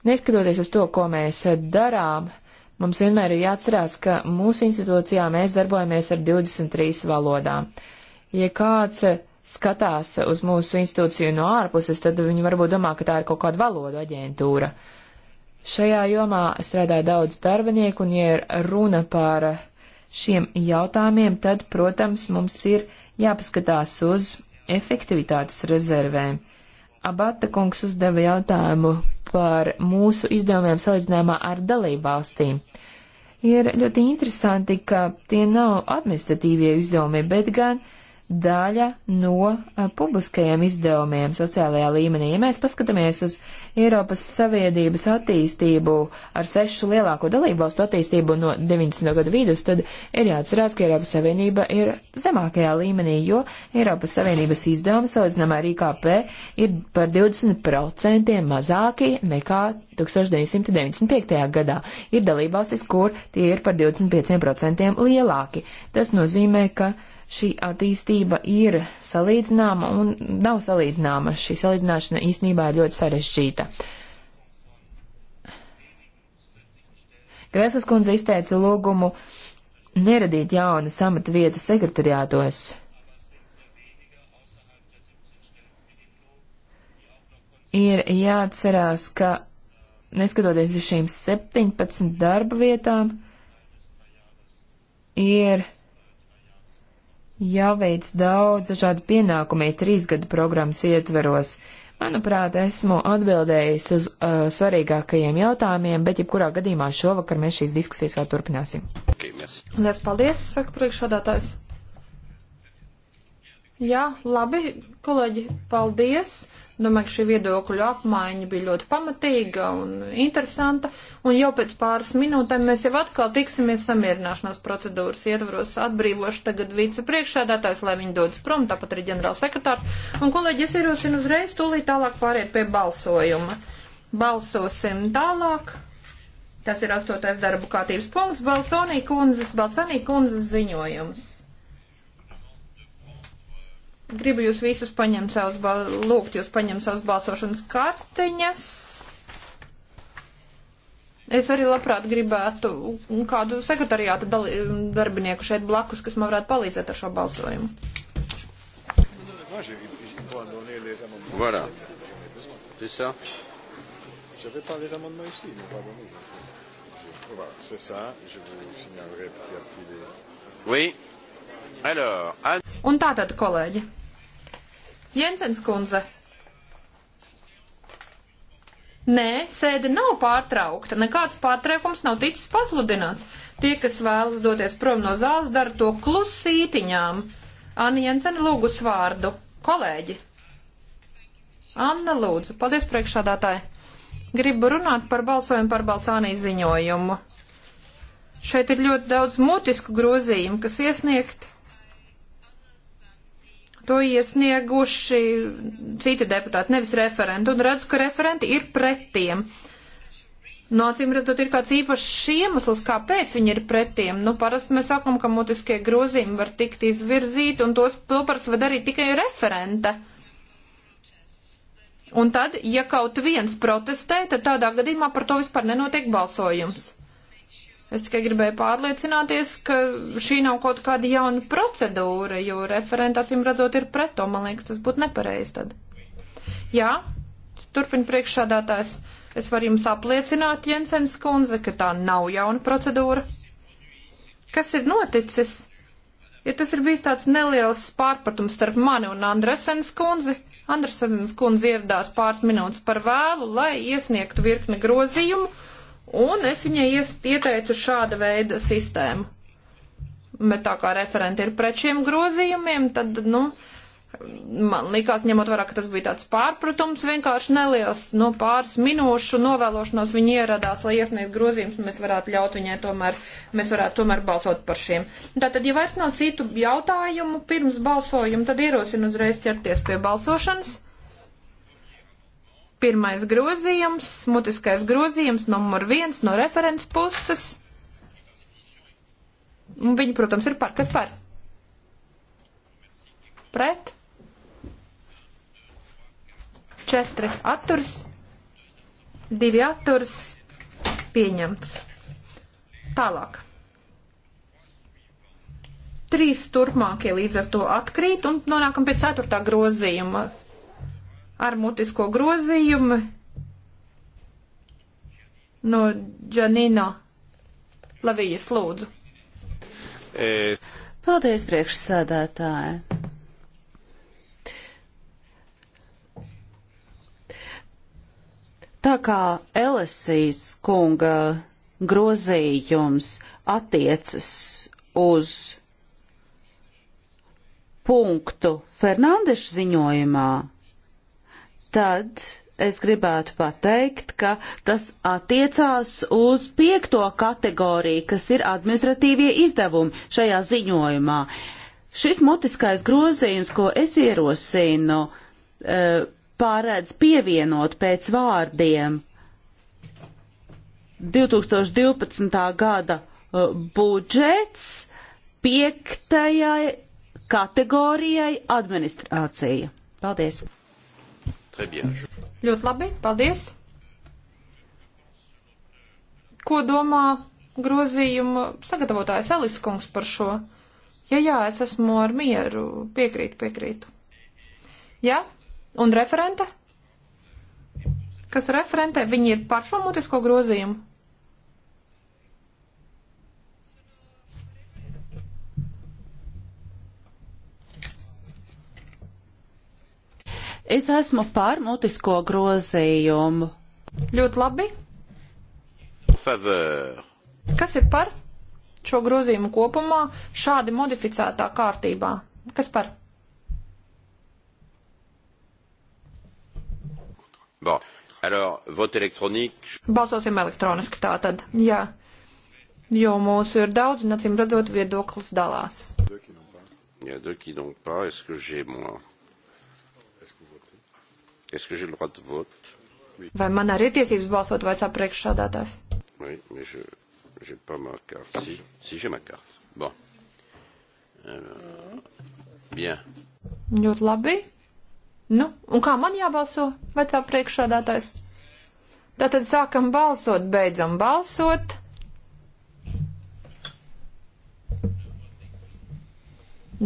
Neskatoties uz to, ko mēs darām, mums vienmēr ir jāatcerās, ka mūsu institūcijā mēs darbojamies ar 23 valodām. Ja kāds skatās uz mūsu institūciju no ārpuses, tad viņi varbūt domā, ka tā ir kaut kāda valodu aģentūra. Šajā jomā strādā daudz darbinieku, un, ja ir runa par šiem jautājumiem, tad, protams, mums ir jāpaskatās uz efektivitātes rezervēm. Abata kungs uzdeva jautājumu par mūsu izdevumiem salīdzinājumā ar dalībvalstīm. Ir ļoti interesanti, ka tie nav administratīvie izdevumi, bet gan uh, daļa no publiskajiem izdevumiem sociālajā līmenī. Ja mēs paskatāmies uz Eiropas Savienības attīstību ar sešu lielāko dalībvalstu attīstību no 90. gadu vidus, tad ir jāatcerās, ka Eiropas Savienība ir zemākajā līmenī, jo Eiropas Savienības izdevumi salīdzinām ar IKP ir par 20% mazāki nekā 1995. gadā. Ir dalībvalstis, kur tie ir par 25% lielāki. Tas nozīmē, ka šī attīstība ir salīdzināma un nav salīdzināma. Šī salīdzināšana īstenībā ir ļoti sarežģīta. Greslas kundze izteica lūgumu neradīt jaunas amatvietas sekretariātos. Ir jāatcerās, ka neskatoties uz šīm 17 darba vietām, ir jāveic daudz dažādu pienākumu e trīs gadu programmas ietveros. Manuprāt, esmu atbildējis uz uh, svarīgākajiem jautājumiem, bet jebkurā gadījumā šovakar mēs šīs diskusijas vēl turpināsim. Okay, yes. Lielas paldies, saka priekšādātājs. Jā, labi, kolēģi, paldies! Domāju, nu, ka šī viedokļu apmaiņa bija ļoti pamatīga un interesanta, un jau pēc pāris minūtēm mēs jau atkal tiksimies samierināšanās procedūras ietvaros. Atbrīvošu tagad vicepriekšādātājs, lai viņi dodas prom, tāpat arī ģenerālsekretārs. Un, kolēģi, es ierosinu uzreiz tūlīt tālāk pāriet pie balsojuma. Balsosim tālāk. Tas ir astotais darbu kārtības punkts, Balconī kundzes, Balconī kundzes ziņojums. Gribu jūs visus paņemt savus, lūgt jūs paņemt savus balsošanas karteņas. Es arī labprāt gribētu kādu sekretariāta darbinieku šeit blakus, kas man varētu palīdzēt ar šo balsojumu. Voilà. C'est ça. J'avais pas les amendements ici, mais pas donné. Voilà, c'est ça. Je vous signalerai petit à petit les. Oui. Alors. Un... Un tātad, kolēģi. Jensens kundze. Nē, sēde nav pārtraukta, nekāds pārtraukums nav ticis pasludināts. Tie, kas vēlas doties prom no zāles, dara to klusītiņām. Anna Jensena lūgus vārdu. Kolēģi! Anna lūdzu, paldies priekšādātāji! Gribu runāt par balsojumu par Balcānijas ziņojumu. Šeit ir ļoti daudz mutisku grozījumu, kas iesniegti To iesnieguši citi deputāti, nevis referenti, un redzu, ka referenti ir pret tiem. No nu, acīm redzot, ir kāds īpašs iemesls, kāpēc viņi ir pret tiem. Nu, parasti mēs sakam, ka mutiskie grozījumi var tikt izvirzīti, un tos pilpars var darīt tikai referente. Un tad, ja kaut viens protestē, tad tādā gadījumā par to vispār nenotiek balsojums. Es tikai gribēju pārliecināties, ka šī nav kaut kāda jauna procedūra, jo referentācijam radot ir pret to, man liekas, tas būtu nepareizi tad. Jā, turpin priekšādātājs, es varu jums apliecināt, Jensens kundze, ka tā nav jauna procedūra. Kas ir noticis? Ja tas ir bijis tāds neliels pārpratums starp mani un Andresens kundzi, Andresens kundze ieradās pāris minūtes par vēlu, lai iesniegtu virkni grozījumu Un es viņai ieteicu šāda veida sistēmu. Bet tā kā referenti ir pret šiem grozījumiem, tad, nu, man likās, ņemot vērā, ka tas bija tāds pārpratums, vienkārši neliels no nu, pāris minūšu novēlošanos viņa ieradās, lai iesniegtu grozījumus, un mēs varētu ļaut viņai tomēr, mēs varētu tomēr balsot par šiem. Tātad, ja vairs nav citu jautājumu pirms balsojumu, tad ierosinu uzreiz ķerties pie balsošanas. Pirmais grozījums, mutiskais grozījums numur viens no referents puses. Un viņi, protams, ir par. Kas par? Pret? Četri atturs, divi atturs, pieņemts. Tālāk. Trīs turpmākie līdz ar to atkrīt un nonākam pie ceturtā grozījuma ar mutisko grozījumu no Džanino Lavijas lūdzu. Paldies, priekšsēdētāji. Tā kā Elisijas kunga grozījums attiecas uz punktu Fernandeša ziņojumā, tad es gribētu pateikt, ka tas attiecās uz piekto kategoriju, kas ir administratīvie izdevumi šajā ziņojumā. Šis mutiskais grozījums, ko es ierosinu, e, pārēdz pievienot pēc vārdiem 2012. gada e, budžets piektajai kategorijai administrācija. Paldies! Ļoti labi, paldies. Ko domā grozījuma sagatavotājs Elis Kungs par šo? Ja jā, es esmu ar mieru, piekrītu, piekrītu. Jā, un referente? Kas referente? Viņi ir par šo mutisko grozījumu? Es esmu par mutisko grozījumu. Ļoti labi. Favor. Kas ir par šo grozījumu kopumā šādi modificētā kārtībā? Kas par? Bon. Alors, vote électronique. Balsosim elektroniski tā tad, jā. Jo mūsu ir daudz, un acīm redzot, viedoklis dalās. Il y a deux qui n'ont pas. Est-ce que j'ai moi Vai man arī ir tiesības balsot, vai tā priekšsādātājs? Oui, mais je, j'ai pas ma carte. Si, si j'ai ma carte. Bon. Alors, bien. Ļoti labi. Nu, un kā man jābalso? Vecā priekšsādātājs. Tātad sākam balsot, beidzam balsot.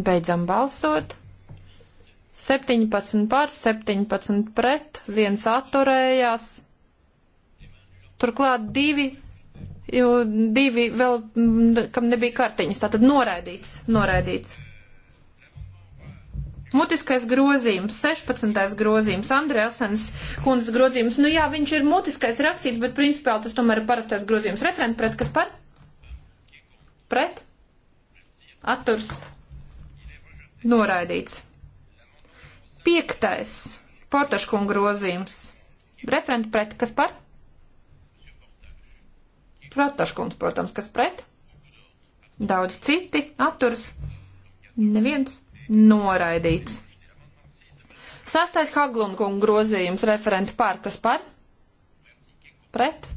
Beidzam balsot. 17 par, 17 pret, viens atturējās. Turklāt divi, divi vēl, mm, kam nebija kartiņas, tātad noraidīts, noraidīts. Mutiskais grozījums, 16. grozījums, Andrēsens kundzes grozījums. Nu jā, viņš ir mutiskais rakstīts, bet principā tas tomēr ir parastais grozījums. Referent pret kas par? Pret? Atturs? Noraidīts. Piektais portaškunga grozījums. Referenti pret, kas par? Protaškungs, protams, kas pret? Daudz citi atturas. Neviens noraidīts. Sastais Haglunkunga grozījums referenti par, kas par? Pret?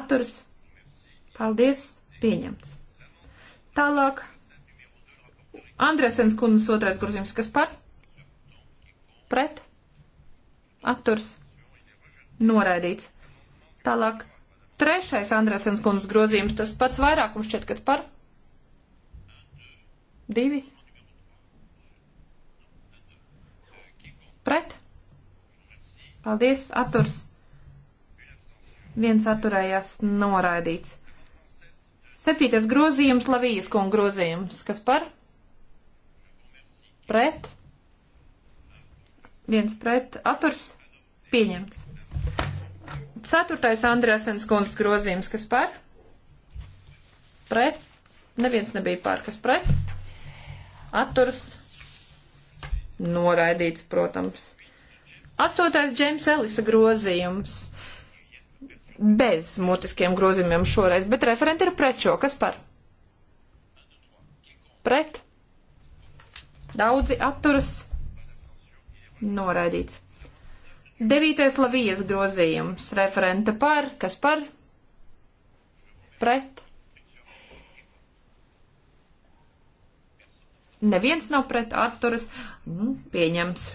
Atturas. Paldies. Pieņemts. Tālāk Andresens kundas otrais grozījums, kas par? Pret? Atturs? Noraidīts. Tālāk. Trešais Andresens kundas grozījums, tas pats vairākums šķiet, kad par? Divi? Pret? Paldies, atturs. Viens atturējās noraidīts. Septītais grozījums, Lavijas kunga grozījums, kas par? pret, viens pret, atturs, pieņemts. Ceturtais Andrēsens kundzes grozījums, kas par, pret, neviens nebija par, kas pret, atturs, noraidīts, protams. Astotais Džeims Elisa grozījums bez mutiskiem grozījumiem šoreiz, bet referenti ir pret šo, kas par? Pret? Daudzi atturas noraidīts. Devītais lavijas grozījums. Referente par. Kas par? Pret. Neviens nav pret Arturas. Nu, pieņemts.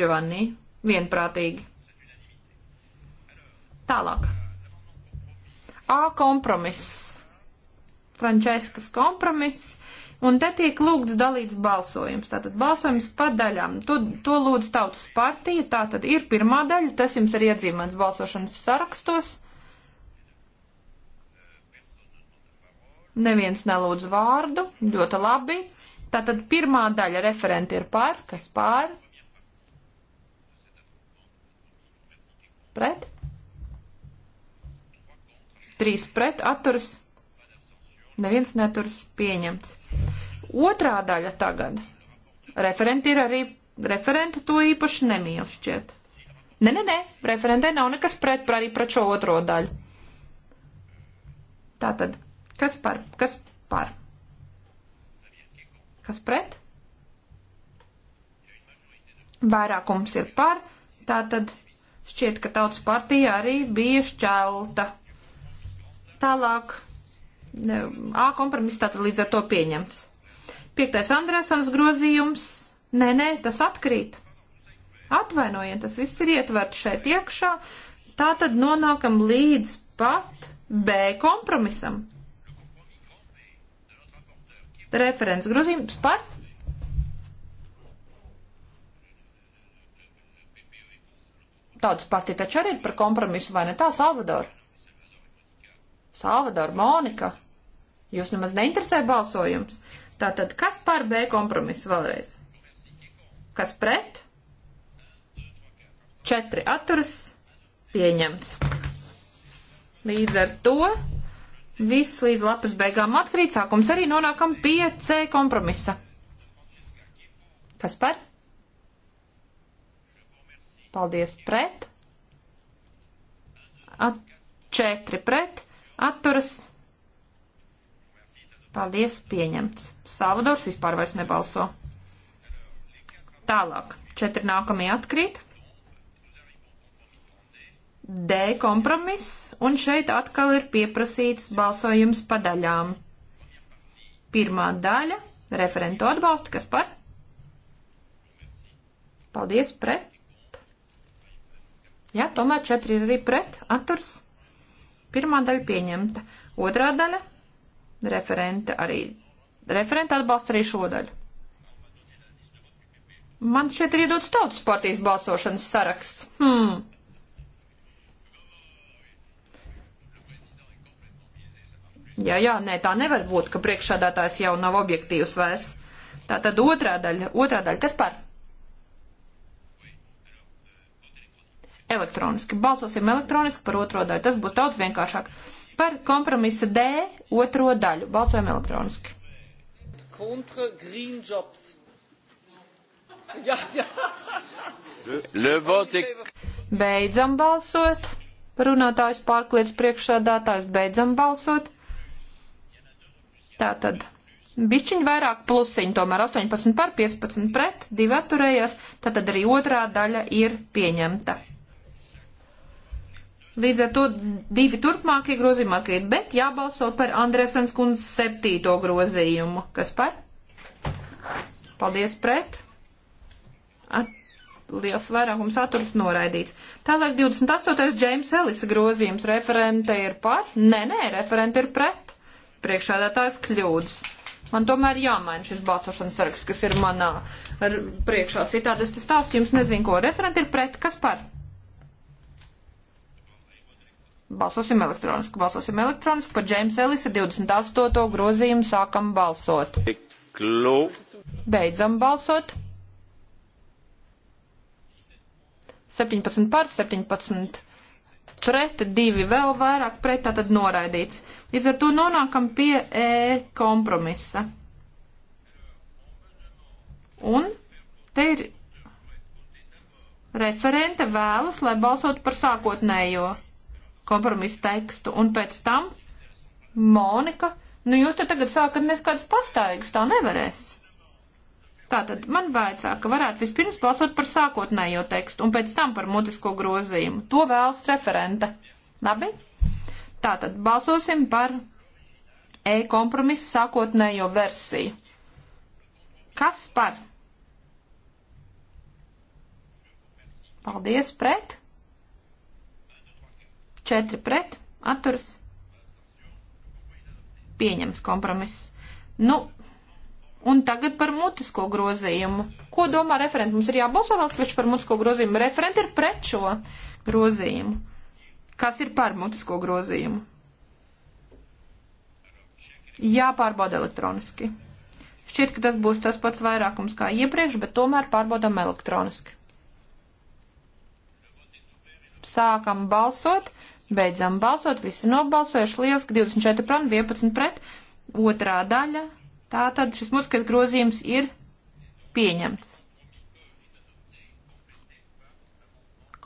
Giovanni. Vienprātīgi. Tālāk. A kompromiss. Frančeskas kompromiss. Un te tiek lūgts dalīts balsojums. Tātad balsojums pa daļām. To, to lūdz tautas partija. Tā tad ir pirmā daļa. Tas jums ir iedzīmēts balsošanas sarakstos. Neviens nelūdz vārdu. Ļoti labi. Tātad pirmā daļa referenti ir par. Kas pār? Pret? Trīs pret atturas. Neviens neturas pieņemts. Otrā daļa tagad. Referenti ir arī, referenti to īpaši nemīl šķiet. Nē, nē, nē, referentē nav nekas pret, par arī pret šo otro daļu. Tātad, kas par, kas par? Kas pret? Vairākums ir par, tātad šķiet, ka tautas partija arī bija šķelta. Tālāk A kompromiss tātad līdz ar to pieņemts. Piektais Andrēsons grozījums. Nē, nē, tas atkrīt. Atvainojiet, tas viss ir ietverts šeit iekšā. Tā tad nonākam līdz pat B kompromisam. Referents grozījums par Tautas partija taču arī ir par kompromisu, vai ne tā, Salvador? Salvador, Monika, jūs nemaz neinteresē balsojums. Tātad, kas par B kompromisu vēlreiz? Kas pret? Četri atturas pieņemts. Līdz ar to viss līdz lapas beigām atkrīt, sākums arī nonākam pie C kompromisa. Kas par? Paldies pret. At, četri pret atturas. Paldies, pieņemts. Salvadors vispār vairs nebalso. Tālāk, četri nākamie atkrīt. D kompromiss, un šeit atkal ir pieprasīts balsojums pa daļām. Pirmā daļa - referentu atbalsta, kas par? Paldies, pret. Jā, tomēr četri ir arī pret, atturs. Pirmā daļa pieņemta. Otrā daļa referente arī. Referente atbalsta arī šo daļu. Man šeit ir iedots tautas partijas balsošanas saraksts. Hmm. Jā, jā, nē, tā nevar būt, ka priekšādātājs jau nav objektīvs vairs. Tā tad otrā daļa, otrā daļa, kas par? elektroniski. Balsosim elektroniski par otro daļu. Tas būs daudz vienkāršāk. Par kompromisa D otro daļu. Balsojam elektroniski. Kontra green jobs. Jā, jā. Le vote. Beidzam balsot. Runātājs pārkliedz priekšsādātājs. Beidzam balsot. Tātad. Bišķiņ vairāk plusiņu, tomēr 18 par 15 pret, divi atturējās, tātad arī otrā daļa ir pieņemta. Līdz ar to divi turpmākie grozījumi atkrīt, bet jābalso par Andresens kundzes septīto grozījumu. Kas par? Paldies pret. At, liels vairākums atturs noraidīts. Tālāk 28. Džeims Ellisa grozījums. Referente ir par? Nē, nē, referente ir pret. Priekšādātājs kļūdas. Man tomēr jāmaina šis balsošanas saraksts, kas ir manā priekšā. Citādi es tas stāstu jums nezinu, ko referente ir pret. Kas par? Balsosim elektroniski. Balsosim elektroniski par Džeimsa Ellisa 28. grozījumu. Sākam balsot. Klu. Beidzam balsot. 17 par 17 pret, 2 vēl vairāk pret, tātad noraidīts. Līdz ar to nonākam pie E kompromisa. Un te ir referente vēlas, lai balsotu par sākotnējo kompromisu tekstu, un pēc tam Monika, nu jūs te tagad sākat nes kādus pastaigus, tā nevarēs. Tātad man vajadzēja, ka varētu vispirms balsot par sākotnējo tekstu un pēc tam par mutisko grozījumu. To vēlas referente. Labi? Tātad balsosim par e-kompromisu sākotnējo versiju. Kas par? Paldies, pret! 4 pret, atturas, pieņems kompromiss. Nu, un tagad par mutisko grozījumu. Ko domā referenti? Mums ir jābalso vēl svešs par mutisko grozījumu. Referenti ir pret šo grozījumu. Kas ir par mutisko grozījumu? Jāpārbauda elektroniski. Šķiet, ka tas būs tas pats vairākums kā iepriekš, bet tomēr pārbaudām elektroniski. Sākam balsot. Beidzam balsot, visi nobalsojuši, lieliski 24 pret, 11 pret, otrā daļa. Tātad šis mutiskais grozījums ir pieņemts.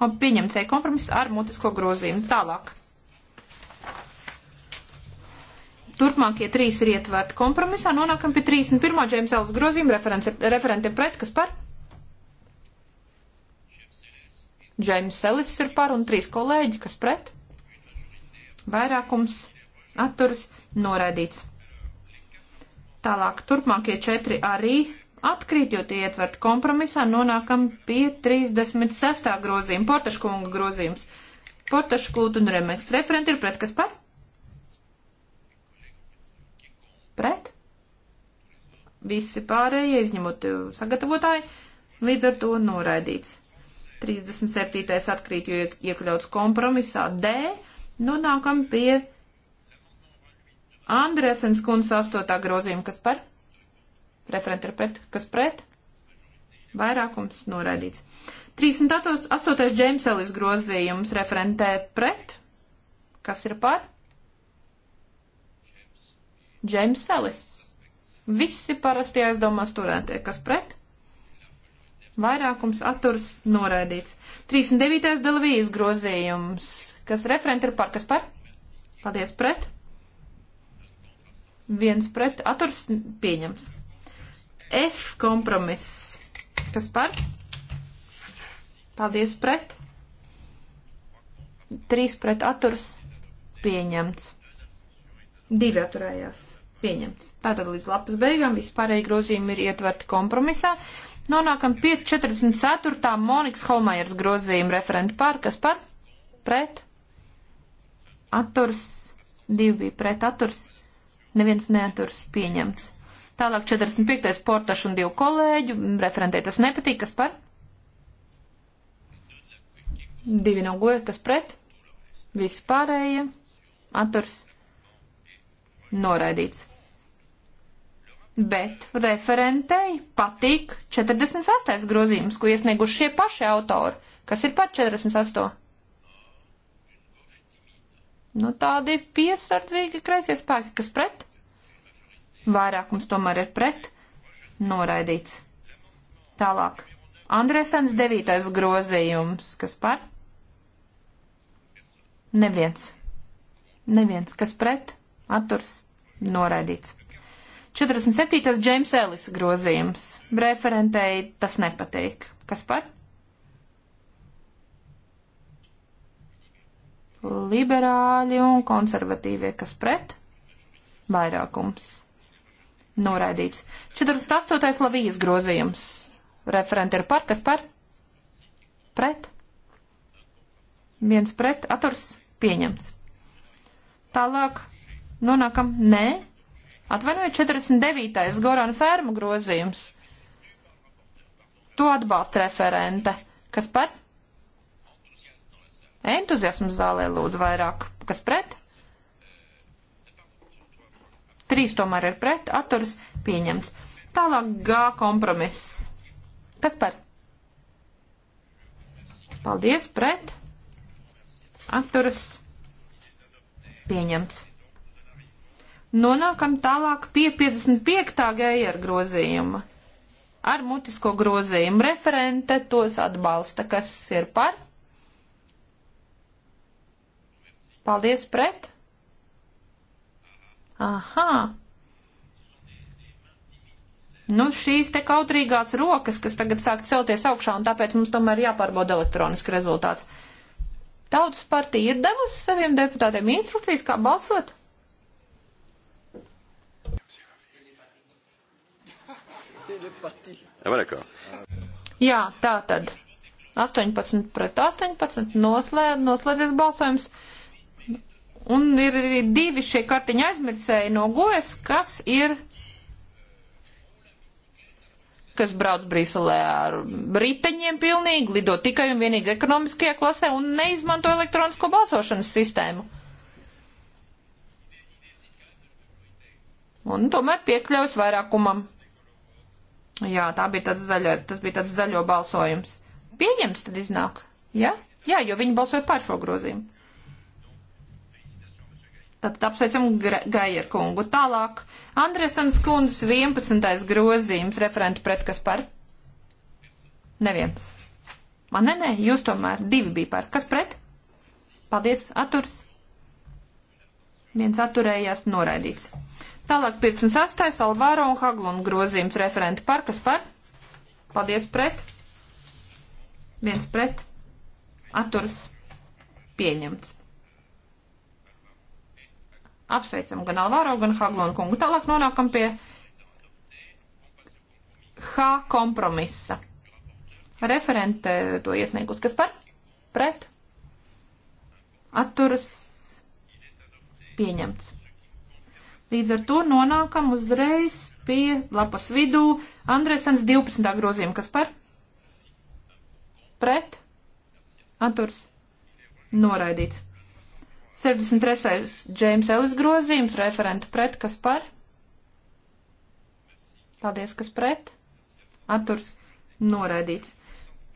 Un pieņemts E kompromiss ar mutisko grozījumu. Tālāk. Turpmākie trīs ir ietverti kompromisā. Nonākam pie 31. Džeims Ellis grozījuma referentiem pret, kas par? Džeims Ellis ir par un trīs kolēģi, kas pret? vairākums atturas noraidīts. Tālāk turpmākie četri arī atkrīt, jo tie ietvert kompromisā, nonākam pie 36. grozījuma, portaškunga grozījums. Portašu klūt un remeks. Referenti ir pret kas par? Pret? Visi pārējie, izņemot uh, sagatavotāji, līdz ar to noraidīts. 37. atkrīt, jo iekļauts kompromisā D Nonākam nu, pie Andresens kundas astotā grozījuma, kas par? Referenti ir pret, kas pret? Vairākums noraidīts. 38. Džeims Ellis grozījums referentē pret, kas ir par? Džeims Ellis. Visi parasti aizdomās turētie, kas pret? Vairākums atturs noraidīts. 39. Delavijas grozījums kas referenti ir par, kas par? Paldies pret. Viens pret, atturs pieņems. F kompromiss, kas par? Paldies pret. Trīs pret atturs pieņemts. Divi atturējās pieņemts. Tātad līdz lapas beigām vispārēji grozījumi ir ietverti kompromisā. Nonākam pie 44. Monikas Holmajers grozījuma referenta par, kas par? Pret? atturs, divi bija pret atturs, neviens neaturs pieņemts. Tālāk 45. portašu un divu kolēģu, referentē tas nepatīk, kas par? Divi no goja, kas pret? Visi pārējie, atturs, noraidīts. Bet referentei patīk 48. grozījums, ko iesnieguši šie paši autori. Kas ir par 48? nu, tādi piesardzīgi kreisie spēki, kas pret. Vairākums tomēr ir pret. Noraidīts. Tālāk. Andresens devītais grozījums. Kas par? Neviens. Neviens. Kas pret? Atturs. Noraidīts. 47. Džeims Ellis grozījums. Referentēji tas nepatīk. Kas par? liberāļi un konservatīvie, kas pret vairākums. Noraidīts. 48. Lavijas grozījums. Referenti ir par, kas par? Pret. Viens pret, aturs pieņemts. Tālāk nonākam, nē, atvainojiet, 49. Gorana fermu grozījums. To atbalsta referente. Kas par? Entuziasmu zālē lūdzu vairāk. Kas pret? Trīs tomēr ir pret, atturas pieņemts. Tālāk G kompromiss. Kas par? Paldies, pret. Atturas pieņemts. Nonākam tālāk pie 55. gēja grozījuma. Ar mutisko grozījumu referente tos atbalsta, kas ir par Paldies pret. Aha. Nu, šīs te kautrīgās rokas, kas tagad sāk celties augšā, un tāpēc mums tomēr jāpārbauda elektroniski rezultāts. Tautas partija ir devusi saviem deputātiem instrukcijas, kā balsot? Jā, tā tad. 18 pret 18 noslēd, noslēdzies balsojums. Un ir divi šie kartiņa aizmirsēji no gojas, kas ir, kas brauc Briselē ar briteņiem pilnīgi, lido tikai un vienīgi ekonomiskajā klasē un neizmanto elektronisko balsošanas sistēmu. Un tomēr piekļaus vairākumam. Jā, tā bija tāds zaļo, tas bija tāds zaļo balsojums. Pieņems tad iznāk, ja? Jā, jo viņi balsoja par šo grozījumu. Tātad apsveicam Gajer kungu. Tālāk Andresens kundzes 11. grozījums referenti pret kas par? Neviens. Man nē, nē, jūs tomēr divi bija par. Kas pret? Paldies, atturs. Viens atturējās noraidīts. Tālāk 58. Alvāro un Haglun grozījums referenti par kas par? Paldies pret. Viens pret. Atturs. Pieņemts. Apsveicam gan Alvāro, gan Haglonu kungu. Tālāk nonākam pie H kompromisa. Referente to iesniegus, kas par? Pret? Atturas pieņemts. Līdz ar to nonākam uzreiz pie lapas vidū Andresens 12. grozījuma, kas par? Pret? Atturs noraidīts. 63. Džeims Ellis grozījums, referentu pret, kas par? Paldies, kas pret? Atturs noraidīts.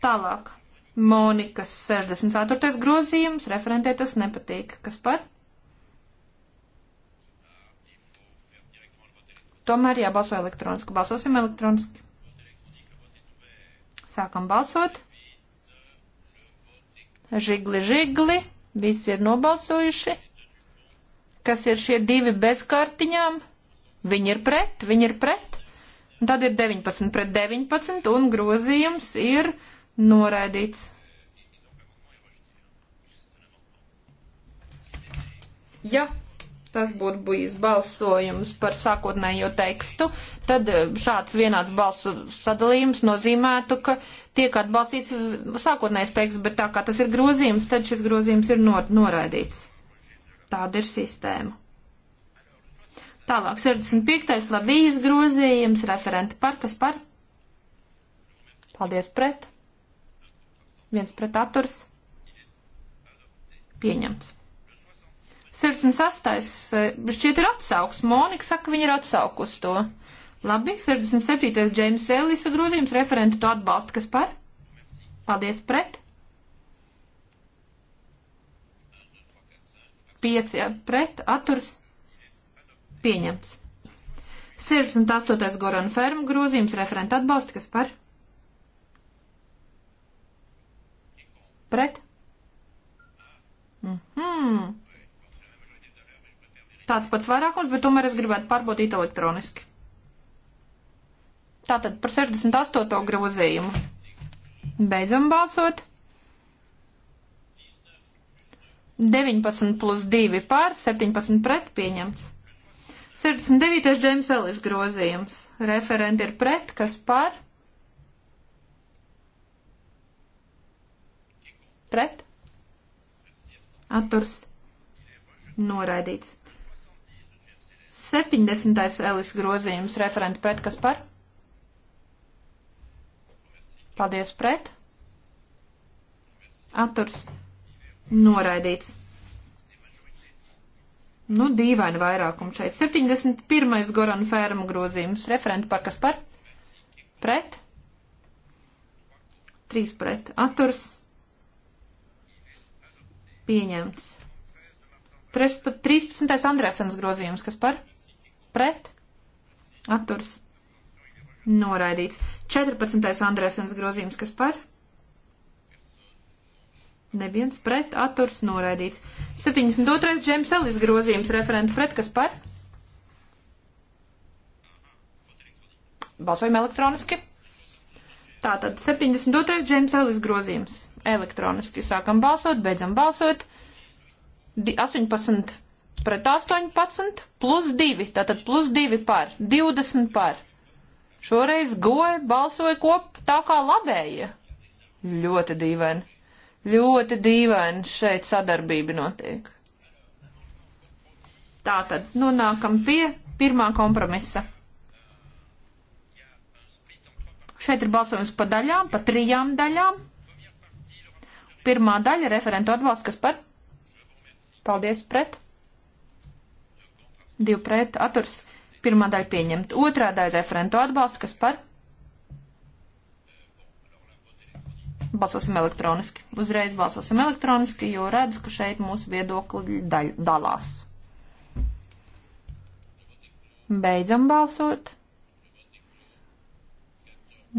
Tālāk. Monikas 64. grozījums, referentē tas nepatīk. Kas par? Tomēr jābalso elektroniski. Balsosim elektroniski. Sākam balsot. Žigli, žigli. Visi ir nobalsojuši. Kas ir šie divi bez kartiņām? Viņi ir pret, viņi ir pret. Un tad ir 19 pret 19 un grozījums ir noraidīts. Ja tas būtu bijis balsojums par sākotnējo tekstu, tad eh, šāds vienāds balsu sadalījums nozīmētu, ka tiek atbalstīts sākotnējais teksts, bet tā kā tas ir grozījums, tad šis grozījums ir nor noraidīts. Tāda ir sistēma. Tālāk, 65. labijas grozījums, referenti par, kas par? Paldies pret. Viens pret atturs. Pieņemts. 68. šķiet ir atsauks. Monika saka, viņa ir atsaukus to. Labi, 67. Džeims Ellisa grozījums, referenti to atbalsta, kas par? Paldies pret. 5 pret, atturs pieņemts. 68. Goran Ferma grozījums, referenta atbalsta, kas par? Pret? Mm -hmm. Tāds pats vairākums, bet tomēr es gribētu pārbaudīt elektroniski. Tātad par 68. grozījumu. Beidzam balsot. 19 plus 2 pār, 17 pret pieņemts. 69. Džeims Ellis grozījums. Referenti ir pret, kas pār? Pret? Atturs. Noraidīts. 70. Ellis grozījums. Referenti pret, kas pār? Paldies pret. Atturs noraidīts. Nu, dīvaini vairākumu šeit. 71. Goran Fērma grozījums. Referenti par kas par? Pret. Trīs pret. Atturs. Pieņemts. 13. Andrēsens grozījums. Kas par? Pret. Atturs Noraidīts. 14. Andrēsens grozījums, kas par? Neviens pret, atturs noraidīts. 72. Džems Ellis grozījums, referents pret, kas par? Balsojam elektroniski. Tātad 72. Džems Ellis grozījums. Elektroniski sākam balsot, beidzam balsot. 18 pret 18 plus 2, tātad plus 2 par, 20 par. Šoreiz goja balsoja kop tā kā labējie. Ļoti dīvaini. Ļoti dīvaini šeit sadarbība notiek. Tātad nonākam pie pirmā kompromisa. Šeit ir balsojums pa daļām, pa trijām daļām. Pirmā daļa referentu atbalsts, kas par? Paldies pret. Divi pret, aturs Pirmā daļa pieņemta. Otrā daļa referentu atbalstu. Kas par? Balsosim elektroniski. Uzreiz balsosim elektroniski, jo redzu, ka šeit mūsu viedokļi dalās. Beidzam balsot.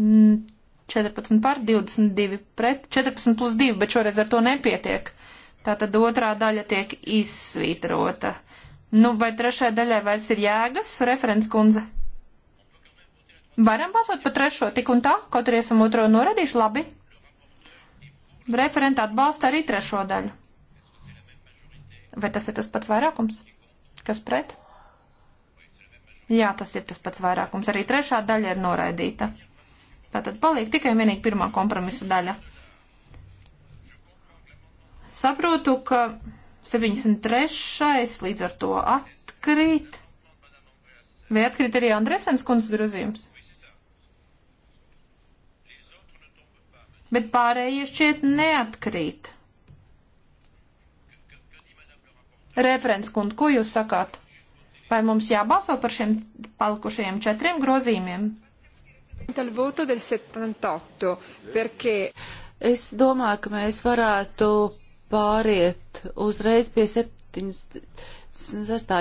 14 mm, pār 22 pret 14 plus 2, bet šoreiz ar to nepietiek. Tātad otrā daļa tiek izsvītrota. Nu, vai trešajai daļai vairs ir jēgas, referents kundze? Varam balsot par trešo tik un tā, kaut arī esam otro noradījuši labi. Referenta atbalsta arī trešo daļu. Vai tas ir tas pats vairākums? Kas pret? Jā, tas ir tas pats vairākums. Arī trešā daļa ir noraidīta. Tātad paliek tikai un vienīgi pirmā kompromisa daļa. Saprotu, ka 73. līdz ar to atkrīt. Vai atkrīt arī Andresens kundzes grozījums? Bet pārējie šķiet neatkrīt. Referents kundze, ko jūs sakāt? Vai mums jābalso par šiem palikušajiem četriem grozījumiem? Es domāju, ka mēs varētu pāriet uzreiz pie 76.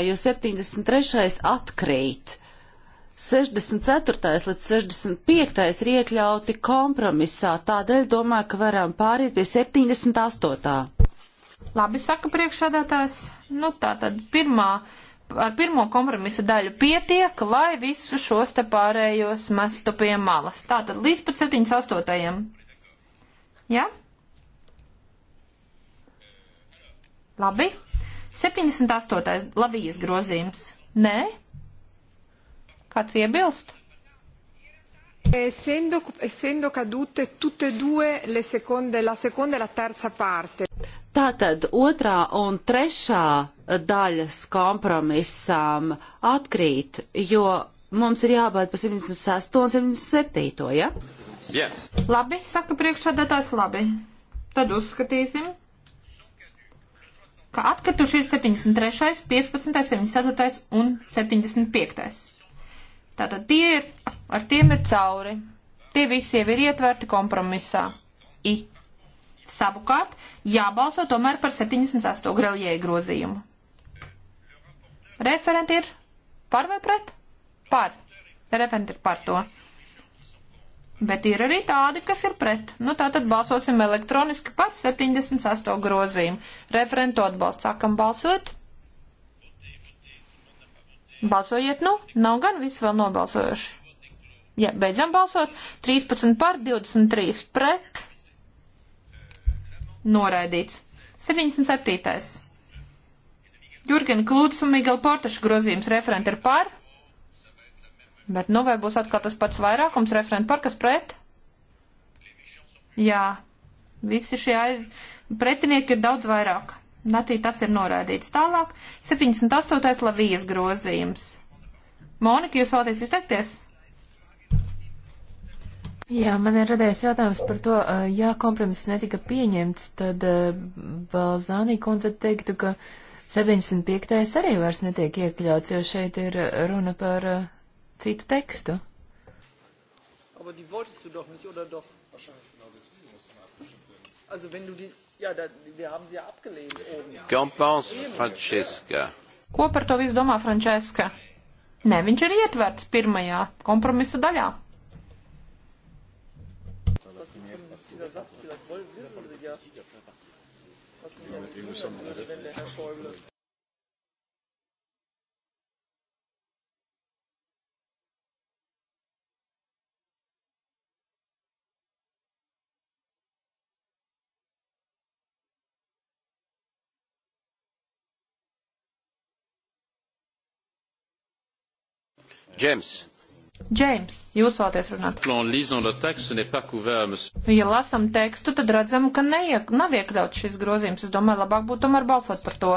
jo 73. atkrīt. 64. līdz 65. ir iekļauti kompromisā, tādēļ domāju, ka varam pāriet pie 78. Labi saka priekšsādātājs. Nu tā tad pirmā, ar pirmo kompromisa daļu pietiek, lai visu šos te pārējos mestu pie malas. Tā tad līdz pat 78. Ja? Labi. 78. Lavijas grozījums. Nē? Kāds iebilst? Essendo, essendo cadute tutte e due le seconde, la seconda e la terza parte. Tātad otrā un trešā daļas kompromisām atkrīt, jo mums ir jābaida pa 76 un 77, ja? Yes. Labi, saka priekšādātājs labi. Tad uzskatīsim ka atkrituši ir 73., 15., 74. un 75. Tātad tie ir, ar tiem ir cauri. Tie visi jau ir ietverti kompromisā. I. Savukārt, jābalso tomēr par 78 grelieju grozījumu. Referenti ir par vai pret? Par. Referenti ir par to. Bet ir arī tādi, kas ir pret. Nu, tā tad balsosim elektroniski par 78 grozījumu. Referentu atbalsts. Sākam balsot. Balsojiet, nu, nav gan visi vēl nobalsojuši. Jā, beidzam balsot. 13 par, 23 pret. Noraidīts. 77. Jurgen Klūts un Miguel Portašu grozījums referenti ir par. Bet nu vai būs atkal tas pats vairākums referentu par, kas pret? Jā, visi šie aiz... pretinieki ir daudz vairāk. Natī tas ir noraidīts tālāk. 78. lavijas grozījums. Monika, jūs vēlaties izteikties? Jā, man ir radies jautājums par to, ja kompromiss netika pieņemts, tad Balzānī kundze teiktu, ka 75. arī vairs netiek iekļauts, jo šeit ir runa par citu tekstu. Aber die wolltest du doch nicht, oder doch? Wahrscheinlich genau deswegen musst du mal abgestimmt werden. Also wenn du die, ja, da, wir haben sie ja abgelehnt oben. Qu'en pense Francesca? Ko par to visu domā Franceska? Nē, viņš ir ietverts pirmajā kompromisa daļā. Džems. Džeims, jūs vēlaties runāt? Ja lasam tekstu, tad redzam, ka neiek, nav iekļauts šis grozījums. Es domāju, labāk būtu tomēr balsot par to.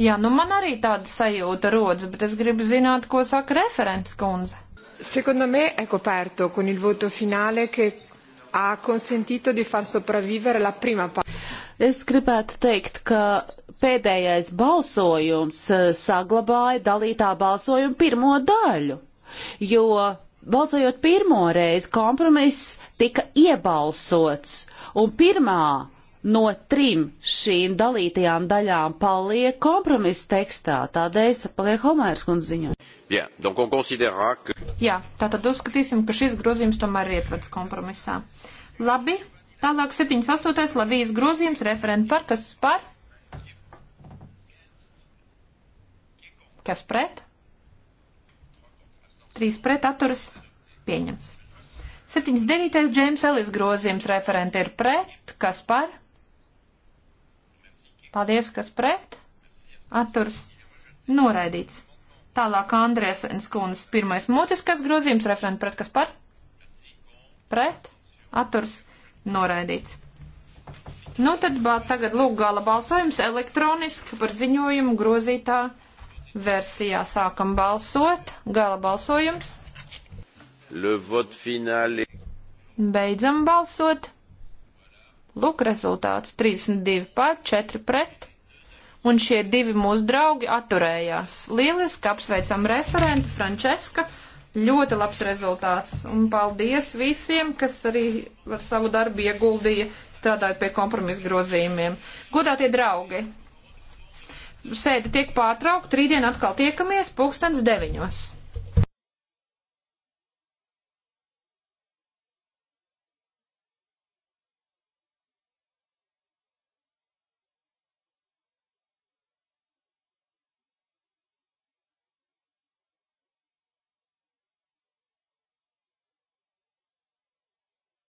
Jā, nu man arī tāda sajūta rodas, bet es gribu zināt, ko saka referents kundze. Secondo me è coperto con il voto finale che ha consentito di far sopravvivere la prima parte. Es gribētu teikt, ka pēdējais balsojums eh, saglabāja dalītā balsojuma pirmo daļu, jo balsojot pirmo reizi kompromiss tika iebalsots, un pirmā no trim šīm dalītajām daļām paliek kompromisa tekstā, tādēļ paliek Homērs kundziņa. Jā, que... Jā, tātad uzskatīsim, ka šis grozījums tomēr ir ietverts kompromisā. Labi, tālāk 78. Lavijas grozījums referenta par, kas par? Kas pret? 3 pret atturas pieņems. 79. Džeims Ellis grozījums referenti ir pret. Kas par? Paldies, kas pret? Atturs noraidīts. Tālāk Andrēsens kundas pirmais mutiskas grozījums referenti pret kas par? Pret? Atturs noraidīts. Nu tad bā, tagad lūk gala balsojums elektroniski par ziņojumu grozītā versijā sākam balsot. Gala balsojums. Beidzam balsot. Lūk, rezultāts 32 pār 4 pret. Un šie divi mūsu draugi atturējās. Lieliski apsveicam referentu Frančeska. Ļoti labs rezultāts. Un paldies visiem, kas arī ar savu darbu ieguldīja strādājot pie kompromisu grozījumiem. Godātie draugi, sēde tiek pārtraukta, rītdien atkal tiekamies pulkstens deviņos.